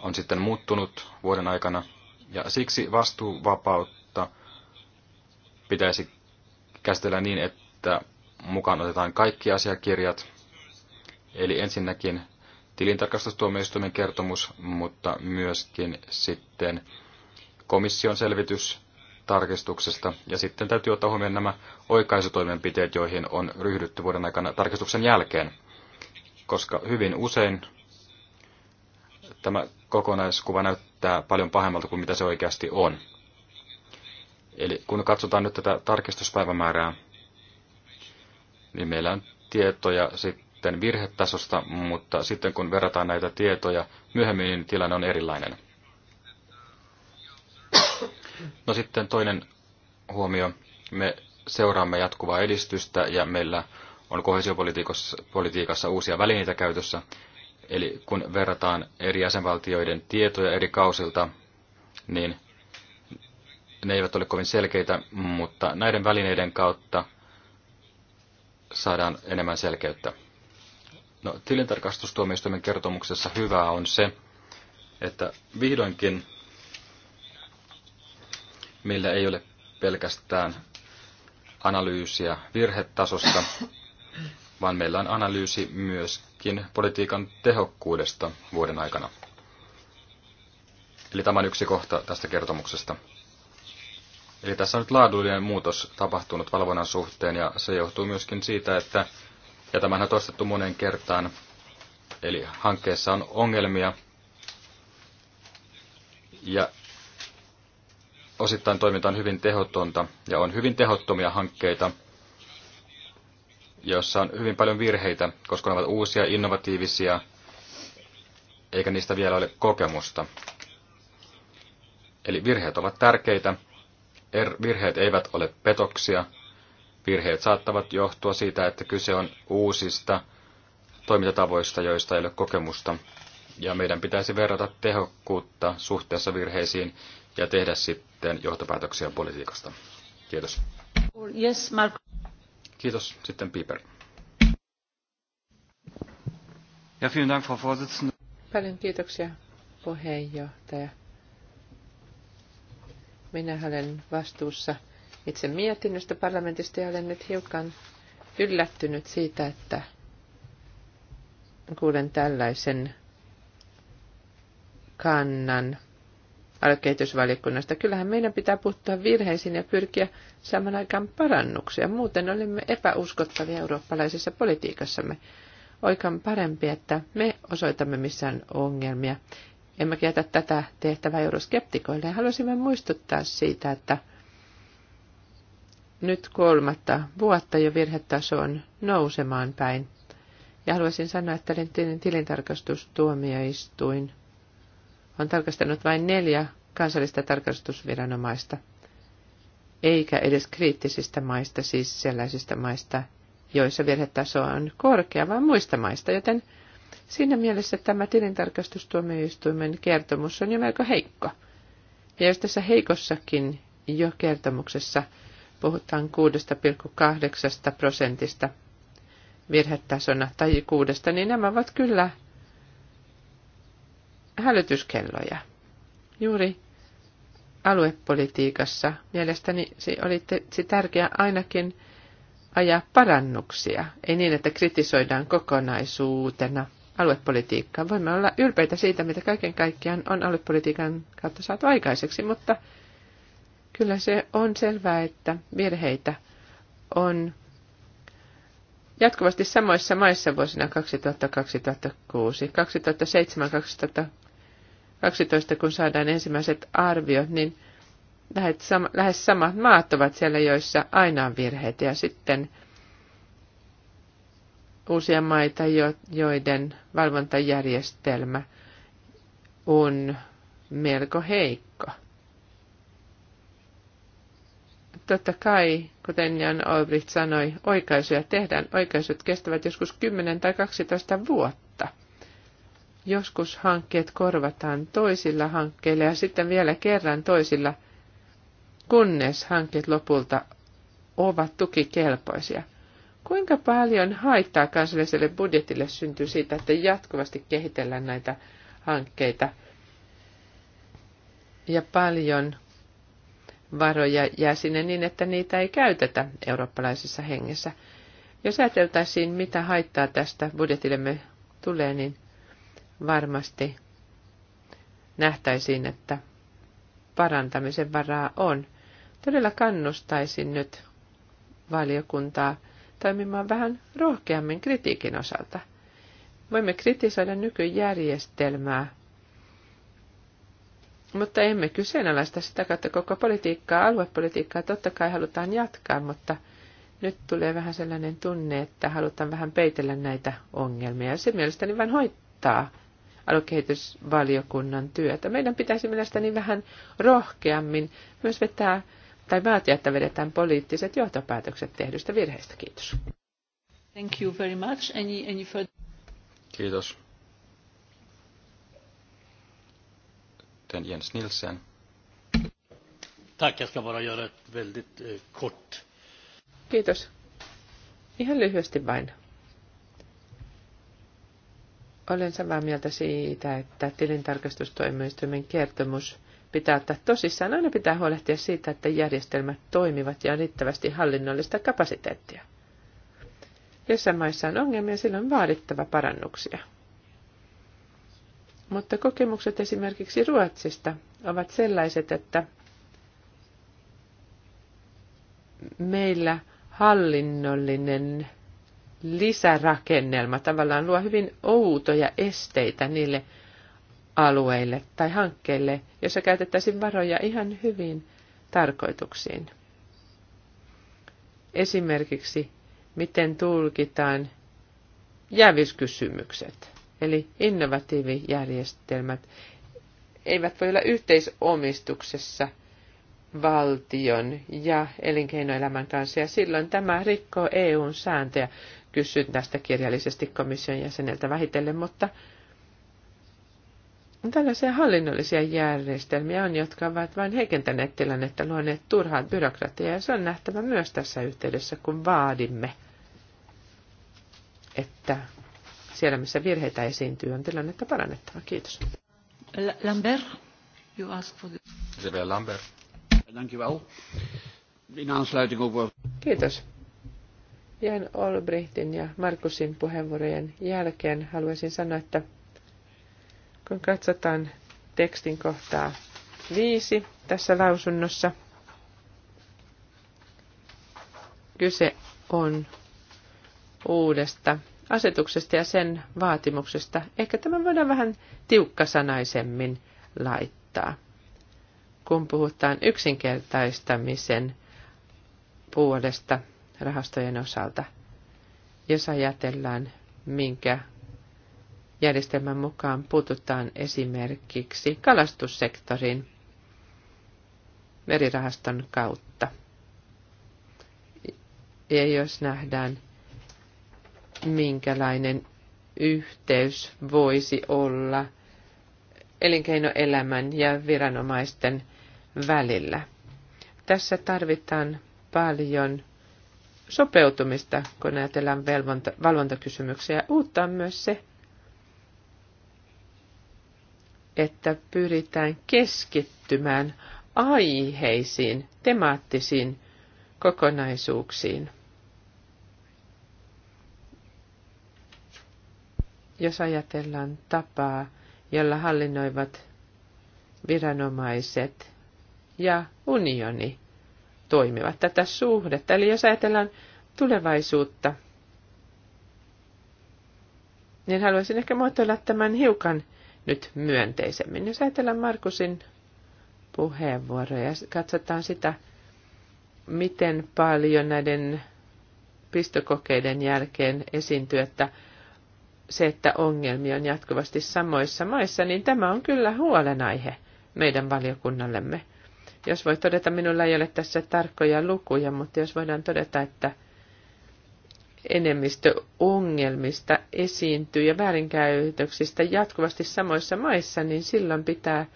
S2: on sitten muuttunut vuoden aikana, ja siksi vastuuvapautta pitäisi käsitellä niin, että mukaan otetaan kaikki asiakirjat, eli ensinnäkin tilintarkastustuomioistuimen kertomus, mutta myöskin sitten komission selvitys tarkistuksesta. Ja sitten täytyy ottaa huomioon nämä oikaisutoimenpiteet, joihin on ryhdytty vuoden aikana tarkistuksen jälkeen, koska hyvin usein tämä kokonaiskuva näyttää paljon pahemmalta kuin mitä se oikeasti on. Eli kun katsotaan nyt tätä tarkistuspäivämäärää, niin meillä on tietoja sitten virhetasosta, mutta sitten kun verrataan näitä tietoja myöhemmin, niin tilanne on erilainen. No sitten toinen huomio. Me seuraamme jatkuvaa edistystä ja meillä on kohesiopolitiikassa uusia välineitä käytössä. Eli kun verrataan eri jäsenvaltioiden tietoja eri kausilta, niin ne eivät ole kovin selkeitä, mutta näiden välineiden kautta – saadaan enemmän selkeyttä. No, tilintarkastustuomioistuimen kertomuksessa hyvää on se, että vihdoinkin meillä ei ole pelkästään analyysiä virhetasosta, vaan meillä on analyysi myöskin politiikan tehokkuudesta vuoden aikana. Eli tämä on yksi kohta tästä kertomuksesta. Eli tässä on nyt laadullinen muutos tapahtunut valvonnan suhteen ja se johtuu myöskin siitä, että, ja tämähän on toistettu monen kertaan, eli hankkeessa on ongelmia ja osittain toiminta on hyvin tehotonta ja on hyvin tehottomia hankkeita, joissa on hyvin paljon virheitä, koska ne ovat uusia, innovatiivisia, eikä niistä vielä ole kokemusta. Eli virheet ovat tärkeitä, Er, virheet eivät ole petoksia. Virheet saattavat johtua siitä, että kyse on uusista toimintatavoista, joista ei ole kokemusta. Ja meidän pitäisi verrata tehokkuutta suhteessa virheisiin ja tehdä sitten johtopäätöksiä politiikasta. Kiitos. Yes, Mark. Kiitos. Sitten Piper. Ja, vielen Dank, Frau Vorsitzende.
S3: Paljon kiitoksia, puheenjohtaja. Minä olen vastuussa itse mietinnöstä parlamentista ja olen nyt hiukan yllättynyt siitä, että kuulen tällaisen kannan kehitysvaliokunnasta. Kyllähän meidän pitää puuttua virheisiin ja pyrkiä saman aikaan parannuksia. Muuten olemme epäuskottavia eurooppalaisessa politiikassamme. Oikan parempi, että me osoitamme missään ongelmia emme jätä tätä tehtävää euroskeptikoille. Haluaisimme muistuttaa siitä, että nyt kolmatta vuotta jo virhetaso on nousemaan päin. Ja haluaisin sanoa, että tilintarkastustuomioistuin on tarkastanut vain neljä kansallista tarkastusviranomaista, eikä edes kriittisistä maista, siis sellaisista maista, joissa virhetaso on korkea, vaan muista maista, joten Siinä mielessä tämä tilintarkastustuomioistuimen kertomus on jo melko heikko. Ja jos tässä heikossakin jo kertomuksessa puhutaan 6,8 prosentista virhetasona tai kuudesta, niin nämä ovat kyllä hälytyskelloja. Juuri aluepolitiikassa mielestäni se oli se tärkeää ainakin ajaa parannuksia, ei niin, että kritisoidaan kokonaisuutena – aluepolitiikkaa. Voimme olla ylpeitä siitä, mitä kaiken kaikkiaan on aluepolitiikan kautta saatu aikaiseksi, mutta kyllä se on selvää, että virheitä on jatkuvasti samoissa maissa vuosina 2000-2006. 2007-2012, kun saadaan ensimmäiset arviot, niin lähes samat maat ovat siellä, joissa aina on virheitä ja sitten – uusia maita, joiden valvontajärjestelmä on melko heikko. Totta kai, kuten Jan Olbricht sanoi, oikaisuja tehdään. Oikaisut kestävät joskus 10 tai 12 vuotta. Joskus hankkeet korvataan toisilla hankkeilla ja sitten vielä kerran toisilla, kunnes hankkeet lopulta ovat tukikelpoisia – Kuinka paljon haittaa kansalliselle budjetille syntyy siitä, että jatkuvasti kehitellään näitä hankkeita ja paljon varoja jää sinne niin, että niitä ei käytetä eurooppalaisessa hengessä. Jos ajateltaisiin, mitä haittaa tästä budjetillemme tulee, niin varmasti nähtäisiin, että parantamisen varaa on. Todella kannustaisin nyt valiokuntaa toimimaan vähän rohkeammin kritiikin osalta. Voimme kritisoida nykyjärjestelmää, mutta emme kyseenalaista sitä kautta koko politiikkaa, aluepolitiikkaa totta kai halutaan jatkaa, mutta nyt tulee vähän sellainen tunne, että halutaan vähän peitellä näitä ongelmia. se mielestäni vain hoittaa aluekehitysvaliokunnan työtä. Meidän pitäisi mielestäni vähän rohkeammin myös vetää tai vaatia, että vedetään poliittiset johtopäätökset tehdystä virheistä. Kiitos. Thank you very much. Any, any further...
S2: Kiitos. Sitten Jens Nilsen. Tack, jag ska bara göra ett väldigt eh, kort.
S3: Kiitos. Ihan lyhyesti vain. Olen samaa mieltä siitä, että tilintarkastustoimistojen kertomus – pitää ottaa tosissaan. Aina pitää huolehtia siitä, että järjestelmät toimivat ja on riittävästi hallinnollista kapasiteettia. Jossain maissa on ongelmia, silloin vaadittava parannuksia. Mutta kokemukset esimerkiksi Ruotsista ovat sellaiset, että meillä hallinnollinen lisärakennelma tavallaan luo hyvin outoja esteitä niille alueille tai hankkeille, jossa käytettäisiin varoja ihan hyvin tarkoituksiin. Esimerkiksi, miten tulkitaan jäviskysymykset, eli innovatiivijärjestelmät, eivät voi olla yhteisomistuksessa valtion ja elinkeinoelämän kanssa, ja silloin tämä rikkoo EUn sääntöjä. Kysyn tästä kirjallisesti komission jäseneltä vähitellen, mutta Tällaisia hallinnollisia järjestelmiä on, jotka ovat vain heikentäneet tilannetta, luoneet turhaa byrokratiaa, ja se on nähtävä myös tässä yhteydessä, kun vaadimme, että siellä, missä virheitä esiintyy, on tilannetta parannettava. Kiitos. Lambert, you ask for
S2: the... Lambert. Dankjewel. In aansluiting Kiitos.
S3: Jan Olbrichtin ja Markusin puheenvuorojen jälkeen haluaisin sanoa, että kun katsotaan tekstin kohtaa viisi tässä lausunnossa, kyse on uudesta asetuksesta ja sen vaatimuksesta. Ehkä tämä voidaan vähän tiukkasanaisemmin laittaa, kun puhutaan yksinkertaistamisen puolesta rahastojen osalta. Jos ajatellaan, minkä järjestelmän mukaan puututaan esimerkiksi kalastussektorin merirahaston kautta. Ja jos nähdään, minkälainen yhteys voisi olla elinkeinoelämän ja viranomaisten välillä. Tässä tarvitaan paljon sopeutumista, kun ajatellaan valvontakysymyksiä. Uutta on myös se, että pyritään keskittymään aiheisiin, temaattisiin kokonaisuuksiin. Jos ajatellaan tapaa, jolla hallinnoivat viranomaiset ja unioni toimivat tätä suhdetta. Eli jos ajatellaan tulevaisuutta, niin haluaisin ehkä muotoilla tämän hiukan nyt myönteisemmin. Jos ajatellaan Markusin puheenvuoroja ja katsotaan sitä, miten paljon näiden pistokokeiden jälkeen esiintyy, että se, että ongelmia on jatkuvasti samoissa maissa, niin tämä on kyllä huolenaihe meidän valiokunnallemme. Jos voi todeta, minulla ei ole tässä tarkkoja lukuja, mutta jos voidaan todeta, että enemmistö ongelmista esiintyy ja väärinkäytöksistä jatkuvasti samoissa maissa, niin silloin pitää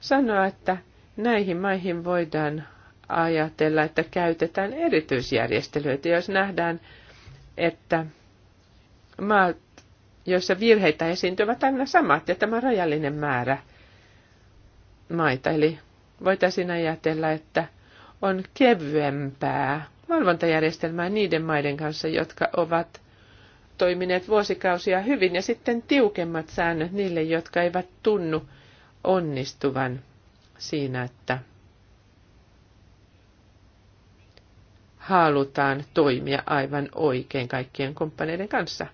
S3: sanoa, että näihin maihin voidaan ajatella, että käytetään erityisjärjestelyitä, jos nähdään, että maat, joissa virheitä esiintyvät aina samat, ja tämä on rajallinen määrä maita. Eli voitaisiin ajatella, että on kevyempää valvontajärjestelmää niiden maiden kanssa, jotka ovat toimineet vuosikausia hyvin, ja sitten tiukemmat säännöt niille, jotka eivät tunnu onnistuvan siinä, että halutaan toimia aivan oikein kaikkien kumppaneiden kanssa.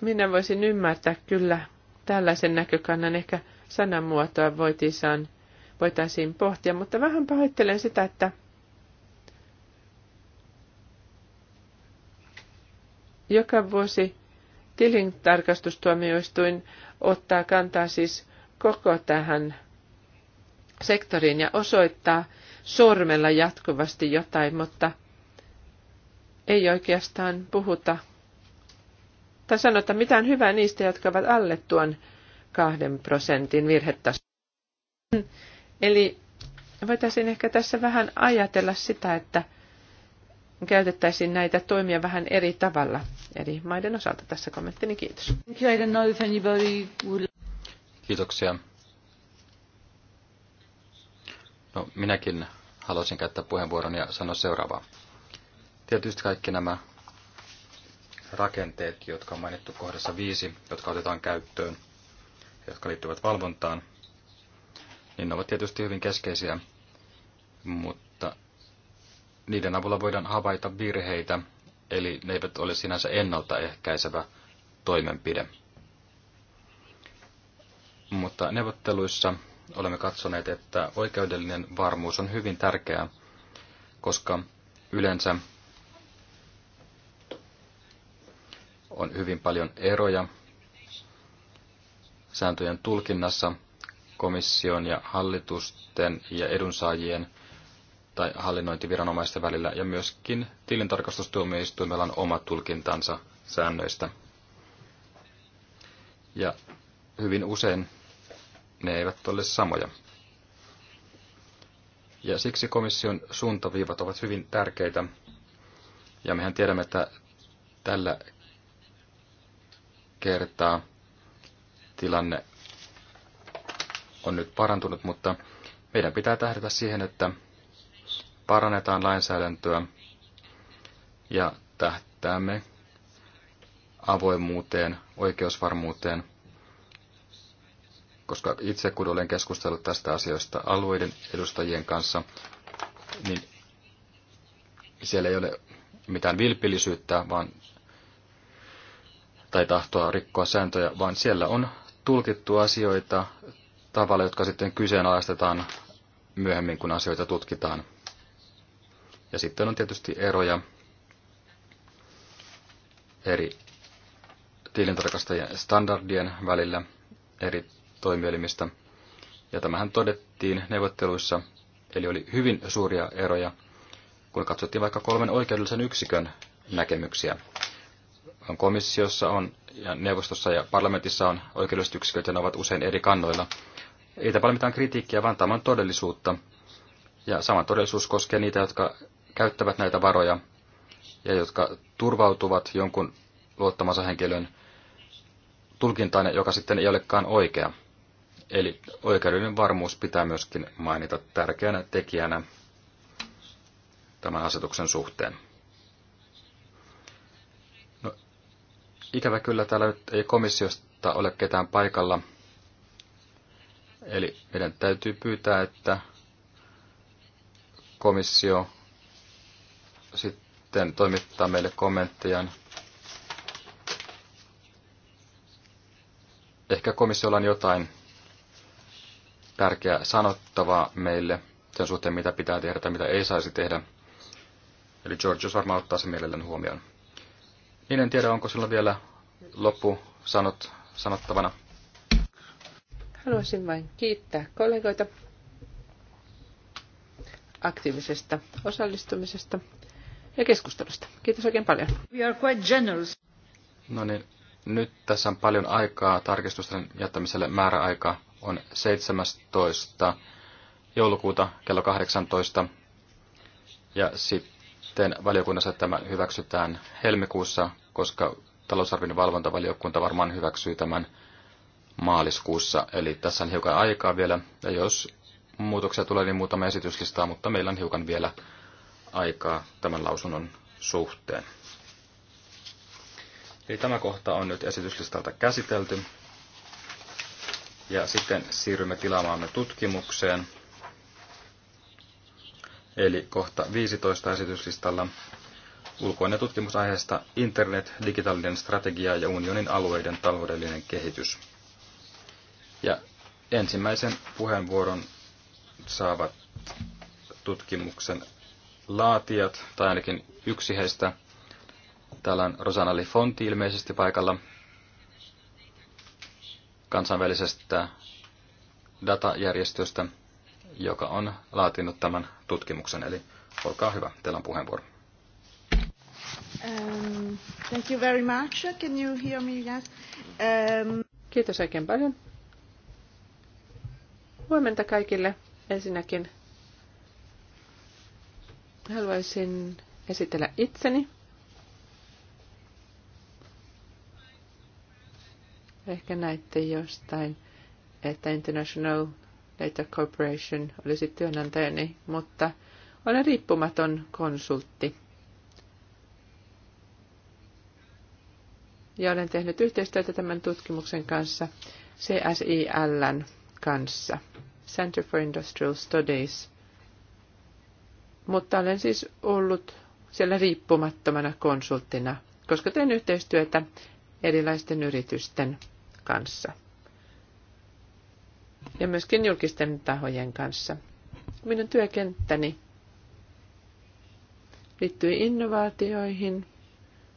S3: Minä voisin ymmärtää kyllä tällaisen näkökannan, ehkä sanamuotoa voitiin voitaisiin pohtia, mutta vähän pahoittelen sitä, että joka vuosi tilintarkastustuomioistuin ottaa kantaa siis koko tähän sektoriin ja osoittaa sormella jatkuvasti jotain, mutta ei oikeastaan puhuta tai sanota mitään hyvää niistä, jotka ovat alle tuon kahden prosentin virhetasoon. Eli voitaisiin ehkä tässä vähän ajatella sitä, että käytettäisiin näitä toimia vähän eri tavalla eri maiden osalta. Tässä kommenttini kiitos.
S2: Kiitoksia. No, minäkin haluaisin käyttää puheenvuoron ja sanoa seuraavaa. Tietysti kaikki nämä rakenteet, jotka on mainittu kohdassa viisi, jotka otetaan käyttöön, jotka liittyvät valvontaan, niin ne ovat tietysti hyvin keskeisiä, mutta niiden avulla voidaan havaita virheitä, eli ne eivät ole sinänsä ennaltaehkäisevä toimenpide. Mutta neuvotteluissa olemme katsoneet, että oikeudellinen varmuus on hyvin tärkeää, koska yleensä on hyvin paljon eroja sääntöjen tulkinnassa – komission ja hallitusten ja edunsaajien tai hallinnointiviranomaisten välillä, ja myöskin tilintarkastustuomioistuimella on oma tulkintansa säännöistä. Ja hyvin usein ne eivät ole samoja. Ja siksi komission suuntaviivat ovat hyvin tärkeitä. Ja mehän tiedämme, että tällä kertaa tilanne on nyt parantunut, mutta meidän pitää tähdätä siihen, että parannetaan lainsäädäntöä ja tähtäämme avoimuuteen, oikeusvarmuuteen, koska itse kun olen keskustellut tästä asioista alueiden edustajien kanssa, niin siellä ei ole mitään vilpillisyyttä vaan, tai tahtoa rikkoa sääntöjä, vaan siellä on tulkittu asioita tavalla, jotka sitten kyseenalaistetaan myöhemmin, kun asioita tutkitaan. Ja sitten on tietysti eroja eri tilintarkastajien standardien välillä eri toimielimistä. Ja tämähän todettiin neuvotteluissa, eli oli hyvin suuria eroja, kun katsottiin vaikka kolmen oikeudellisen yksikön näkemyksiä. On komissiossa on, ja neuvostossa ja parlamentissa on oikeudelliset yksiköt, ja ne ovat usein eri kannoilla. Ei tapa mitään kritiikkiä, vaan tämä on todellisuutta. Ja sama todellisuus koskee niitä, jotka käyttävät näitä varoja ja jotka turvautuvat jonkun luottamansa henkilön tulkintaan, joka sitten ei olekaan oikea. Eli oikeudellinen varmuus pitää myöskin mainita tärkeänä tekijänä tämän asetuksen suhteen. No, ikävä kyllä täällä nyt ei komissiosta ole ketään paikalla, Eli meidän täytyy pyytää, että komissio sitten toimittaa meille kommenttejaan. Ehkä komissiolla on jotain tärkeää sanottavaa meille sen suhteen, mitä pitää tehdä tai mitä ei saisi tehdä. Eli jos varmaan ottaa sen mielellään huomioon. Niin en tiedä, onko sillä vielä loppu sanot, sanottavana.
S3: Haluaisin vain kiittää kollegoita aktiivisesta osallistumisesta ja keskustelusta. Kiitos oikein paljon. We are
S1: quite generous.
S2: No niin, nyt tässä on paljon aikaa tarkistusten jättämiselle. Määräaika on 17. joulukuuta kello 18. Ja sitten valiokunnassa tämä hyväksytään helmikuussa, koska talousarvion valvontavaliokunta varmaan hyväksyy tämän maaliskuussa. Eli tässä on hiukan aikaa vielä, ja jos muutoksia tulee, niin muutama esityslistaa, mutta meillä on hiukan vielä aikaa tämän lausunnon suhteen. Eli tämä kohta on nyt esityslistalta käsitelty. Ja sitten siirrymme tilaamaamme tutkimukseen. Eli kohta 15 esityslistalla ulkoinen tutkimusaiheesta Internet, digitaalinen strategia ja unionin alueiden taloudellinen kehitys. Ja ensimmäisen puheenvuoron saavat tutkimuksen laatijat, tai ainakin yksi heistä. Täällä on Rosana Lifonti ilmeisesti paikalla kansainvälisestä datajärjestöstä, joka on laatinut tämän tutkimuksen. Eli olkaa hyvä, teillä on puheenvuoro.
S3: Um, thank you very much. Can you hear me? Yes. Um... Kiitos oikein paljon. Huomenta kaikille ensinnäkin. Haluaisin esitellä itseni. Ehkä näitte jostain, että International Data Corporation olisi työnantajani, mutta olen riippumaton konsultti. ja olen tehnyt yhteistyötä tämän tutkimuksen kanssa CSILn kanssa. Center for Industrial Studies. Mutta olen siis ollut siellä riippumattomana konsulttina, koska teen yhteistyötä erilaisten yritysten kanssa ja myöskin julkisten tahojen kanssa. Minun työkenttäni liittyy innovaatioihin,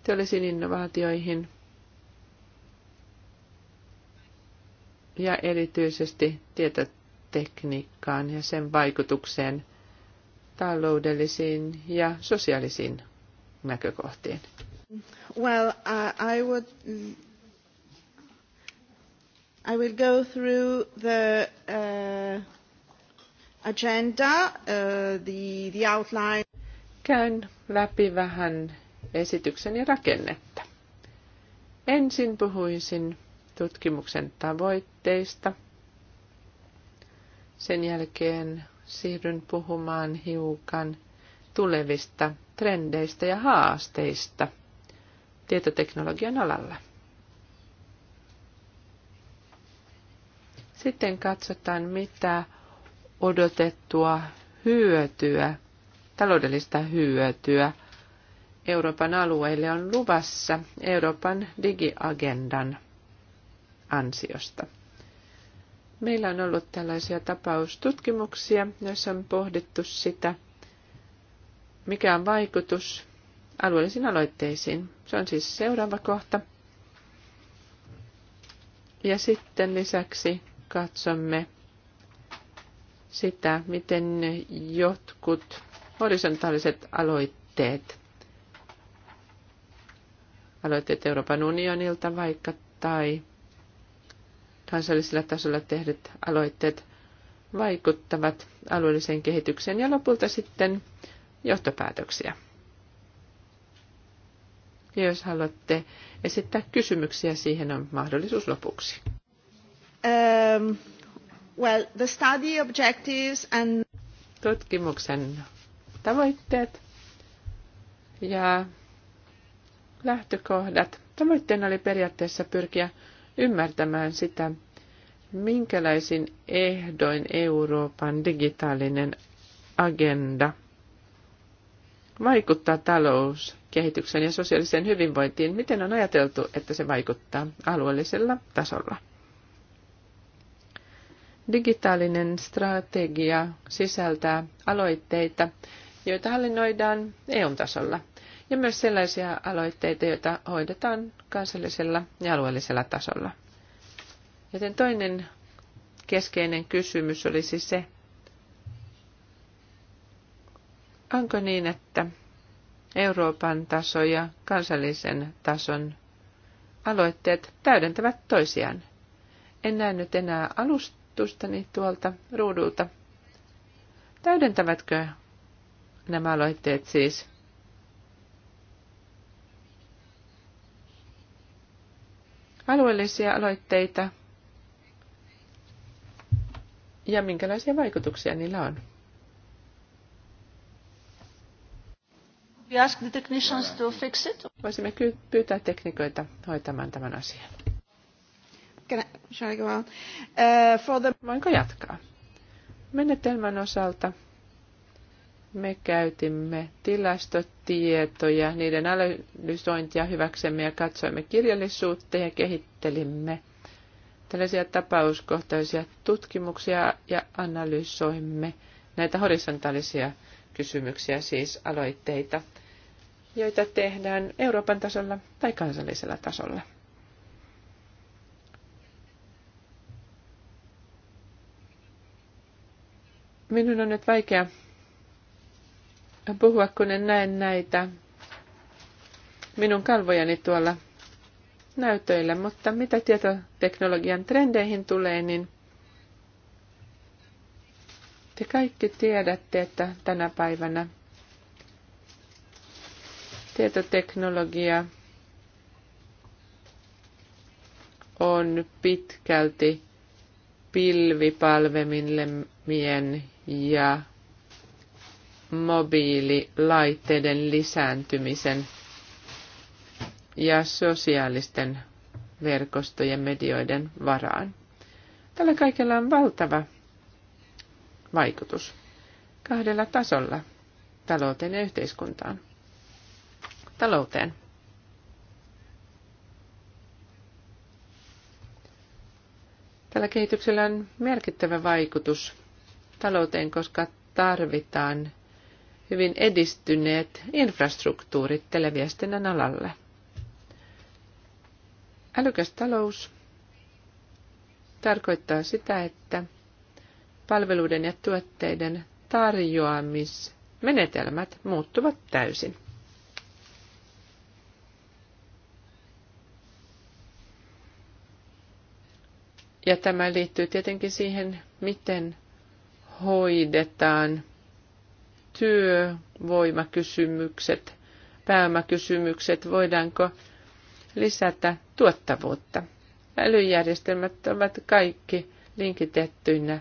S3: teollisiin innovaatioihin ja erityisesti tietot, tekniikkaan ja sen vaikutukseen taloudellisiin ja sosiaalisiin näkökohtiin? Well, uh, I would I will go through the uh, agenda, uh, the, the outline. Käyn läpi vähän esityksen ja rakennetta. Ensin puhuisin tutkimuksen tavoitteista – sen jälkeen siirryn puhumaan hiukan tulevista trendeistä ja haasteista tietoteknologian alalla. Sitten katsotaan, mitä odotettua hyötyä, taloudellista hyötyä Euroopan alueille on luvassa Euroopan digiagendan ansiosta. Meillä on ollut tällaisia tapaustutkimuksia, joissa on pohdittu sitä, mikä on vaikutus alueellisiin aloitteisiin. Se on siis seuraava kohta. Ja sitten lisäksi katsomme sitä, miten jotkut horisontaaliset aloitteet, aloitteet Euroopan unionilta vaikka tai kansallisella tasolla tehdyt aloitteet vaikuttavat alueelliseen kehitykseen ja lopulta sitten johtopäätöksiä. Ja jos haluatte esittää kysymyksiä, siihen on mahdollisuus lopuksi. Um, well, the study objectives and... Tutkimuksen tavoitteet ja lähtökohdat. Tavoitteena oli periaatteessa pyrkiä ymmärtämään sitä, minkälaisin ehdoin Euroopan digitaalinen agenda vaikuttaa talouskehitykseen ja sosiaaliseen hyvinvointiin. Miten on ajateltu, että se vaikuttaa alueellisella tasolla? Digitaalinen strategia sisältää aloitteita, joita hallinnoidaan EU-tasolla – ja myös sellaisia aloitteita, joita hoidetaan kansallisella ja alueellisella tasolla. Joten toinen keskeinen kysymys olisi se, onko niin, että Euroopan taso ja kansallisen tason aloitteet täydentävät toisiaan. En nyt enää alustustani tuolta ruudulta. Täydentävätkö nämä aloitteet siis alueellisia aloitteita ja minkälaisia vaikutuksia niillä on. Voisimme pyytää teknikoita hoitamaan tämän asian. Uh, Voinko jatkaa? Menetelmän osalta me käytimme tilastotietoja, niiden analysointia hyväksemme ja katsoimme kirjallisuutta ja kehittelimme tällaisia tapauskohtaisia tutkimuksia ja analysoimme näitä horisontaalisia kysymyksiä, siis aloitteita, joita tehdään Euroopan tasolla tai kansallisella tasolla. Minun on nyt vaikea puhua, kun en näe näitä minun kalvojani tuolla näytöillä, mutta mitä tietoteknologian trendeihin tulee, niin te kaikki tiedätte, että tänä päivänä tietoteknologia on pitkälti pilvipalvelimien ja mobiililaitteiden lisääntymisen ja sosiaalisten verkostojen medioiden varaan. Tällä kaikella on valtava vaikutus kahdella tasolla, talouteen ja yhteiskuntaan. Talouteen. Tällä kehityksellä on merkittävä vaikutus talouteen, koska tarvitaan hyvin edistyneet infrastruktuurit televiestinnän alalle. Älykäs talous tarkoittaa sitä, että palveluiden ja tuotteiden tarjoamismenetelmät muuttuvat täysin. Ja tämä liittyy tietenkin siihen, miten hoidetaan työvoimakysymykset, pääomakysymykset, voidaanko lisätä tuottavuutta. Älyjärjestelmät ovat kaikki linkitettyinä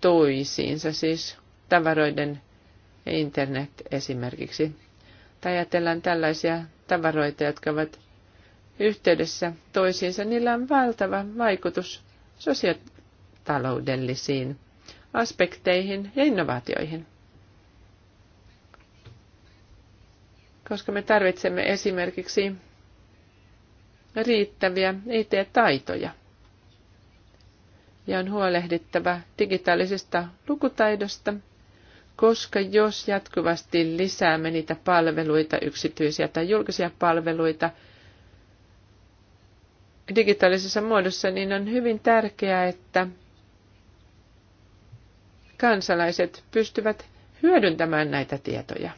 S3: toisiinsa, siis tavaroiden internet esimerkiksi. Tai ajatellaan tällaisia tavaroita, jotka ovat yhteydessä toisiinsa, niillä on valtava vaikutus sosiaalitaloudellisiin aspekteihin ja innovaatioihin. koska me tarvitsemme esimerkiksi riittäviä IT-taitoja. Ja on huolehdittava digitaalisesta lukutaidosta, koska jos jatkuvasti lisäämme niitä palveluita, yksityisiä tai julkisia palveluita, digitaalisessa muodossa, niin on hyvin tärkeää, että kansalaiset pystyvät hyödyntämään näitä tietoja.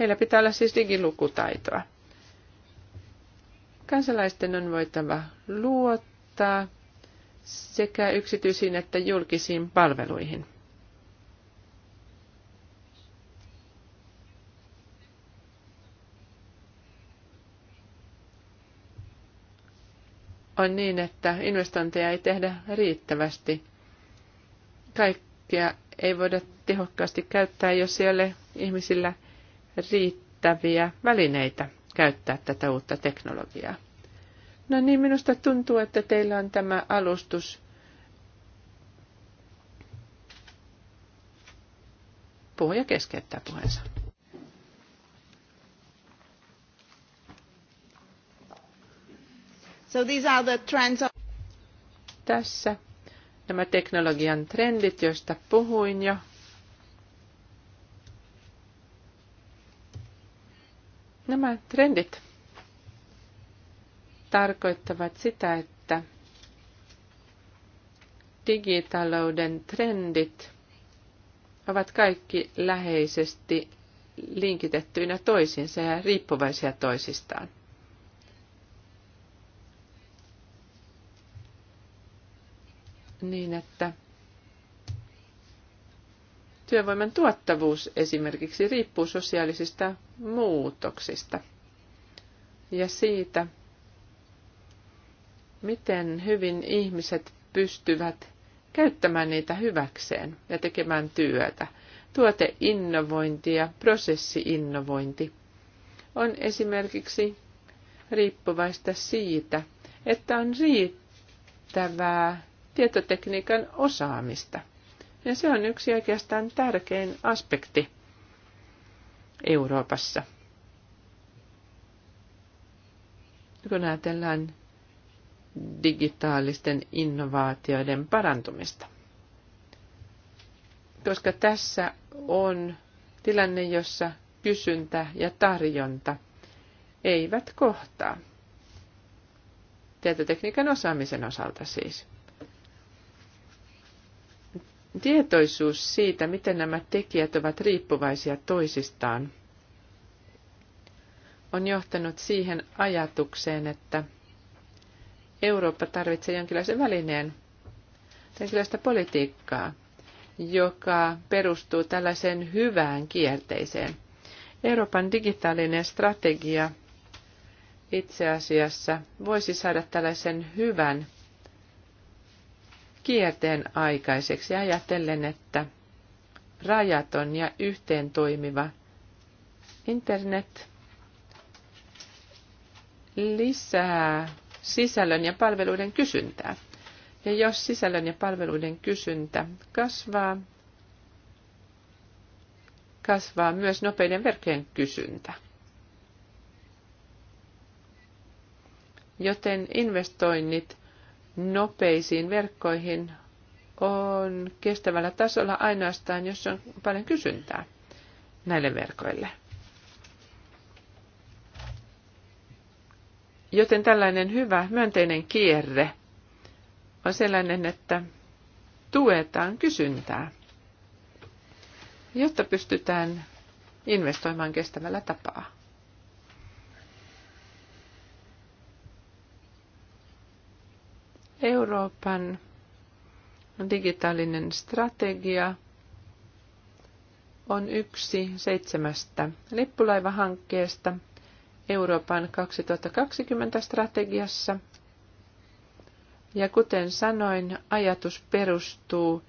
S3: Heillä pitää olla siis digilukutaitoa. Kansalaisten on voitava luottaa sekä yksityisiin että julkisiin palveluihin. on niin, että investointeja ei tehdä riittävästi. Kaikkea ei voida tehokkaasti käyttää, jos ei ole ihmisillä riittäviä välineitä käyttää tätä uutta teknologiaa. No niin, minusta tuntuu, että teillä on tämä alustus. Puhuja keskeyttää puheensa. So these are the trends of... Tässä nämä teknologian trendit, joista puhuin jo. Nämä trendit tarkoittavat sitä, että digitalouden trendit ovat kaikki läheisesti linkitettyinä toisiinsa ja riippuvaisia toisistaan. Niin, että työvoiman tuottavuus esimerkiksi riippuu sosiaalisista muutoksista ja siitä, miten hyvin ihmiset pystyvät käyttämään niitä hyväkseen ja tekemään työtä. Tuoteinnovointi ja prosessiinnovointi on esimerkiksi riippuvaista siitä, että on riittävää tietotekniikan osaamista. Ja se on yksi oikeastaan tärkein aspekti Euroopassa. Kun ajatellaan digitaalisten innovaatioiden parantumista. Koska tässä on tilanne, jossa kysyntä ja tarjonta eivät kohtaa. Tietotekniikan osaamisen osalta siis. Tietoisuus siitä, miten nämä tekijät ovat riippuvaisia toisistaan, on johtanut siihen ajatukseen, että Eurooppa tarvitsee jonkinlaisen välineen, jonkinlaista politiikkaa, joka perustuu tällaiseen hyvään kierteiseen. Euroopan digitaalinen strategia itse asiassa voisi saada tällaisen hyvän kierteen aikaiseksi ajatellen, että rajaton ja yhteen toimiva internet lisää sisällön ja palveluiden kysyntää. Ja jos sisällön ja palveluiden kysyntä kasvaa, kasvaa myös nopeiden verkkojen kysyntä. Joten investoinnit nopeisiin verkkoihin on kestävällä tasolla ainoastaan, jos on paljon kysyntää näille verkoille. Joten tällainen hyvä myönteinen kierre on sellainen, että tuetaan kysyntää, jotta pystytään investoimaan kestävällä tapaa. Euroopan digitaalinen strategia on yksi seitsemästä lippulaivahankkeesta Euroopan 2020 strategiassa. Ja kuten sanoin, ajatus perustuu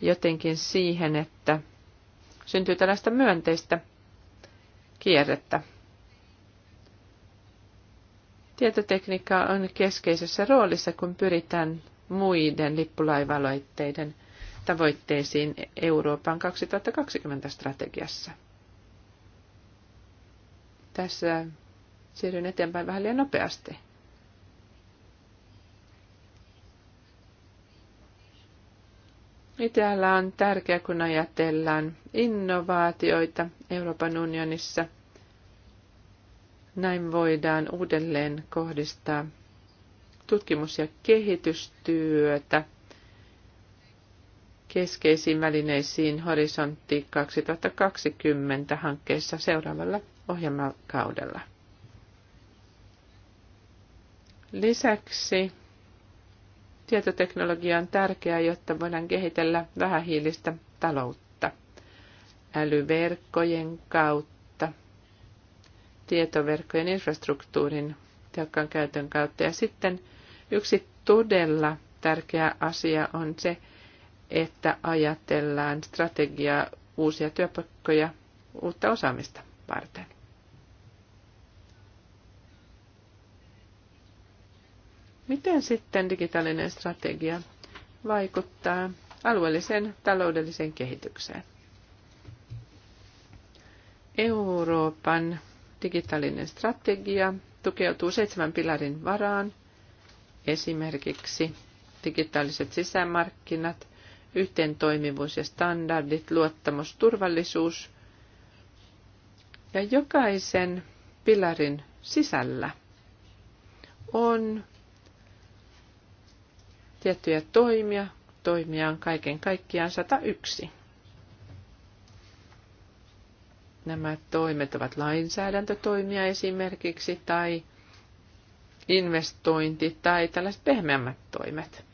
S3: jotenkin siihen, että syntyy tällaista myönteistä kierrettä Tietotekniikka on keskeisessä roolissa, kun pyritään muiden lippulaivaloitteiden tavoitteisiin Euroopan 2020-strategiassa. Tässä siirryn eteenpäin vähän liian nopeasti. Itäällä on tärkeää, kun ajatellaan innovaatioita Euroopan unionissa – näin voidaan uudelleen kohdistaa tutkimus- ja kehitystyötä keskeisiin välineisiin horisontti 2020 hankkeessa seuraavalla ohjelmakaudella. Lisäksi tietoteknologia on tärkeää, jotta voidaan kehitellä vähähiilistä taloutta. Älyverkkojen kautta tietoverkkojen infrastruktuurin tehokkaan käytön kautta. Ja sitten yksi todella tärkeä asia on se, että ajatellaan strategiaa uusia työpaikkoja uutta osaamista varten. Miten sitten digitaalinen strategia vaikuttaa alueelliseen taloudelliseen kehitykseen? Euroopan digitaalinen strategia tukeutuu seitsemän pilarin varaan, esimerkiksi digitaaliset sisämarkkinat, yhteentoimivuus ja standardit, luottamus, turvallisuus. Ja jokaisen pilarin sisällä on tiettyjä toimia. Toimia on kaiken kaikkiaan 101 nämä toimet ovat lainsäädäntötoimia esimerkiksi tai investointi tai tällaiset pehmeämmät toimet,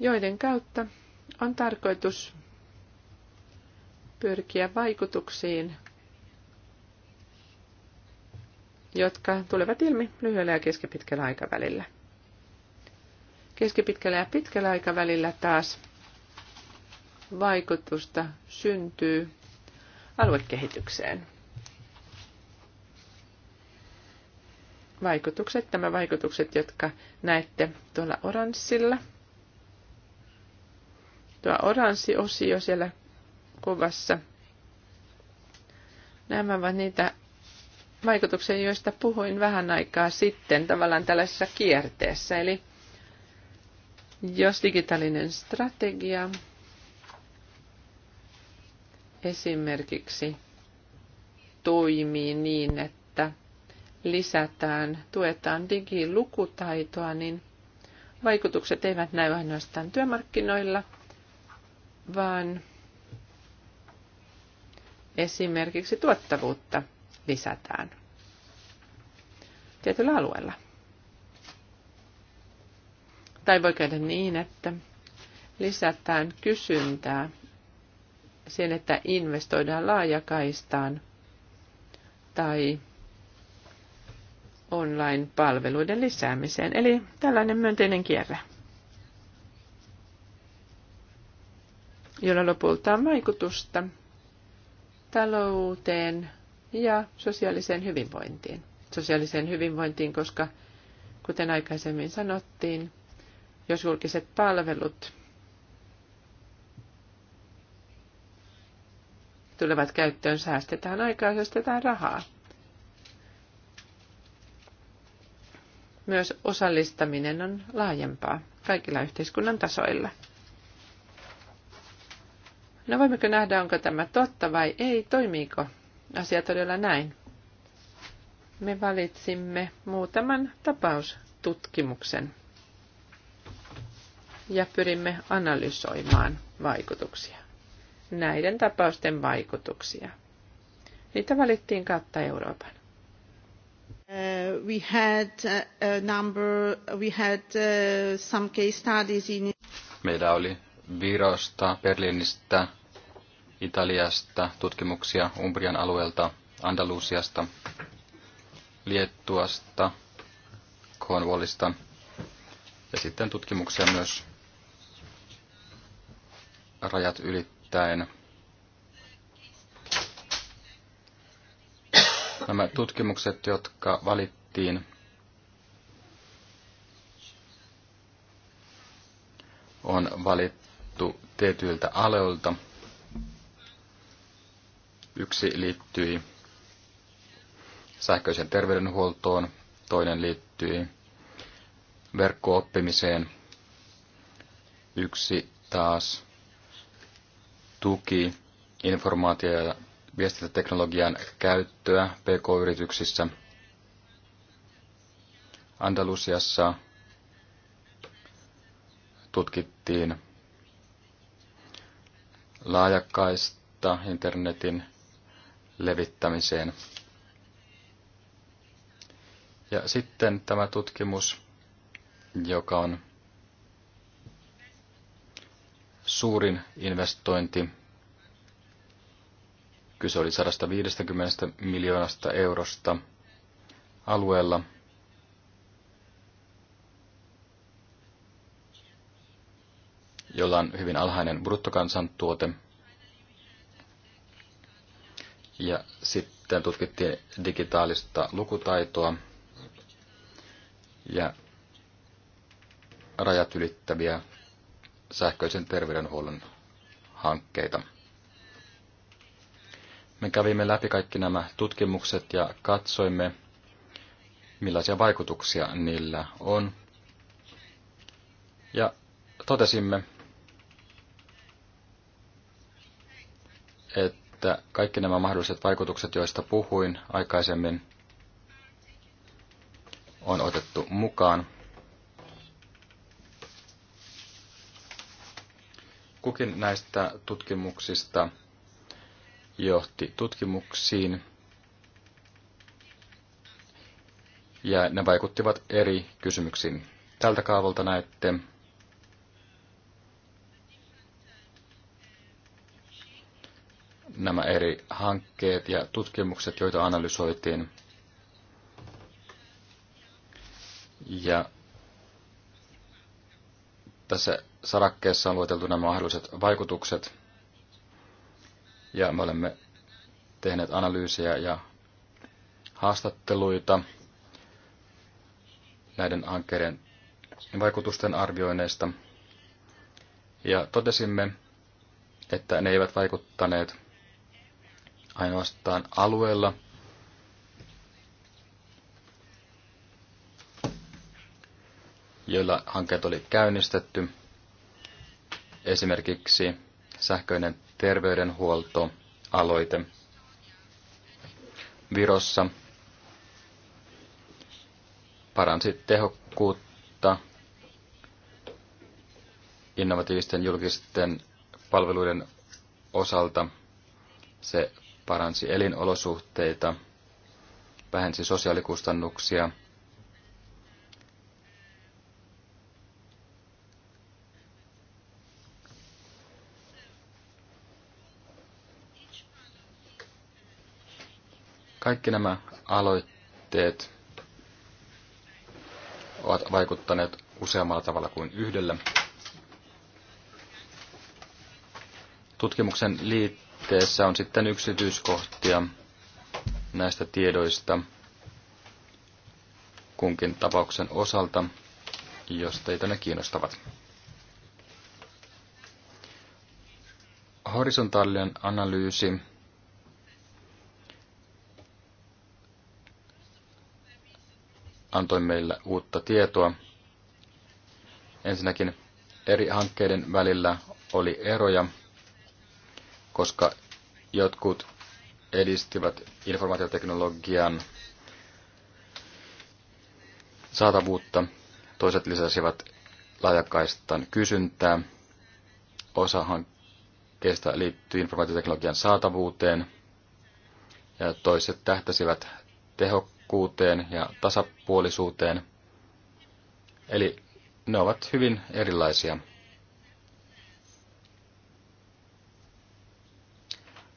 S3: joiden kautta on tarkoitus pyrkiä vaikutuksiin, jotka tulevat ilmi lyhyellä ja keskipitkällä aikavälillä. Keskipitkällä ja pitkällä aikavälillä taas – vaikutusta syntyy aluekehitykseen. Vaikutukset, nämä vaikutukset, jotka näette tuolla oranssilla. Tuo oranssi osio siellä kuvassa. Nämä ovat niitä vaikutuksia, joista puhuin vähän aikaa sitten tavallaan tällaisessa kierteessä. Eli jos digitaalinen strategia esimerkiksi toimii niin, että lisätään, tuetaan digilukutaitoa, niin vaikutukset eivät näy ainoastaan työmarkkinoilla, vaan esimerkiksi tuottavuutta lisätään tietyllä alueella. Tai voi käydä niin, että lisätään kysyntää sen, että investoidaan laajakaistaan tai online-palveluiden lisäämiseen. Eli tällainen myönteinen kierre, jolla lopulta on vaikutusta talouteen ja sosiaaliseen hyvinvointiin. Sosiaaliseen hyvinvointiin, koska kuten aikaisemmin sanottiin, jos julkiset palvelut tulevat käyttöön, säästetään aikaa, säästetään rahaa. Myös osallistaminen on laajempaa kaikilla yhteiskunnan tasoilla. No voimmeko nähdä, onko tämä totta vai ei, toimiiko asia todella näin? Me valitsimme muutaman tapaustutkimuksen ja pyrimme analysoimaan vaikutuksia näiden tapausten vaikutuksia. Niitä valittiin kautta Euroopan. Uh, we had uh, a number, we had uh, some case studies in...
S2: Meillä oli Virosta, Berliinistä, Italiasta, tutkimuksia Umbrian alueelta, Andalusiasta, Liettuasta, Cornwallista ja sitten tutkimuksia myös rajat ylittävistä nimittäin nämä tutkimukset, jotka valittiin, on valittu tietyiltä aloilta. Yksi liittyi sähköiseen terveydenhuoltoon, toinen liittyi verkkooppimiseen, yksi taas tuki informaatio- ja viestintäteknologian käyttöä PK-yrityksissä. Andalusiassa tutkittiin laajakkaista internetin levittämiseen. Ja sitten tämä tutkimus, joka on suurin investointi. Kyse oli 150 miljoonasta eurosta alueella, jolla on hyvin alhainen bruttokansantuote. Ja sitten tutkittiin digitaalista lukutaitoa ja rajat ylittäviä sähköisen terveydenhuollon hankkeita. Me kävimme läpi kaikki nämä tutkimukset ja katsoimme, millaisia vaikutuksia niillä on. Ja totesimme, että kaikki nämä mahdolliset vaikutukset, joista puhuin aikaisemmin, on otettu mukaan Kukin näistä tutkimuksista johti tutkimuksiin, ja ne vaikuttivat eri kysymyksiin. Tältä kaavalta näette nämä eri hankkeet ja tutkimukset, joita analysoitiin. Ja tässä sarakkeessa on lueteltu nämä mahdolliset vaikutukset. Ja me olemme tehneet analyysiä ja haastatteluita näiden hankkeiden vaikutusten arvioineista. Ja totesimme, että ne eivät vaikuttaneet ainoastaan alueella, joilla hankkeet oli käynnistetty. Esimerkiksi sähköinen terveydenhuolto Virossa paransi tehokkuutta innovatiivisten julkisten palveluiden osalta. Se paransi elinolosuhteita, vähensi sosiaalikustannuksia – Kaikki nämä aloitteet ovat vaikuttaneet useammalla tavalla kuin yhdellä. Tutkimuksen liitteessä on sitten yksityiskohtia näistä tiedoista kunkin tapauksen osalta, jos teitä ne kiinnostavat. Horisontaalinen analyysi antoi meille uutta tietoa. Ensinnäkin eri hankkeiden välillä oli eroja, koska jotkut edistivät informaatioteknologian saatavuutta, toiset lisäsivät laajakaistan kysyntää, osa hankkeista liittyy informaatioteknologian saatavuuteen ja toiset tähtäsivät tehokkaasti tehokkuuteen ja tasapuolisuuteen. Eli ne ovat hyvin erilaisia.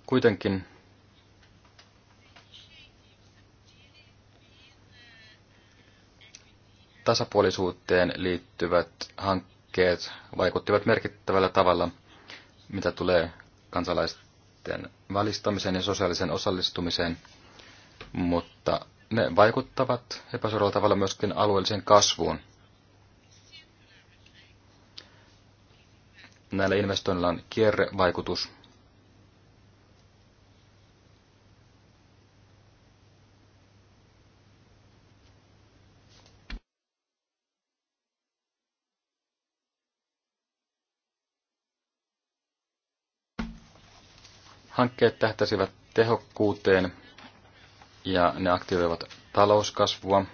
S2: Kuitenkin tasapuolisuuteen liittyvät hankkeet vaikuttivat merkittävällä tavalla, mitä tulee kansalaisten välistamiseen ja sosiaaliseen osallistumiseen, mutta ne vaikuttavat epäsuoralla tavalla myöskin alueelliseen kasvuun. Näillä investoinnilla on kierrevaikutus. Hankkeet tähtäsivät tehokkuuteen ja ne aktivoivat talouskasvua,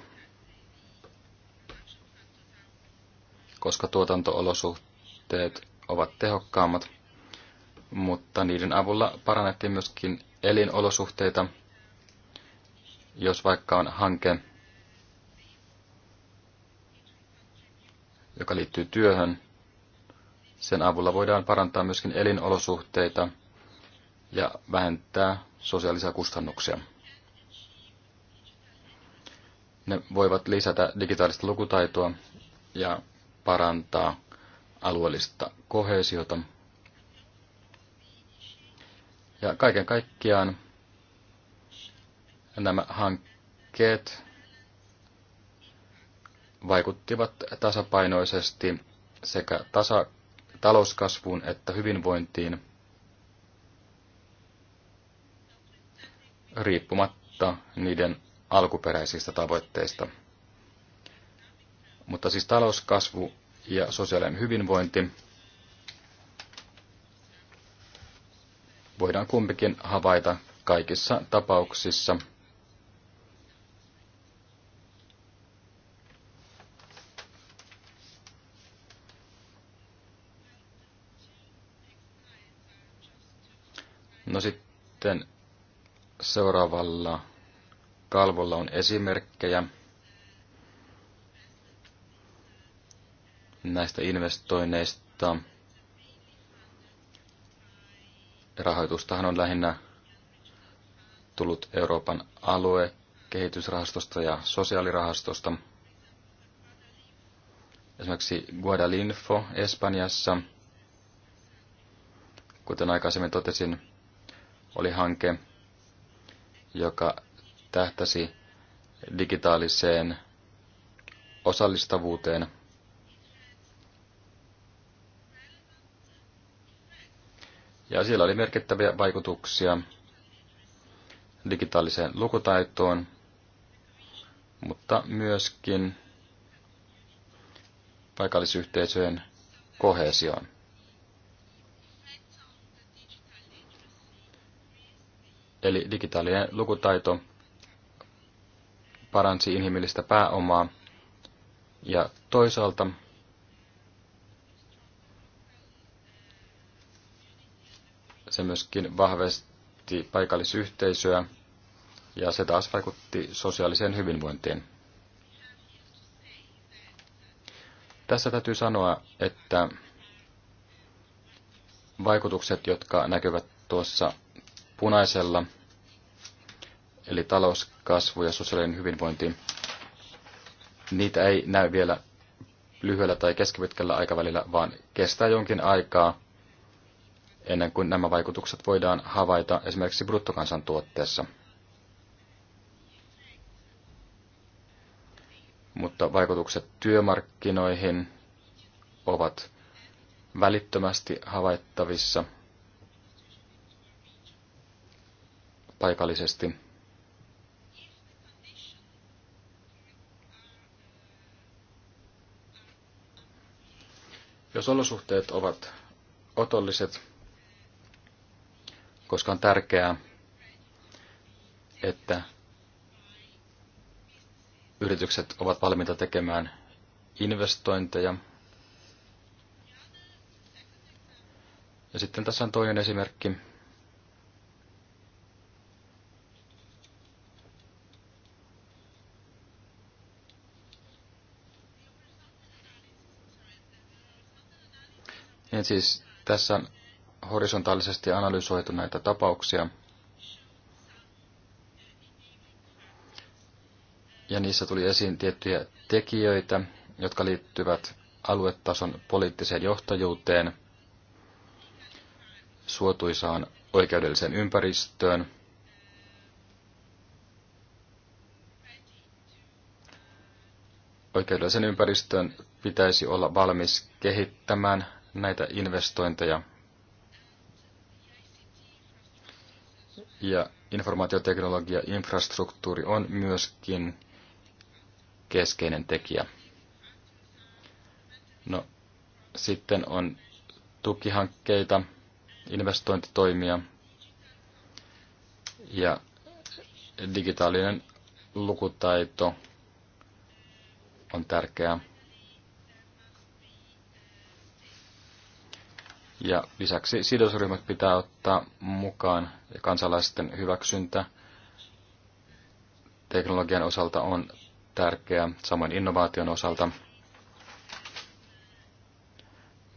S2: koska tuotantoolosuhteet ovat tehokkaammat, mutta niiden avulla parannettiin myöskin elinolosuhteita, jos vaikka on hanke, joka liittyy työhön. Sen avulla voidaan parantaa myöskin elinolosuhteita ja vähentää sosiaalisia kustannuksia. Ne voivat lisätä digitaalista lukutaitoa ja parantaa alueellista kohesiota. Ja kaiken kaikkiaan nämä hankkeet vaikuttivat tasapainoisesti sekä tasa- talouskasvuun että hyvinvointiin riippumatta niiden alkuperäisistä tavoitteista. Mutta siis talouskasvu ja sosiaalinen hyvinvointi voidaan kumpikin havaita kaikissa tapauksissa. No sitten seuraavalla kalvolla on esimerkkejä näistä investoinneista. Rahoitustahan on lähinnä tullut Euroopan alue kehitysrahastosta ja sosiaalirahastosta. Esimerkiksi Guadalinfo Espanjassa, kuten aikaisemmin totesin, oli hanke, joka tähtäsi digitaaliseen osallistavuuteen. Ja siellä oli merkittäviä vaikutuksia digitaaliseen lukutaitoon, mutta myöskin paikallisyhteisöjen kohesioon. Eli digitaalinen lukutaito paransi inhimillistä pääomaa ja toisaalta se myöskin vahvisti paikallisyhteisöä ja se taas vaikutti sosiaaliseen hyvinvointiin. Tässä täytyy sanoa, että vaikutukset, jotka näkyvät tuossa punaisella eli talouskasvu ja sosiaalinen hyvinvointi, niitä ei näy vielä lyhyellä tai keskipitkällä aikavälillä, vaan kestää jonkin aikaa ennen kuin nämä vaikutukset voidaan havaita esimerkiksi bruttokansantuotteessa. Mutta vaikutukset työmarkkinoihin ovat välittömästi havaittavissa paikallisesti. Jos olosuhteet ovat otolliset, koska on tärkeää, että yritykset ovat valmiita tekemään investointeja. Ja sitten tässä on toinen esimerkki. En niin siis tässä horisontaalisesti analysoitu näitä tapauksia. Ja niissä tuli esiin tiettyjä tekijöitä, jotka liittyvät aluetason poliittiseen johtajuuteen, suotuisaan oikeudelliseen ympäristöön, oikeudellisen ympäristön pitäisi olla valmis kehittämään näitä investointeja. Ja informaatioteknologia, infrastruktuuri on myöskin keskeinen tekijä. No, sitten on tukihankkeita, investointitoimia ja digitaalinen lukutaito on tärkeää. Ja lisäksi sidosryhmät pitää ottaa mukaan ja kansalaisten hyväksyntä teknologian osalta on tärkeää, samoin innovaation osalta.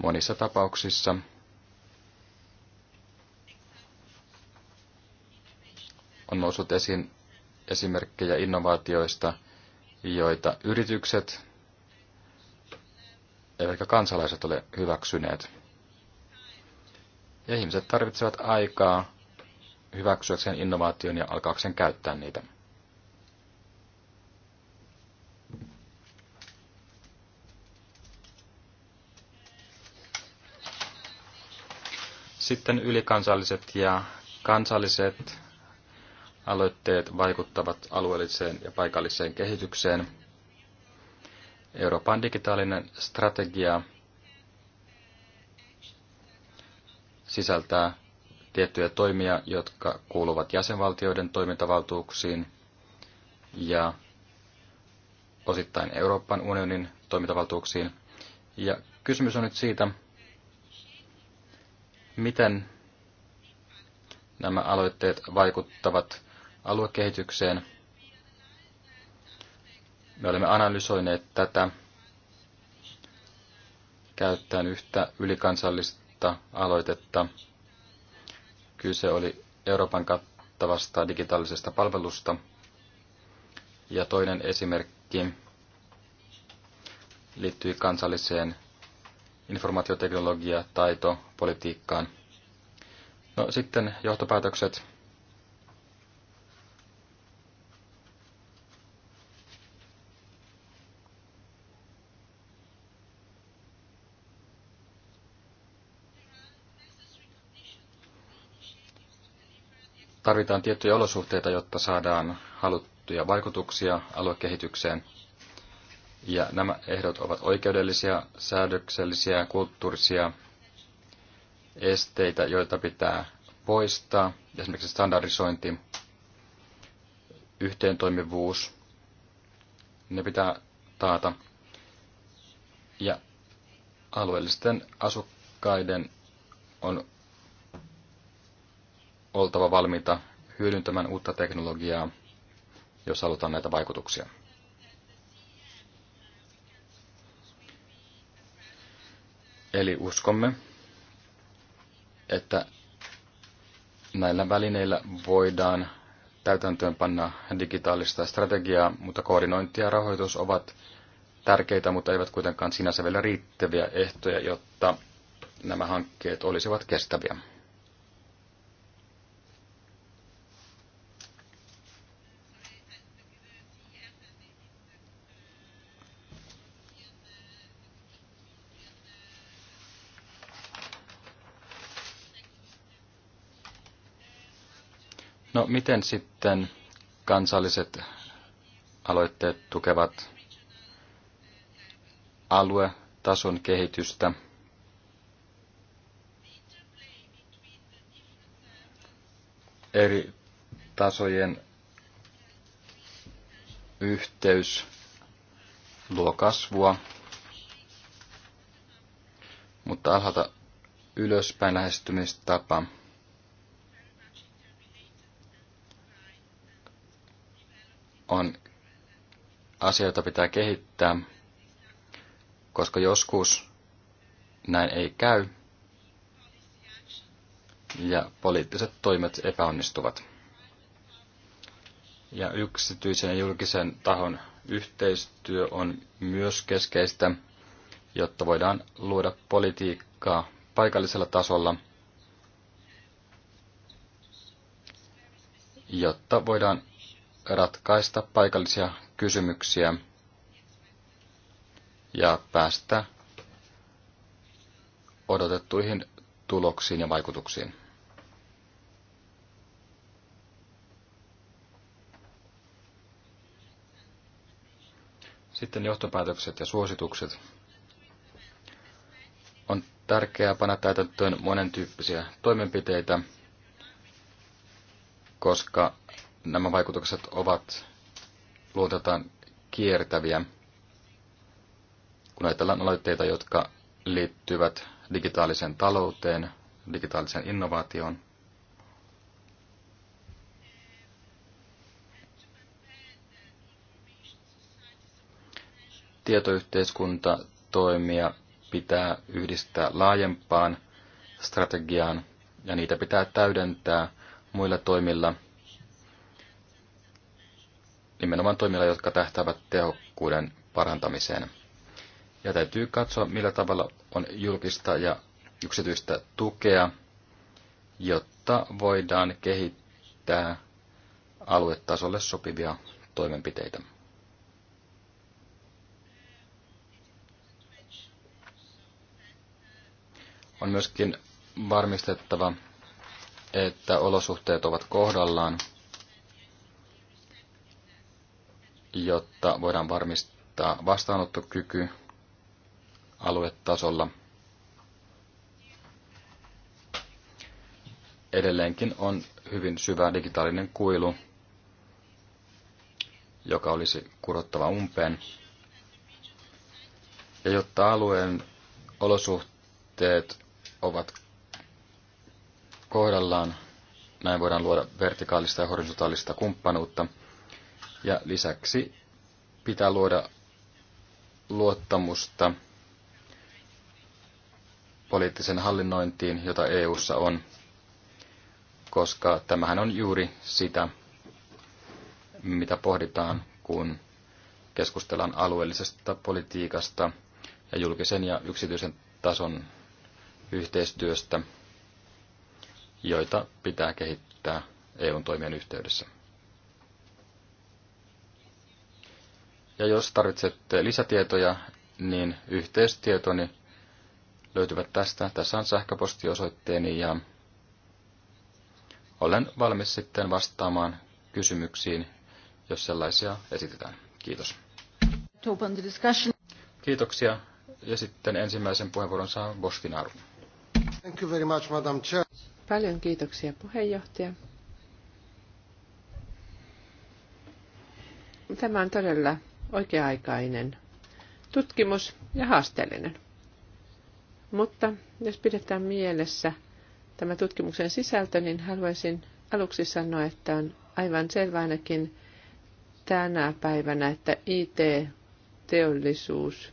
S2: Monissa tapauksissa on noussut esiin esimerkkejä innovaatioista, joita yritykset eivätkä kansalaiset ole hyväksyneet. Ja ihmiset tarvitsevat aikaa hyväksyäkseen innovaation ja alkaakseen käyttää niitä. Sitten ylikansalliset ja kansalliset aloitteet vaikuttavat alueelliseen ja paikalliseen kehitykseen. Euroopan digitaalinen strategia sisältää tiettyjä toimia, jotka kuuluvat jäsenvaltioiden toimintavaltuuksiin ja osittain Euroopan unionin toimintavaltuuksiin. Ja kysymys on nyt siitä, miten nämä aloitteet vaikuttavat aluekehitykseen. Me olemme analysoineet tätä käyttäen yhtä ylikansallista uutta aloitetta. Kyse oli Euroopan kattavasta digitaalisesta palvelusta. Ja toinen esimerkki liittyi kansalliseen informaatioteknologia-taitopolitiikkaan. No sitten johtopäätökset. tarvitaan tiettyjä olosuhteita, jotta saadaan haluttuja vaikutuksia aluekehitykseen. Ja nämä ehdot ovat oikeudellisia, säädöksellisiä, kulttuurisia esteitä, joita pitää poistaa, esimerkiksi standardisointi, yhteentoimivuus, ne pitää taata. Ja alueellisten asukkaiden on oltava valmiita hyödyntämään uutta teknologiaa, jos halutaan näitä vaikutuksia. Eli uskomme, että näillä välineillä voidaan täytäntöön panna digitaalista strategiaa, mutta koordinointi ja rahoitus ovat tärkeitä, mutta eivät kuitenkaan sinänsä vielä riittäviä ehtoja, jotta nämä hankkeet olisivat kestäviä. No miten sitten kansalliset aloitteet tukevat aluetason kehitystä? Eri tasojen yhteys luo kasvua, mutta alhaalta ylöspäin lähestymistapa – on asioita pitää kehittää, koska joskus näin ei käy ja poliittiset toimet epäonnistuvat. Ja yksityisen ja julkisen tahon yhteistyö on myös keskeistä, jotta voidaan luoda politiikkaa paikallisella tasolla, jotta voidaan ratkaista paikallisia kysymyksiä ja päästä odotettuihin tuloksiin ja vaikutuksiin. Sitten johtopäätökset ja suositukset. On tärkeää panna täytäntöön monen tyyppisiä toimenpiteitä, koska nämä vaikutukset ovat luotetaan kiertäviä, kun ajatellaan aloitteita, jotka liittyvät digitaaliseen talouteen, digitaaliseen innovaatioon. Tietoyhteiskunta toimia pitää yhdistää laajempaan strategiaan ja niitä pitää täydentää muilla toimilla – nimenomaan toimilla, jotka tähtäävät tehokkuuden parantamiseen. Ja täytyy katsoa, millä tavalla on julkista ja yksityistä tukea, jotta voidaan kehittää aluetasolle sopivia toimenpiteitä. On myöskin varmistettava, että olosuhteet ovat kohdallaan – jotta voidaan varmistaa vastaanottokyky aluetasolla. Edelleenkin on hyvin syvä digitaalinen kuilu, joka olisi kurottava umpeen. Ja jotta alueen olosuhteet ovat kohdallaan, näin voidaan luoda vertikaalista ja horisontaalista kumppanuutta – ja lisäksi pitää luoda luottamusta poliittisen hallinnointiin, jota EU:ssa on, koska tämähän on juuri sitä, mitä pohditaan, kun keskustellaan alueellisesta politiikasta ja julkisen ja yksityisen tason yhteistyöstä, joita pitää kehittää EUn toimien yhteydessä. Ja jos tarvitsette lisätietoja, niin yhteystietoni löytyvät tästä. Tässä on sähköpostiosoitteeni ja olen valmis sitten vastaamaan kysymyksiin, jos sellaisia esitetään. Kiitos. Kiitoksia. Ja sitten ensimmäisen puheenvuoron saa Bostinaru.
S3: Thank you very much, Madam Chair. Paljon kiitoksia puheenjohtaja. Tämä on todella oikea-aikainen tutkimus ja haasteellinen. Mutta jos pidetään mielessä tämä tutkimuksen sisältö, niin haluaisin aluksi sanoa, että on aivan selvä ainakin tänä päivänä, että IT-teollisuus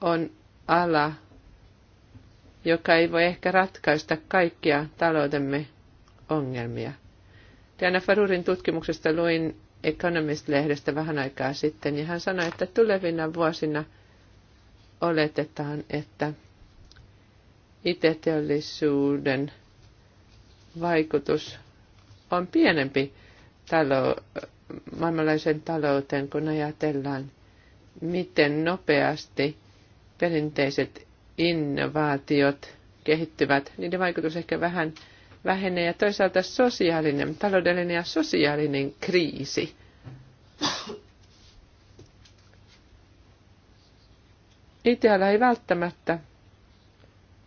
S3: on ala, joka ei voi ehkä ratkaista kaikkia taloutemme ongelmia. Diana Farurin tutkimuksesta luin Economist-lehdestä vähän aikaa sitten, ja hän sanoi, että tulevina vuosina oletetaan, että IT-teollisuuden vaikutus on pienempi talo, maailmanlaisen talouteen, kun ajatellaan, miten nopeasti perinteiset innovaatiot kehittyvät. Niiden vaikutus ehkä vähän vähenee ja toisaalta sosiaalinen, taloudellinen ja sosiaalinen kriisi. Itäällä ei välttämättä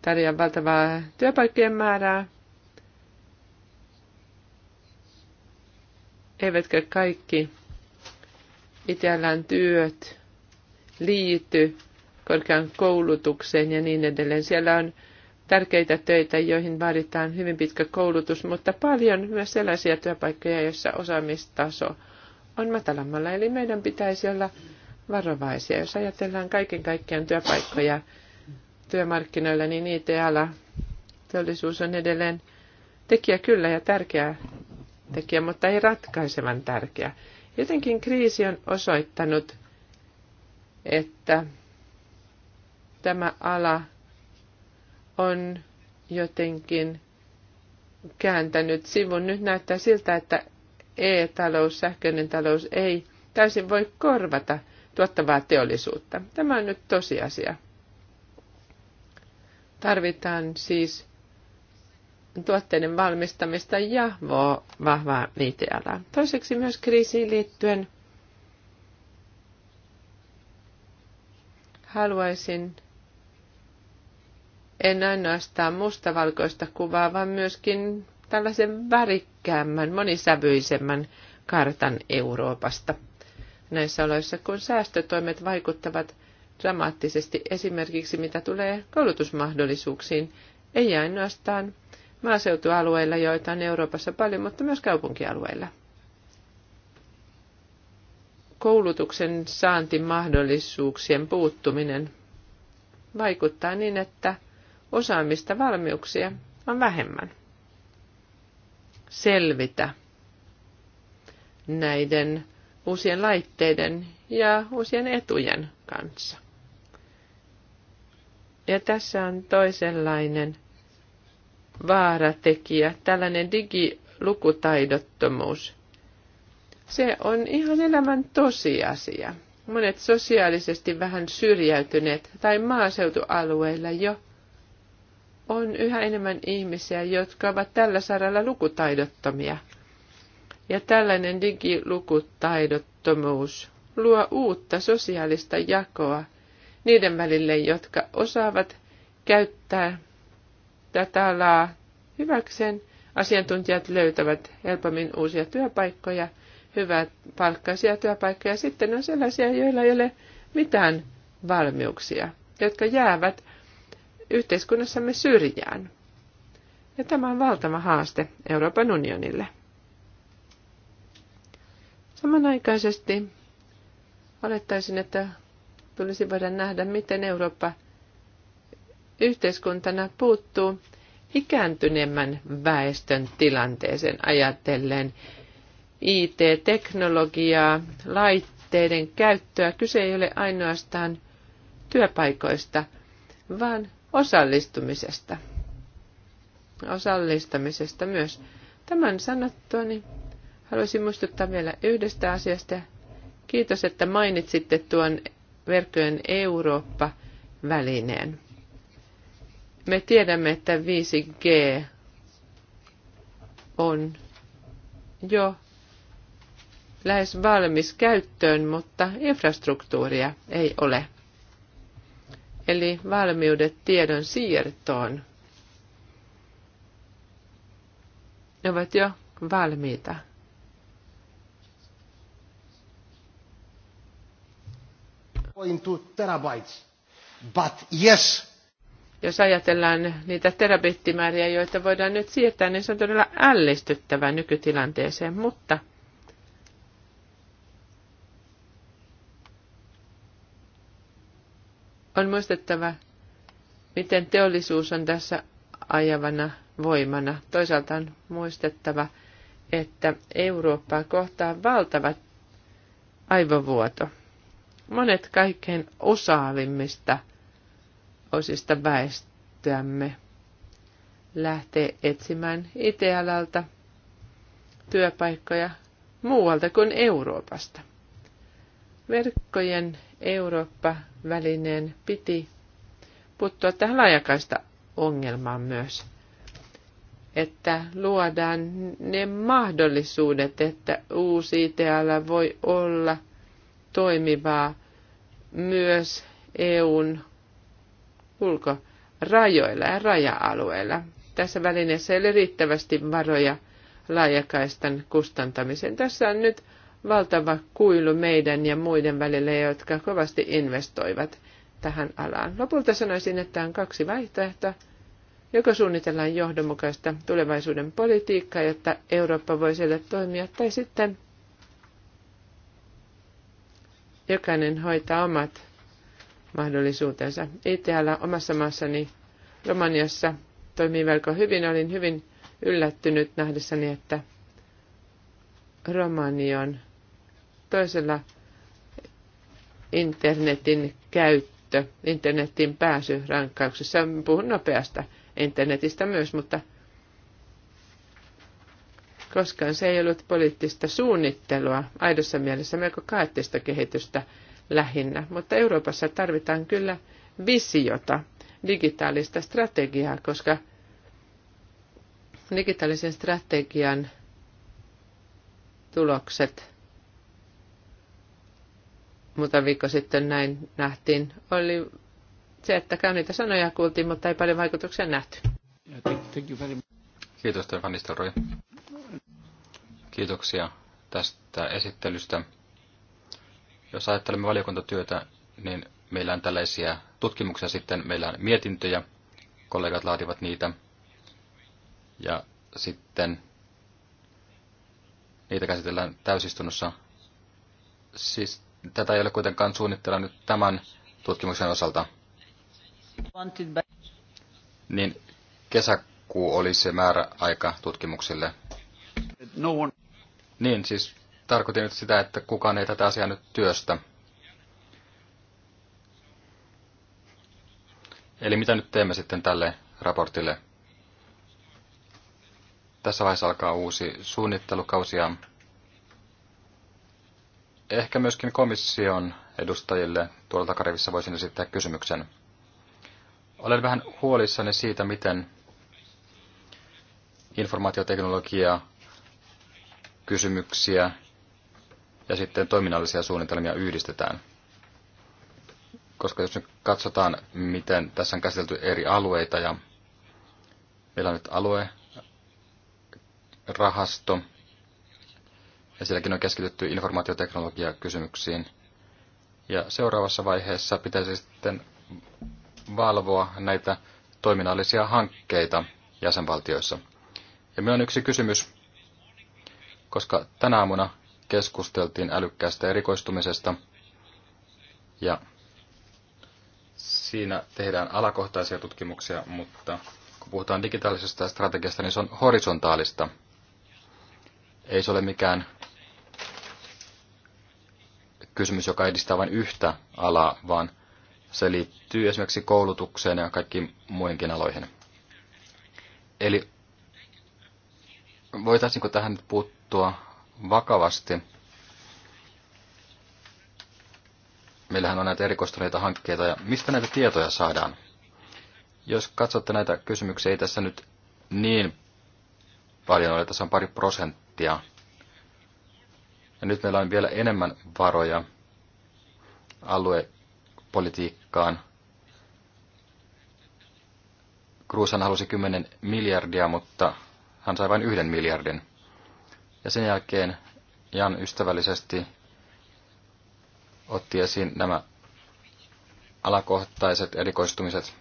S3: tarjoa valtavaa työpaikkojen määrää, Eivätkö kaikki Itäällään työt liity korkean koulutukseen ja niin edelleen. Siellä on tärkeitä töitä, joihin vaaditaan hyvin pitkä koulutus, mutta paljon myös sellaisia työpaikkoja, joissa osaamistaso on matalammalla. Eli meidän pitäisi olla varovaisia. Jos ajatellaan kaiken kaikkiaan työpaikkoja työmarkkinoilla, niin IT-ala, teollisuus on edelleen tekijä kyllä ja tärkeä tekijä, mutta ei ratkaisevan tärkeä. Jotenkin kriisi on osoittanut, että tämä ala on jotenkin kääntänyt sivun. Nyt näyttää siltä, että e-talous, sähköinen talous ei täysin voi korvata tuottavaa teollisuutta. Tämä on nyt tosiasia. Tarvitaan siis tuotteiden valmistamista ja vahvaa viitealaa. Toiseksi myös kriisiin liittyen haluaisin en ainoastaan mustavalkoista kuvaa, vaan myöskin tällaisen värikkäämmän, monisävyisemmän kartan Euroopasta. Näissä oloissa, kun säästötoimet vaikuttavat dramaattisesti esimerkiksi mitä tulee koulutusmahdollisuuksiin, ei ainoastaan maaseutualueilla, joita on Euroopassa paljon, mutta myös kaupunkialueilla. Koulutuksen saantimahdollisuuksien puuttuminen vaikuttaa niin, että osaamista, valmiuksia on vähemmän selvitä näiden uusien laitteiden ja uusien etujen kanssa. Ja tässä on toisenlainen vaaratekijä, tällainen digilukutaidottomuus. Se on ihan elämän tosiasia. Monet sosiaalisesti vähän syrjäytyneet tai maaseutualueilla jo on yhä enemmän ihmisiä, jotka ovat tällä saralla lukutaidottomia. Ja tällainen digilukutaidottomuus luo uutta sosiaalista jakoa niiden välille, jotka osaavat käyttää tätä alaa hyväkseen. Asiantuntijat löytävät helpommin uusia työpaikkoja, hyvät palkkaisia työpaikkoja. Sitten on sellaisia, joilla ei ole mitään valmiuksia, jotka jäävät yhteiskunnassamme syrjään. Ja tämä on valtava haaste Euroopan unionille. Samanaikaisesti olettaisin, että tulisi voida nähdä, miten Eurooppa yhteiskuntana puuttuu ikääntyneemmän väestön tilanteeseen ajatellen IT-teknologiaa, laitteiden käyttöä. Kyse ei ole ainoastaan työpaikoista, vaan osallistumisesta. Osallistamisesta myös. Tämän sanottua, niin haluaisin muistuttaa vielä yhdestä asiasta. Kiitos, että mainitsitte tuon verkkojen Eurooppa-välineen. Me tiedämme, että 5G on jo lähes valmis käyttöön, mutta infrastruktuuria ei ole eli valmiudet tiedon siirtoon ovat jo valmiita. But yes. Jos ajatellaan niitä terabittimääriä, joita voidaan nyt siirtää, niin se on todella ällistyttävä nykytilanteeseen, mutta – On muistettava, miten teollisuus on tässä ajavana voimana. Toisaalta on muistettava, että Eurooppaa kohtaa valtava aivovuoto. Monet kaikkein osaavimmista osista väestöämme lähtee etsimään IT-alalta työpaikkoja muualta kuin Euroopasta. Verkkojen Eurooppa-välineen piti puuttua tähän laajakaista ongelmaan myös, että luodaan ne mahdollisuudet, että uusi it voi olla toimivaa myös EUn ulkorajoilla ja raja-alueilla. Tässä välineessä ei ole riittävästi varoja laajakaistan kustantamiseen. Tässä on nyt valtava kuilu meidän ja muiden välillä, jotka kovasti investoivat tähän alaan. Lopulta sanoisin, että on kaksi vaihtoehtoa. Joko suunnitellaan johdonmukaista tulevaisuuden politiikkaa, jotta Eurooppa voi siellä toimia, tai sitten jokainen hoitaa omat mahdollisuutensa. Itseällä omassa maassani Romaniassa toimii melko hyvin. Olin hyvin yllättynyt nähdessäni, että Romani on toisella internetin käyttö, internetin pääsy rankkauksessa. Puhun nopeasta internetistä myös, mutta koskaan se ei ollut poliittista suunnittelua, aidossa mielessä melko kaettista kehitystä lähinnä, mutta Euroopassa tarvitaan kyllä visiota, digitaalista strategiaa, koska digitaalisen strategian tulokset muutama viikko sitten näin nähtiin, oli se, että kauniita sanoja kuultiin, mutta ei paljon vaikutuksia nähty.
S2: Kiitos, Stefan Nistelrooy. Kiitoksia tästä esittelystä. Jos ajattelemme valiokuntatyötä, niin meillä on tällaisia tutkimuksia sitten, meillä on mietintöjä, kollegat laativat niitä, ja sitten niitä käsitellään täysistunnossa. Siis Tätä ei ole kuitenkaan suunnitteilla nyt tämän tutkimuksen osalta. Niin kesäkuu oli se aika tutkimuksille. No one... Niin, siis tarkoitin nyt sitä, että kukaan ei tätä asiaa nyt työstä. Eli mitä nyt teemme sitten tälle raportille? Tässä vaiheessa alkaa uusi suunnittelukausi ja Ehkä myöskin komission edustajille tuolta Karivissa voisin esittää kysymyksen. Olen vähän huolissani siitä, miten informaatioteknologia kysymyksiä ja sitten toiminnallisia suunnitelmia yhdistetään. Koska jos nyt katsotaan, miten tässä on käsitelty eri alueita ja meillä on nyt rahasto, ja sielläkin on keskitytty informaatioteknologiakysymyksiin. Ja seuraavassa vaiheessa pitäisi sitten valvoa näitä toiminnallisia hankkeita jäsenvaltioissa. Ja minulla on yksi kysymys, koska tänä aamuna keskusteltiin älykkäästä erikoistumisesta ja siinä tehdään alakohtaisia tutkimuksia, mutta kun puhutaan digitaalisesta strategiasta, niin se on horisontaalista. Ei se ole mikään kysymys, joka edistää vain yhtä alaa, vaan se liittyy esimerkiksi koulutukseen ja kaikkiin muihinkin aloihin. Eli voitaisiinko tähän nyt puuttua vakavasti? Meillähän on näitä erikoistuneita hankkeita ja mistä näitä tietoja saadaan? Jos katsotte näitä kysymyksiä, ei tässä nyt niin paljon ole, tässä on pari prosenttia ja nyt meillä on vielä enemmän varoja aluepolitiikkaan. Kruushan halusi 10 miljardia, mutta hän sai vain yhden miljardin. Ja sen jälkeen Jan ystävällisesti otti esiin nämä alakohtaiset erikoistumiset.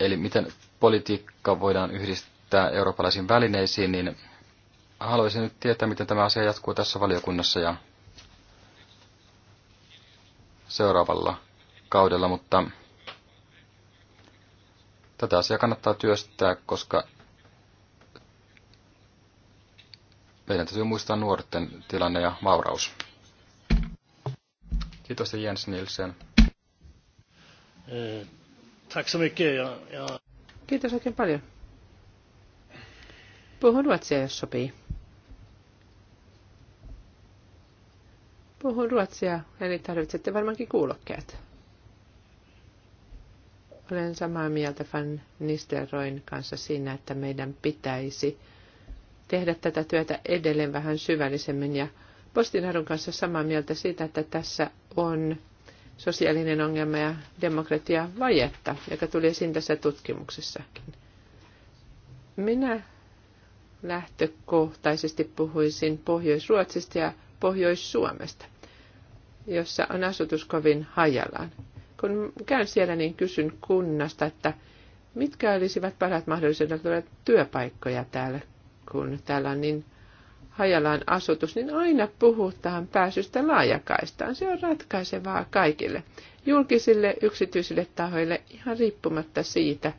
S2: Eli miten politiikka voidaan yhdistää liittää eurooppalaisiin välineisiin, niin haluaisin nyt tietää, miten tämä asia jatkuu tässä valiokunnassa ja seuraavalla kaudella, mutta tätä asiaa kannattaa työstää, koska meidän täytyy muistaa nuorten tilanne ja vauraus. Kiitos Jens Nielsen.
S3: Eh, tack så mycket. Kiitos oikein paljon. Puhun ruotsia, jos sopii. Puhun ruotsia, eli tarvitsette varmaankin kuulokkeet. Olen samaa mieltä Van Nisteroin kanssa siinä, että meidän pitäisi tehdä tätä työtä edelleen vähän syvällisemmin. Ja Postinarun kanssa samaa mieltä siitä, että tässä on sosiaalinen ongelma ja demokratia vajetta, joka tuli esiin tässä tutkimuksessakin. Minä lähtökohtaisesti puhuisin Pohjois-Ruotsista ja Pohjois-Suomesta, jossa on asutus kovin hajallaan. Kun käyn siellä, niin kysyn kunnasta, että mitkä olisivat parhaat mahdollisuudet tulla työpaikkoja täällä, kun täällä on niin hajallaan asutus, niin aina puhutaan pääsystä laajakaistaan. Se on ratkaisevaa kaikille, julkisille, yksityisille tahoille, ihan riippumatta siitä,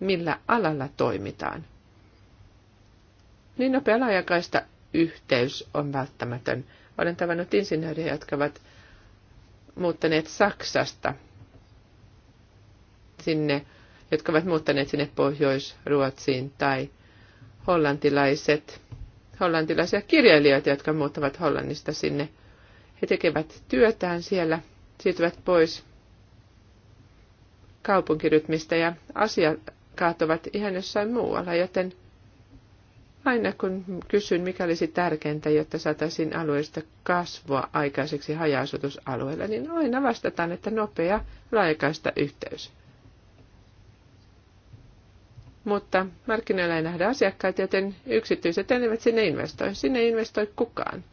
S3: millä alalla toimitaan. Niin pelaajakaista yhteys on välttämätön. Olen tavannut insinöörejä, jotka ovat muuttaneet Saksasta sinne, jotka ovat muuttaneet sinne Pohjois-Ruotsiin tai hollantilaiset, hollantilaisia kirjailijoita, jotka muuttavat Hollannista sinne. He tekevät työtään siellä, siirtyvät pois kaupunkirytmistä ja asiakkaat ovat ihan jossain muualla, joten Aina kun kysyn, mikä olisi tärkeintä, jotta saataisiin alueellista kasvua aikaiseksi haja-asutusalueella, niin aina vastataan, että nopea laajakaista yhteys. Mutta markkinoilla ei nähdä asiakkaita, joten yksityiset eivät sinne investoi. Sinne ei investoi kukaan.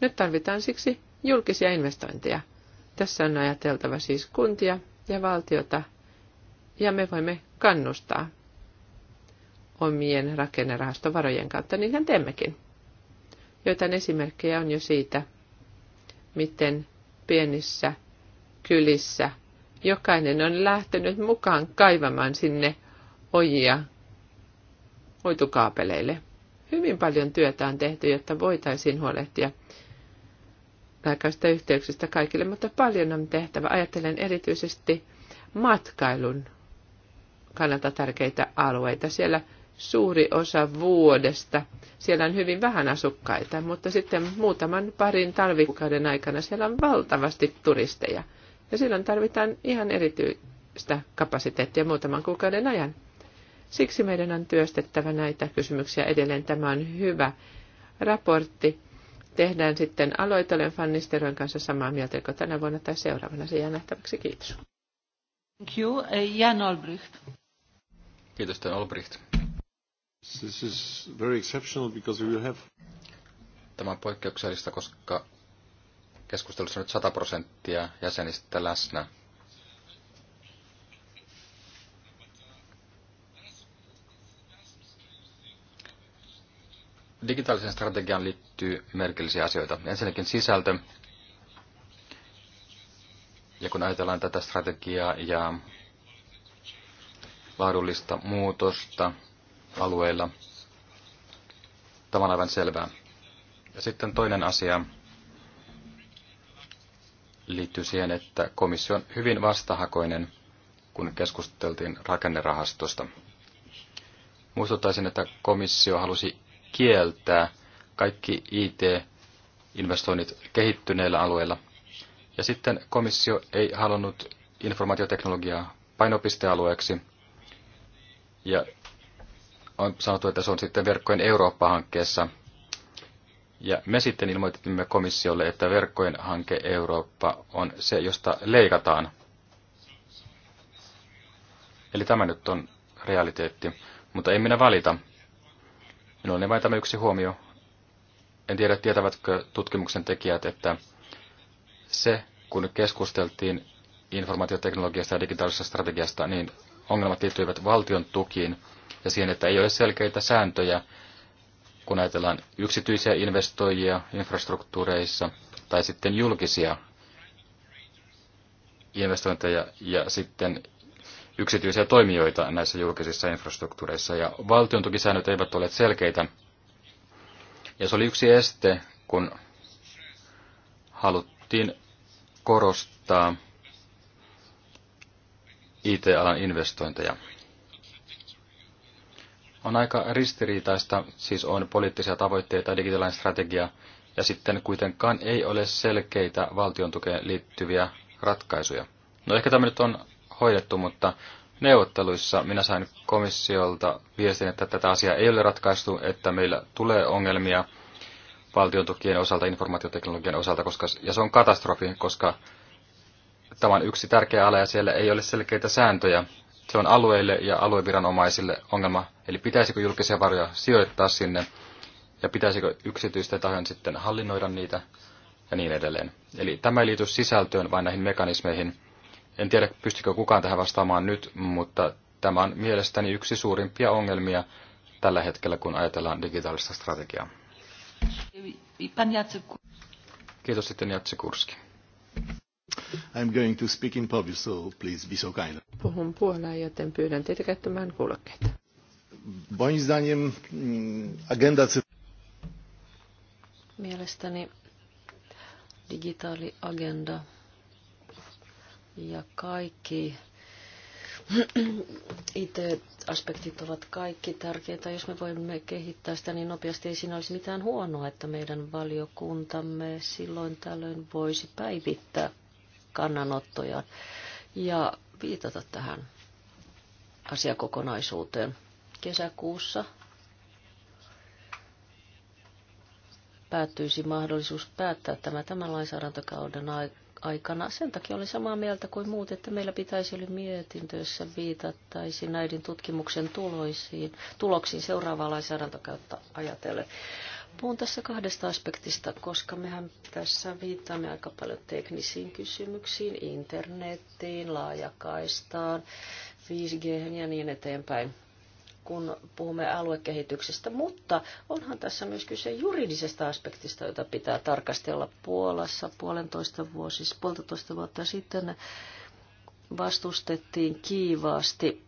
S3: Nyt tarvitaan siksi julkisia investointeja. Tässä on ajateltava siis kuntia ja valtiota, ja me voimme kannustaa omien rakennerahastovarojen kautta, niin hän teemmekin. Joitain esimerkkejä on jo siitä, miten pienissä kylissä jokainen on lähtenyt mukaan kaivamaan sinne ojia hoitukaapeleille. Hyvin paljon työtä on tehty, jotta voitaisiin huolehtia aikaista yhteyksistä kaikille, mutta paljon on tehtävä. Ajattelen erityisesti matkailun kannalta tärkeitä alueita. Siellä suuri osa vuodesta. Siellä on hyvin vähän asukkaita, mutta sitten muutaman parin talvikuukauden aikana siellä on valtavasti turisteja. Ja silloin tarvitaan ihan erityistä kapasiteettia muutaman kuukauden ajan. Siksi meidän on työstettävä näitä kysymyksiä edelleen. Tämä on hyvä raportti. Tehdään sitten aloite. Fannisteron kanssa samaa mieltä, joko tänä vuonna tai seuraavana. Se jää nähtäväksi. Kiitos. Thank
S1: you. Eh, Jan Olbricht.
S2: Kiitos, Jan Olbricht. This is very exceptional because we have... Tämä on poikkeuksellista, koska keskustelussa on nyt 100 prosenttia jäsenistä läsnä. Digitaalisen strategiaan liittyy merkillisiä asioita. Ensinnäkin sisältö. Ja kun ajatellaan tätä strategiaa ja laadullista muutosta, alueilla. Tämä on aivan selvää. Ja sitten toinen asia liittyy siihen, että komissio on hyvin vastahakoinen, kun keskusteltiin rakennerahastosta. Muistuttaisin, että komissio halusi kieltää kaikki IT-investoinnit kehittyneillä alueilla. Ja sitten komissio ei halunnut informaatioteknologiaa painopistealueeksi. Ja on sanottu, että se on sitten verkkojen Eurooppa-hankkeessa. Ja me sitten ilmoitimme komissiolle, että verkkojen hanke Eurooppa on se, josta leikataan. Eli tämä nyt on realiteetti. Mutta ei minä valita. Minulla on vain tämä yksi huomio. En tiedä, tietävätkö tutkimuksen tekijät, että se, kun keskusteltiin informaatioteknologiasta ja digitaalisesta strategiasta, niin ongelmat liittyivät valtion tukiin – ja siihen, että ei ole selkeitä sääntöjä, kun ajatellaan yksityisiä investoijia infrastruktuureissa tai sitten julkisia investointeja ja sitten yksityisiä toimijoita näissä julkisissa infrastruktuureissa. Ja valtion tukisäännöt eivät ole selkeitä. Ja se oli yksi este, kun haluttiin korostaa IT-alan investointeja. On aika ristiriitaista, siis on poliittisia tavoitteita, digitaalinen strategia, ja sitten kuitenkaan ei ole selkeitä valtion tukeen liittyviä ratkaisuja. No ehkä tämä nyt on hoidettu, mutta neuvotteluissa minä sain komissiolta viestin, että tätä asiaa ei ole ratkaistu, että meillä tulee ongelmia valtion tukien osalta, informaatioteknologian osalta, koska, ja se on katastrofi, koska tämä on yksi tärkeä ala ja siellä ei ole selkeitä sääntöjä, se on alueille ja alueviranomaisille ongelma, eli pitäisikö julkisia varoja sijoittaa sinne ja pitäisikö yksityisten tahojen sitten hallinnoida niitä ja niin edelleen. Eli tämä ei liity sisältöön, vain näihin mekanismeihin. En tiedä, pystykö kukaan tähän vastaamaan nyt, mutta tämä on mielestäni yksi suurimpia ongelmia tällä hetkellä, kun ajatellaan digitaalista strategiaa. Kiitos sitten Jatsikurski. I'm going to speak in Polish, so please be so kind.
S3: Puhun puolaa, joten pyydän teitä käyttämään kuulokkeita.
S2: Moim zdaniem
S1: mm, agenda
S3: Mielestäni
S1: digitaaliagenda ja kaikki *clears throat* IT-aspektit ovat kaikki tärkeitä. Jos me voimme kehittää sitä niin nopeasti, ei siinä olisi mitään huonoa, että meidän valiokuntamme silloin tällöin voisi päivittää kannanottojaan ja viitata tähän asiakokonaisuuteen. Kesäkuussa päättyisi mahdollisuus päättää tämä tämän lainsäädäntökauden aikana. Sen takia olen samaa mieltä kuin muut, että meillä pitäisi olla mietintö, jossa viitattaisiin näiden tutkimuksen tuloisiin, tuloksiin seuraavaa lainsäädäntökautta ajatellen. Puhun tässä kahdesta aspektista, koska mehän tässä viittaamme aika paljon teknisiin kysymyksiin, internettiin, laajakaistaan, 5G ja niin eteenpäin kun puhumme aluekehityksestä, mutta onhan tässä myös kyse juridisesta aspektista, jota pitää tarkastella Puolassa puolentoista, vuosi, puolentoista vuotta sitten vastustettiin kiivaasti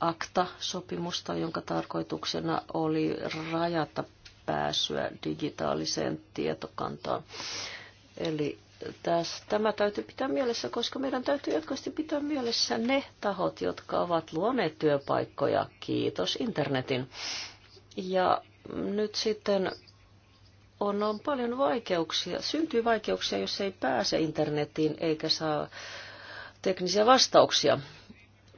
S1: akta-sopimusta, jonka tarkoituksena oli rajata pääsyä digitaaliseen tietokantaan. Eli täs, tämä täytyy pitää mielessä, koska meidän täytyy jatkuvasti pitää mielessä ne tahot, jotka ovat luoneet työpaikkoja, kiitos internetin. Ja nyt sitten on, on paljon vaikeuksia, syntyy vaikeuksia, jos ei pääse internetiin eikä saa teknisiä vastauksia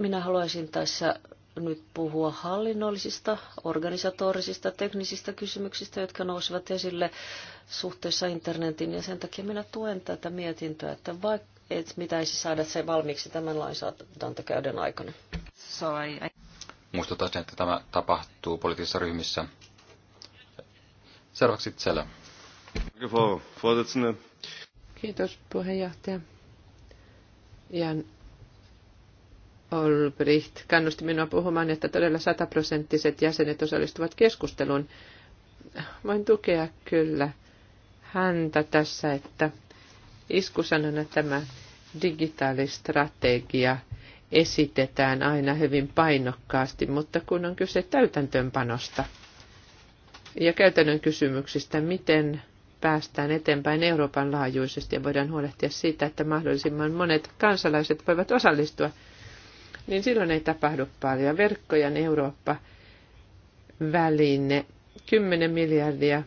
S1: minä haluaisin tässä nyt puhua hallinnollisista, organisatorisista, teknisistä kysymyksistä, jotka nousivat esille suhteessa internetin. Ja sen takia minä tuen tätä mietintöä, että vaikka et pitäisi siis saada se valmiiksi tämän lainsäädäntökäyden aikana. I...
S2: Muistutan, että tämä tapahtuu poliittisissa ryhmissä. Seuraavaksi itsellä.
S3: Kiitos puheenjohtaja. Ja Olbricht kannusti minua puhumaan, että todella sataprosenttiset jäsenet osallistuvat keskusteluun. Voin tukea kyllä häntä tässä, että iskusanana tämä digitaalistrategia esitetään aina hyvin painokkaasti, mutta kun on kyse täytäntöönpanosta ja käytännön kysymyksistä, miten päästään eteenpäin Euroopan laajuisesti ja voidaan huolehtia siitä, että mahdollisimman monet kansalaiset voivat osallistua – niin silloin ei tapahdu paljon. Verkkojen Eurooppa-väline, 10 miljardia,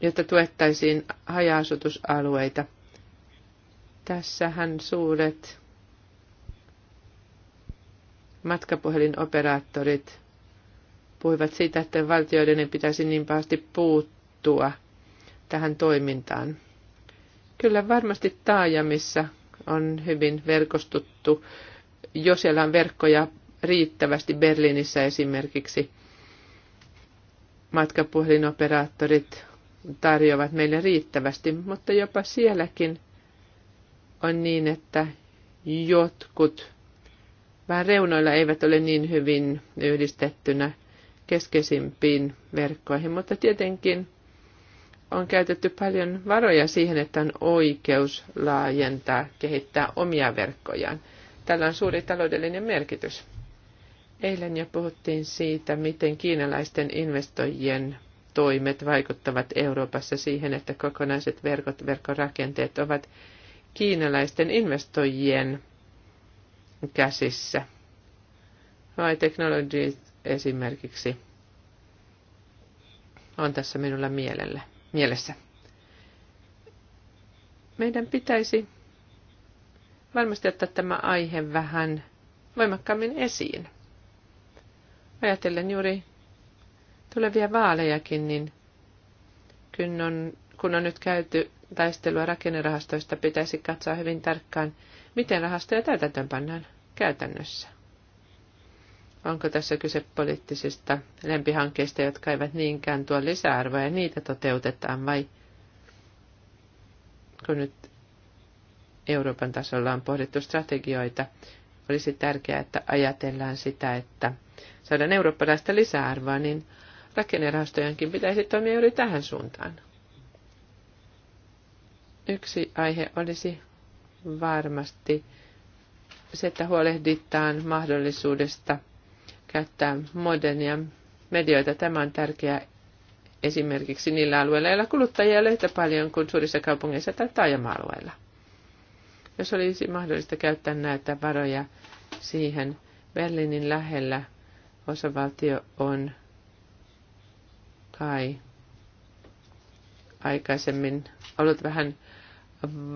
S3: jotta tuettaisiin haja-asutusalueita. Tässähän suuret matkapuhelinoperaattorit puhuivat siitä, että valtioiden ei pitäisi niin pahasti puuttua tähän toimintaan. Kyllä varmasti taajamissa on hyvin verkostuttu. Jo siellä on verkkoja riittävästi Berliinissä esimerkiksi. Matkapuhelinoperaattorit tarjoavat meille riittävästi, mutta jopa sielläkin on niin, että jotkut vähän reunoilla eivät ole niin hyvin yhdistettynä keskeisimpiin verkkoihin, mutta tietenkin on käytetty paljon varoja siihen, että on oikeus laajentaa, kehittää omia verkkojaan. Tällä on suuri taloudellinen merkitys. Eilen jo puhuttiin siitä, miten kiinalaisten investoijien toimet vaikuttavat Euroopassa siihen, että kokonaiset verkot, verkkorakenteet ovat kiinalaisten investoijien käsissä. Vai Technology esimerkiksi on tässä minulla mielellä mielessä. Meidän pitäisi varmasti ottaa tämä aihe vähän voimakkaammin esiin. Ajatellen juuri tulevia vaalejakin, niin kun on, kun on nyt käyty taistelua rakennerahastoista, pitäisi katsoa hyvin tarkkaan, miten rahastoja täytäntöön pannaan käytännössä. Onko tässä kyse poliittisista lempihankkeista, jotka eivät niinkään tuo lisäarvoa ja niitä toteutetaan vai kun nyt Euroopan tasolla on pohdittu strategioita, olisi tärkeää, että ajatellaan sitä, että saadaan eurooppalaista lisäarvoa, niin rakennerahastojenkin pitäisi toimia juuri tähän suuntaan. Yksi aihe olisi varmasti se, että huolehditaan mahdollisuudesta – käyttää modernia medioita. Tämä on tärkeää esimerkiksi niillä alueilla, joilla kuluttajia on paljon kuin suurissa kaupungeissa tai taajama-alueilla. Jos olisi mahdollista käyttää näitä varoja siihen, Berliinin lähellä osavaltio on kai aikaisemmin ollut vähän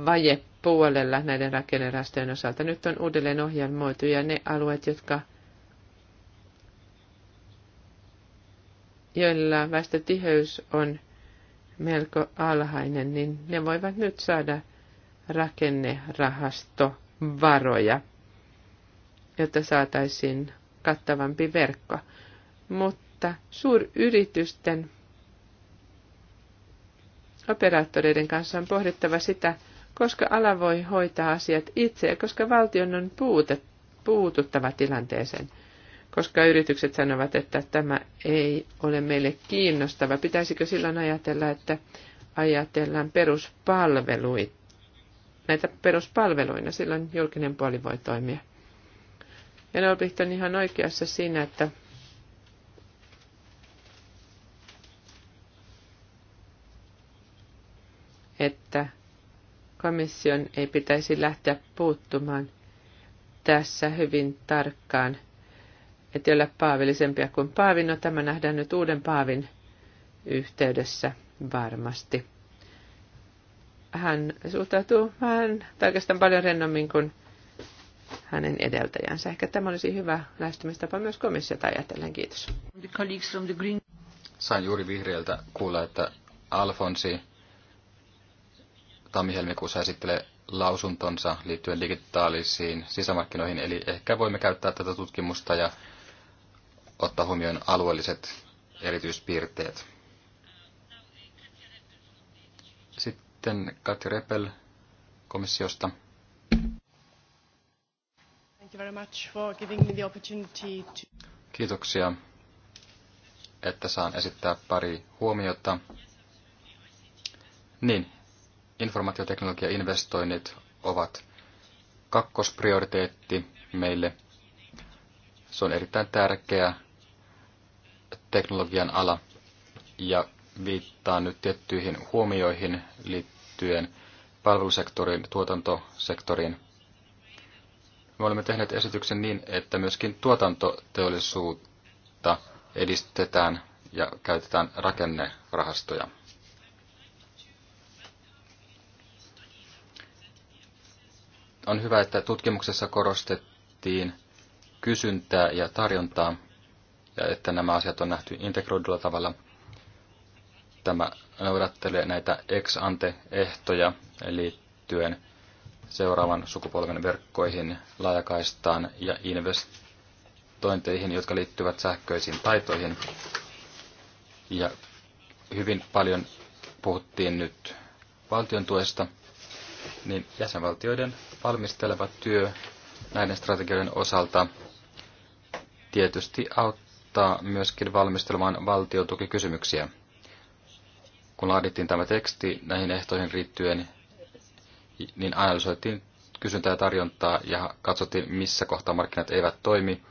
S3: vajepuolella näiden rakennerastojen osalta. Nyt on uudelleen ohjelmoitu ja ne alueet, jotka joilla väestötiheys on melko alhainen, niin ne voivat nyt saada rakennerahastovaroja, jotta saataisiin kattavampi verkko. Mutta suuryritysten operaattoreiden kanssa on pohdittava sitä, koska ala voi hoitaa asiat itse ja koska valtion on puute, puututtava tilanteeseen koska yritykset sanovat, että tämä ei ole meille kiinnostava. Pitäisikö silloin ajatella, että ajatellaan peruspalveluita, näitä peruspalveluina, silloin julkinen puoli voi toimia. Ja Nolbicht on ihan oikeassa siinä, että että komission ei pitäisi lähteä puuttumaan tässä hyvin tarkkaan – että ole paavillisempia kuin paavin. No tämä nähdään nyt uuden paavin yhteydessä varmasti. Hän suhtautuu vähän, tai oikeastaan paljon rennommin kuin hänen edeltäjänsä. Ehkä tämä olisi hyvä lähestymistapa myös komissiota ajatellen. Kiitos.
S2: Sain juuri vihreältä kuulla, että Alfonsi tammihelmikuussa esittelee lausuntonsa liittyen digitaalisiin sisämarkkinoihin, eli ehkä voimme käyttää tätä tutkimusta ja ottaa huomioon alueelliset erityispiirteet. Sitten Katja Repel komissiosta.
S3: Thank you very much for giving me the opportunity to...
S2: Kiitoksia, että saan esittää pari huomiota. Niin, informaatioteknologia-investoinnit ovat kakkosprioriteetti meille. Se on erittäin tärkeä teknologian ala ja viittaa nyt tiettyihin huomioihin liittyen palvelusektorin, tuotantosektoriin. Me olemme tehneet esityksen niin, että myöskin tuotantoteollisuutta edistetään ja käytetään rakennerahastoja. On hyvä, että tutkimuksessa korostettiin kysyntää ja tarjontaa ja että nämä asiat on nähty integroidulla tavalla. Tämä noudattelee näitä ex ante ehtoja liittyen seuraavan sukupolven verkkoihin, laajakaistaan ja investointeihin, jotka liittyvät sähköisiin taitoihin. Ja hyvin paljon puhuttiin nyt valtion tuesta, niin jäsenvaltioiden valmisteleva työ näiden strategioiden osalta tietysti auttaa auttaa myöskin valmistelemaan valtiotukikysymyksiä. Kun laadittiin tämä teksti näihin ehtoihin riittyen, niin analysoitiin kysyntää ja tarjontaa ja katsottiin, missä kohtaa markkinat eivät toimi.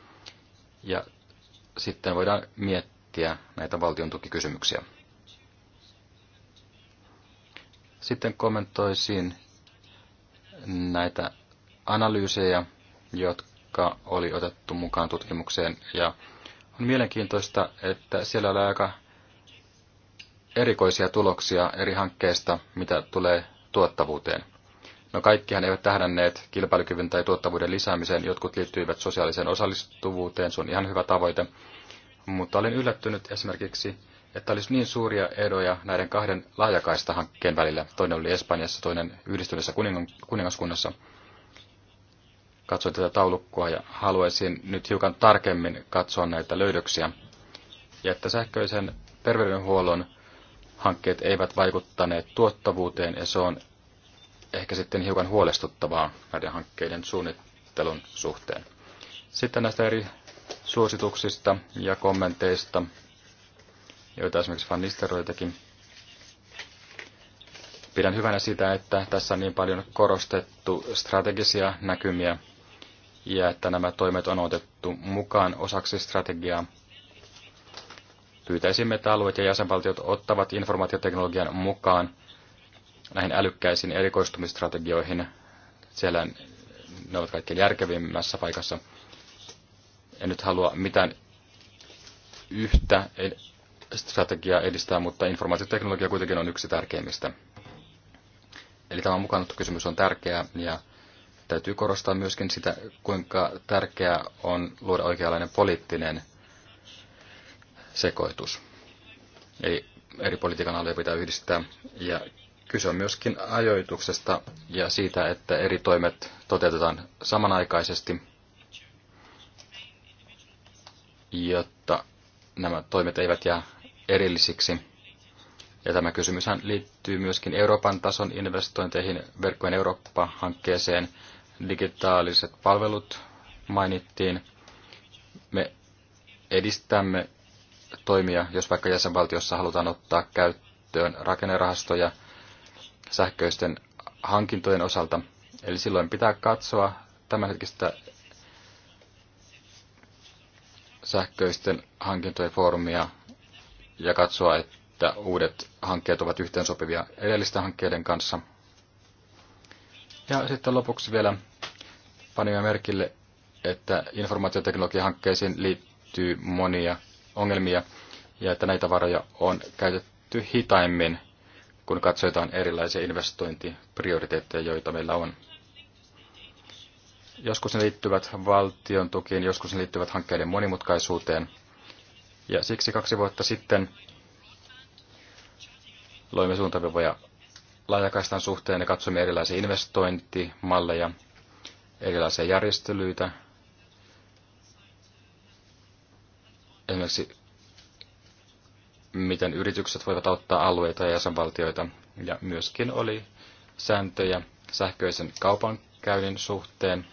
S2: Ja sitten voidaan miettiä näitä valtion tukikysymyksiä. Sitten kommentoisin näitä analyysejä, jotka oli otettu mukaan tutkimukseen ja on mielenkiintoista, että siellä oli aika erikoisia tuloksia eri hankkeista, mitä tulee tuottavuuteen. No kaikkihan eivät tähdänneet kilpailukyvyn tai tuottavuuden lisäämiseen, jotkut liittyivät sosiaaliseen osallistuvuuteen, se on ihan hyvä tavoite. Mutta olin yllättynyt esimerkiksi, että olisi niin suuria eroja näiden kahden laajakaista hankkeen välillä. Toinen oli Espanjassa, toinen yhdistyneessä kuningaskunnassa katsoin tätä taulukkoa ja haluaisin nyt hiukan tarkemmin katsoa näitä löydöksiä. Ja että sähköisen terveydenhuollon hankkeet eivät vaikuttaneet tuottavuuteen ja se on ehkä sitten hiukan huolestuttavaa näiden hankkeiden suunnittelun suhteen. Sitten näistä eri suosituksista ja kommenteista, joita esimerkiksi Van Nisteroitakin. Pidän hyvänä sitä, että tässä on niin paljon korostettu strategisia näkymiä ja että nämä toimet on otettu mukaan osaksi strategiaa. Pyytäisimme, että alueet ja jäsenvaltiot ottavat informaatioteknologian mukaan näihin älykkäisiin erikoistumistrategioihin. Siellä ne ovat kaikkein järkevimmässä paikassa. En nyt halua mitään yhtä strategiaa edistää, mutta informaatioteknologia kuitenkin on yksi tärkeimmistä. Eli tämä mukaan kysymys on tärkeä ja Täytyy korostaa myöskin sitä, kuinka tärkeää on luoda oikeanlainen poliittinen sekoitus. Eli eri politiikan aloja pitää yhdistää. Ja kyse on myöskin ajoituksesta ja siitä, että eri toimet toteutetaan samanaikaisesti, jotta nämä toimet eivät jää erillisiksi. Ja tämä kysymyshän liittyy myöskin Euroopan tason investointeihin verkkojen Eurooppa-hankkeeseen digitaaliset palvelut mainittiin. Me edistämme toimia, jos vaikka jäsenvaltiossa halutaan ottaa käyttöön rakennerahastoja sähköisten hankintojen osalta. Eli silloin pitää katsoa tämänhetkistä sähköisten hankintojen foorumia ja katsoa, että uudet hankkeet ovat yhteensopivia edellisten hankkeiden kanssa. Ja sitten lopuksi vielä panimme merkille, että informaatioteknologiahankkeisiin liittyy monia ongelmia ja että näitä varoja on käytetty hitaimmin, kun katsotaan erilaisia investointiprioriteetteja, joita meillä on. Joskus ne liittyvät valtion tukiin, joskus ne liittyvät hankkeiden monimutkaisuuteen. Ja siksi kaksi vuotta sitten loimme suuntaviivoja laajakaistan suhteen ja katsomme erilaisia investointimalleja, erilaisia järjestelyitä. Esimerkiksi miten yritykset voivat auttaa alueita ja jäsenvaltioita. Ja myöskin oli sääntöjä sähköisen kaupankäynnin suhteen.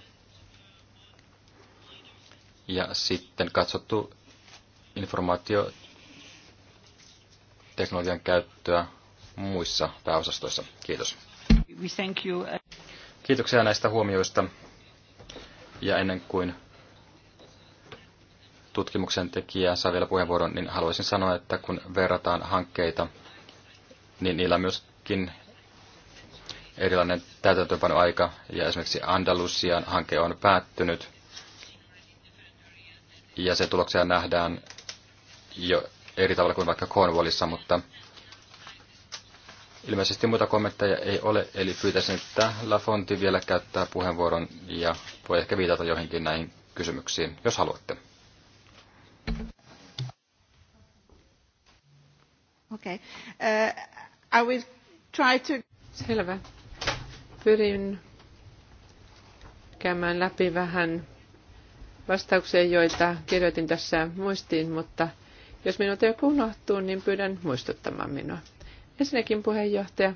S2: Ja sitten katsottu informaatioteknologian käyttöä muissa pääosastoissa. Kiitos. Kiitoksia näistä huomioista. Ja ennen kuin tutkimuksen tekijä saa vielä puheenvuoron, niin haluaisin sanoa, että kun verrataan hankkeita, niin niillä on myöskin erilainen täytäntöönpanoaika, ja esimerkiksi Andalusian hanke on päättynyt, ja se tuloksia nähdään jo eri tavalla kuin vaikka Cornwallissa, mutta Ilmeisesti muita kommentteja ei ole, eli pyytäisin, että Lafonti vielä käyttää puheenvuoron ja voi ehkä viitata johonkin näihin kysymyksiin, jos haluatte.
S3: Okay. Uh, I will try to... Selvä. Pyrin käymään läpi vähän vastauksia, joita kirjoitin tässä muistiin, mutta jos minulta joku unohtuu, niin pyydän muistuttamaan minua. Ensinnäkin puheenjohtaja,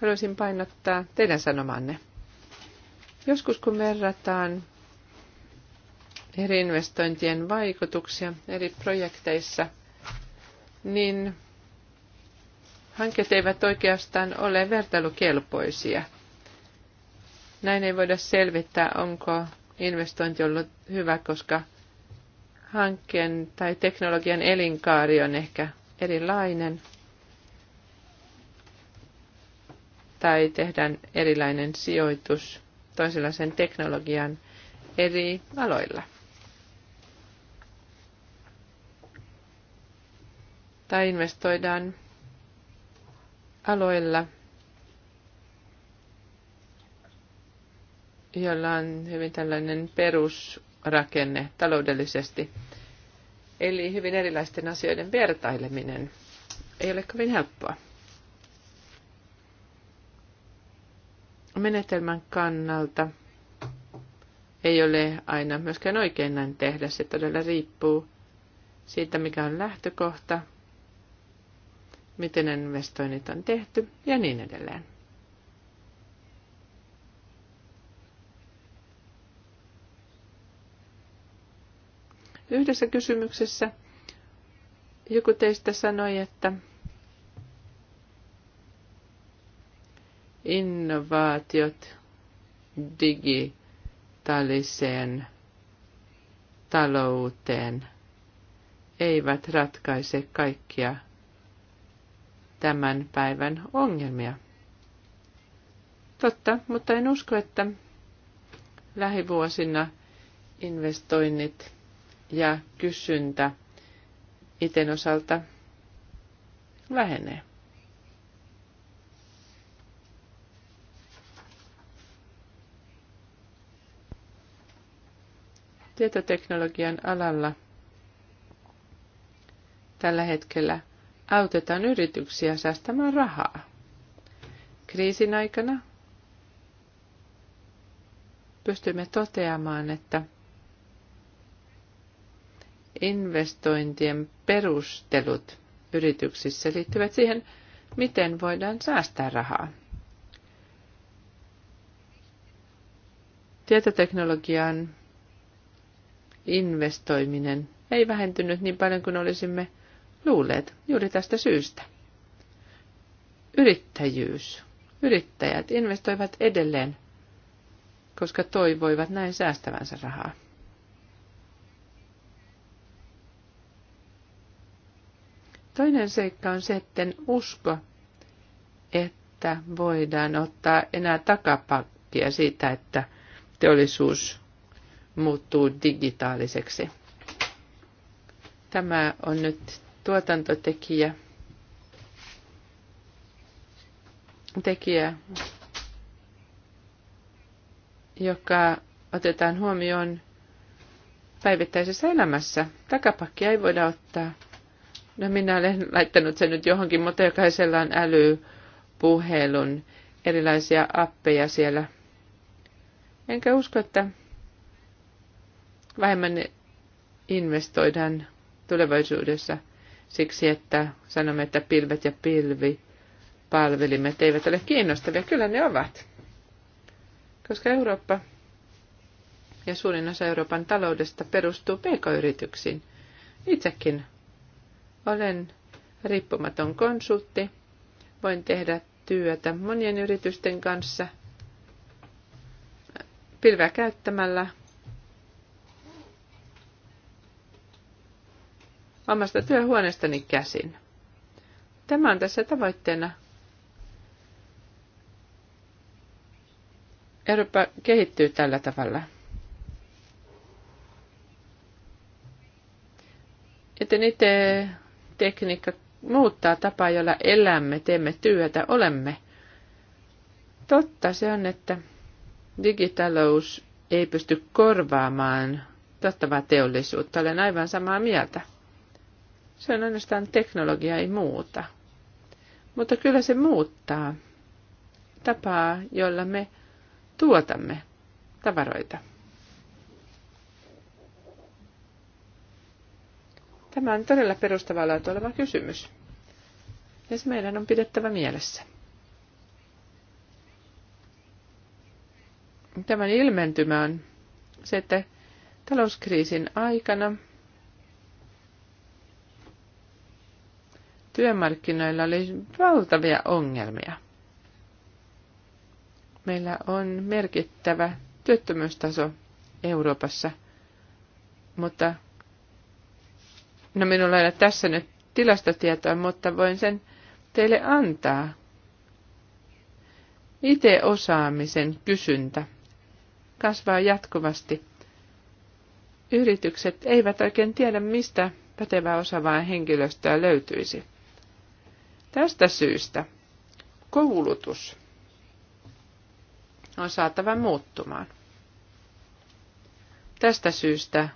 S3: haluaisin painottaa teidän sanomanne. Joskus kun verrataan eri investointien vaikutuksia eri projekteissa, niin hankkeet eivät oikeastaan ole vertailukelpoisia. Näin ei voida selvittää, onko investointi ollut hyvä, koska hankkeen tai teknologian elinkaari on ehkä erilainen – tai tehdään erilainen sijoitus toisenlaisen teknologian eri aloilla. Tai investoidaan aloilla, joilla on hyvin tällainen perusrakenne taloudellisesti. Eli hyvin erilaisten asioiden vertaileminen ei ole kovin helppoa. menetelmän kannalta ei ole aina myöskään oikein näin tehdä. Se todella riippuu siitä, mikä on lähtökohta, miten investoinnit on tehty ja niin edelleen. Yhdessä kysymyksessä joku teistä sanoi, että innovaatiot digitaaliseen talouteen eivät ratkaise kaikkia tämän päivän ongelmia. Totta, mutta en usko, että lähivuosina investoinnit ja kysyntä iten osalta vähenee. Tietoteknologian alalla tällä hetkellä autetaan yrityksiä säästämään rahaa. Kriisin aikana pystymme toteamaan, että investointien perustelut yrityksissä liittyvät siihen, miten voidaan säästää rahaa. Tietoteknologian investoiminen ei vähentynyt niin paljon kuin olisimme luulleet juuri tästä syystä. Yrittäjyys. Yrittäjät investoivat edelleen, koska toivoivat näin säästävänsä rahaa. Toinen seikka on se, usko, että voidaan ottaa enää takapakkia siitä, että teollisuus muuttuu digitaaliseksi. Tämä on nyt tuotantotekijä, tekijä, joka otetaan huomioon päivittäisessä elämässä. Takapakkia ei voida ottaa. No minä olen laittanut sen nyt johonkin, mutta jokaisella on älypuhelun erilaisia appeja siellä. Enkä usko, että vähemmän investoidaan tulevaisuudessa siksi, että sanomme, että pilvet ja pilvi palvelimet eivät ole kiinnostavia. Kyllä ne ovat, koska Eurooppa ja suurin osa Euroopan taloudesta perustuu pk-yrityksiin. Itsekin olen riippumaton konsultti, voin tehdä työtä monien yritysten kanssa pilveä käyttämällä omasta työhuoneestani käsin. Tämä on tässä tavoitteena. Eurooppa kehittyy tällä tavalla. Joten itse tekniikka muuttaa tapaa, jolla elämme, teemme työtä, olemme. Totta se on, että digitalous ei pysty korvaamaan tottavaa teollisuutta. Olen aivan samaa mieltä. Se on ainoastaan teknologia, ei muuta. Mutta kyllä se muuttaa tapaa, jolla me tuotamme tavaroita. Tämä on todella perustavaa oleva kysymys. Ja se meidän on pidettävä mielessä. Tämän ilmentymä on se, että talouskriisin aikana työmarkkinoilla oli valtavia ongelmia. Meillä on merkittävä työttömyystaso Euroopassa, mutta no minulla ei ole tässä nyt tilastotietoa, mutta voin sen teille antaa. IT-osaamisen kysyntä kasvaa jatkuvasti. Yritykset eivät oikein tiedä, mistä pätevää osaavaa henkilöstöä löytyisi. Tästä syystä koulutus on saatava muuttumaan. Tästä syystä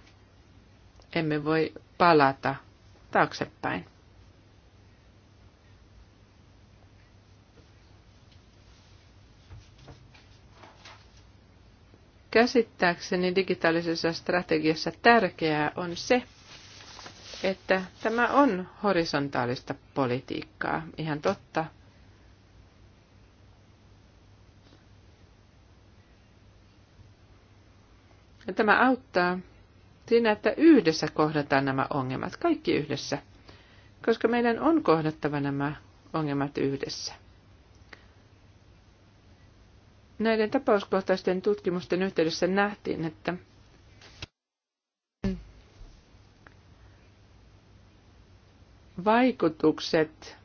S3: emme voi palata taaksepäin. Käsittääkseni digitaalisessa strategiassa tärkeää on se, että tämä on horisontaalista politiikkaa, ihan totta. Ja tämä auttaa siinä, että yhdessä kohdataan nämä ongelmat, kaikki yhdessä, koska meidän on kohdattava nämä ongelmat yhdessä. Näiden tapauskohtaisten tutkimusten yhteydessä nähtiin, että vaikutukset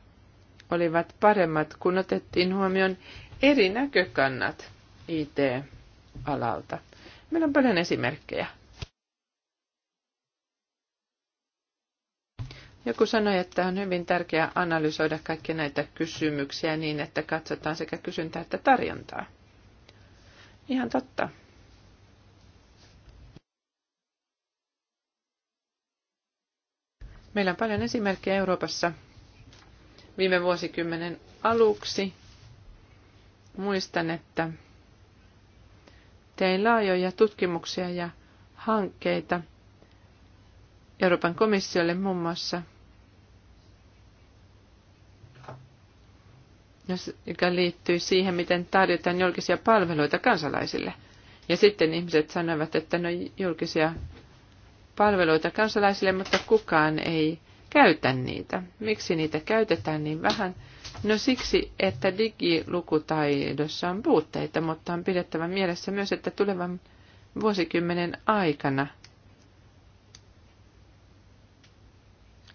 S3: olivat paremmat, kun otettiin huomioon eri näkökannat IT-alalta. Meillä on paljon esimerkkejä. Joku sanoi, että on hyvin tärkeää analysoida kaikki näitä kysymyksiä niin, että katsotaan sekä kysyntää että tarjontaa. Ihan totta. Meillä on paljon esimerkkejä Euroopassa viime vuosikymmenen aluksi. Muistan, että tein laajoja tutkimuksia ja hankkeita Euroopan komissiolle muun muassa, joka liittyy siihen, miten tarjotaan julkisia palveluita kansalaisille. Ja sitten ihmiset sanoivat, että no julkisia palveluita kansalaisille, mutta kukaan ei käytä niitä. Miksi niitä käytetään niin vähän? No siksi, että digilukutaidossa on puutteita, mutta on pidettävä mielessä myös, että tulevan vuosikymmenen aikana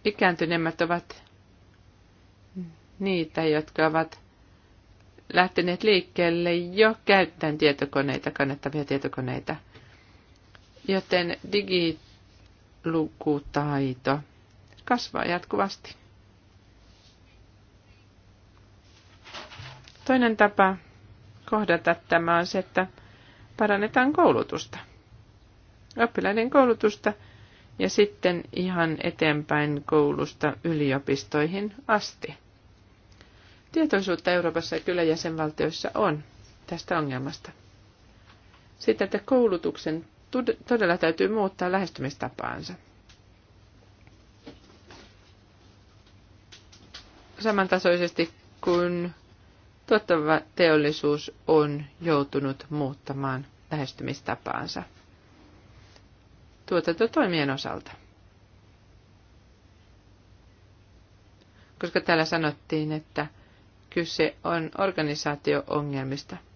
S3: ikääntyneemmät ovat niitä, jotka ovat lähteneet liikkeelle jo käyttäen tietokoneita, kannettavia tietokoneita. Joten digit lukutaito kasvaa jatkuvasti. Toinen tapa kohdata tämä on se, että parannetaan koulutusta. Oppilaiden koulutusta ja sitten ihan eteenpäin koulusta yliopistoihin asti. Tietoisuutta Euroopassa ja kyllä jäsenvaltioissa on tästä ongelmasta. Sitä, että koulutuksen todella täytyy muuttaa lähestymistapaansa. Samantasoisesti kuin tuottava teollisuus on joutunut muuttamaan lähestymistapaansa tuotantotoimien osalta. Koska täällä sanottiin, että kyse on organisaatio-ongelmista –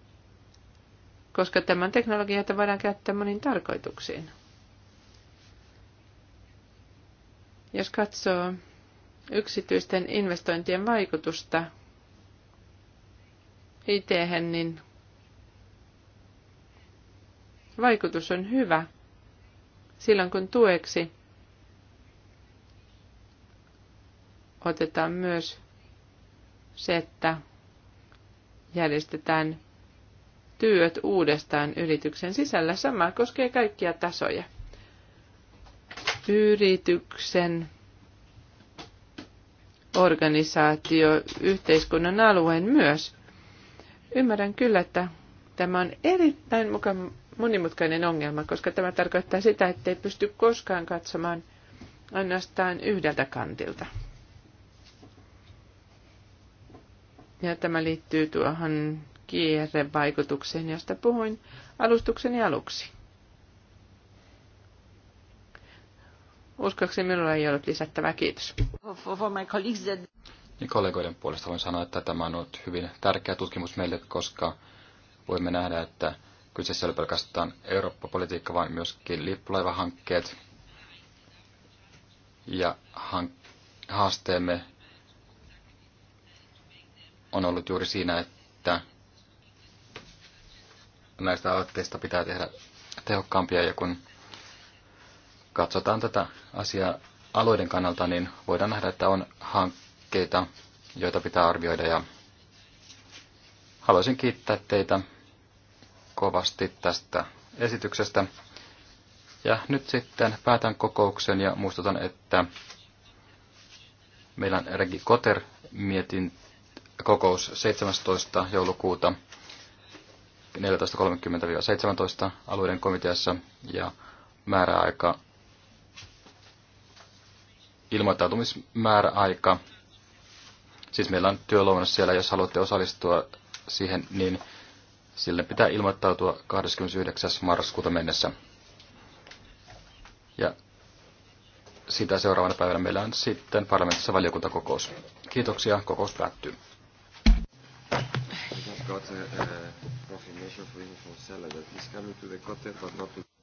S3: koska tämän teknologiaa voidaan käyttää moniin tarkoituksiin. Jos katsoo yksityisten investointien vaikutusta it niin vaikutus on hyvä silloin, kun tueksi otetaan myös se, että järjestetään työt uudestaan yrityksen sisällä. Sama koskee kaikkia tasoja. Yrityksen, organisaatio, yhteiskunnan alueen myös. Ymmärrän kyllä, että tämä on erittäin mukaan monimutkainen ongelma, koska tämä tarkoittaa sitä, ettei pysty koskaan katsomaan ainoastaan yhdeltä kantilta. Ja tämä liittyy tuohon vaikutukseen, josta puhuin alustukseni aluksi. Uskoakseni minulla ei ollut lisättävää. Kiitos.
S2: Niin kollegoiden puolesta voin sanoa, että tämä on ollut hyvin tärkeä tutkimus meille, koska voimme nähdä, että kyseessä oli pelkästään Eurooppa-politiikka, vaan myöskin lippulaivahankkeet ja haasteemme on ollut juuri siinä, että näistä aloitteista pitää tehdä tehokkaampia ja kun katsotaan tätä asiaa alueiden kannalta, niin voidaan nähdä, että on hankkeita, joita pitää arvioida ja haluaisin kiittää teitä kovasti tästä esityksestä. Ja nyt sitten päätän kokouksen ja muistutan, että meillä on Regi Koter mietin kokous 17. joulukuuta 14.30-17 alueiden komiteassa ja määräaika ilmoittautumismääräaika. Siis meillä on työluonnos siellä, jos haluatte osallistua siihen, niin sille pitää ilmoittautua 29. marraskuuta mennessä. Ja sitä seuraavana päivänä meillä on sitten parlamentissa valiokuntakokous. Kiitoksia, kokous päättyy got a, a confirmation for him from Salah that he's coming to the content but not to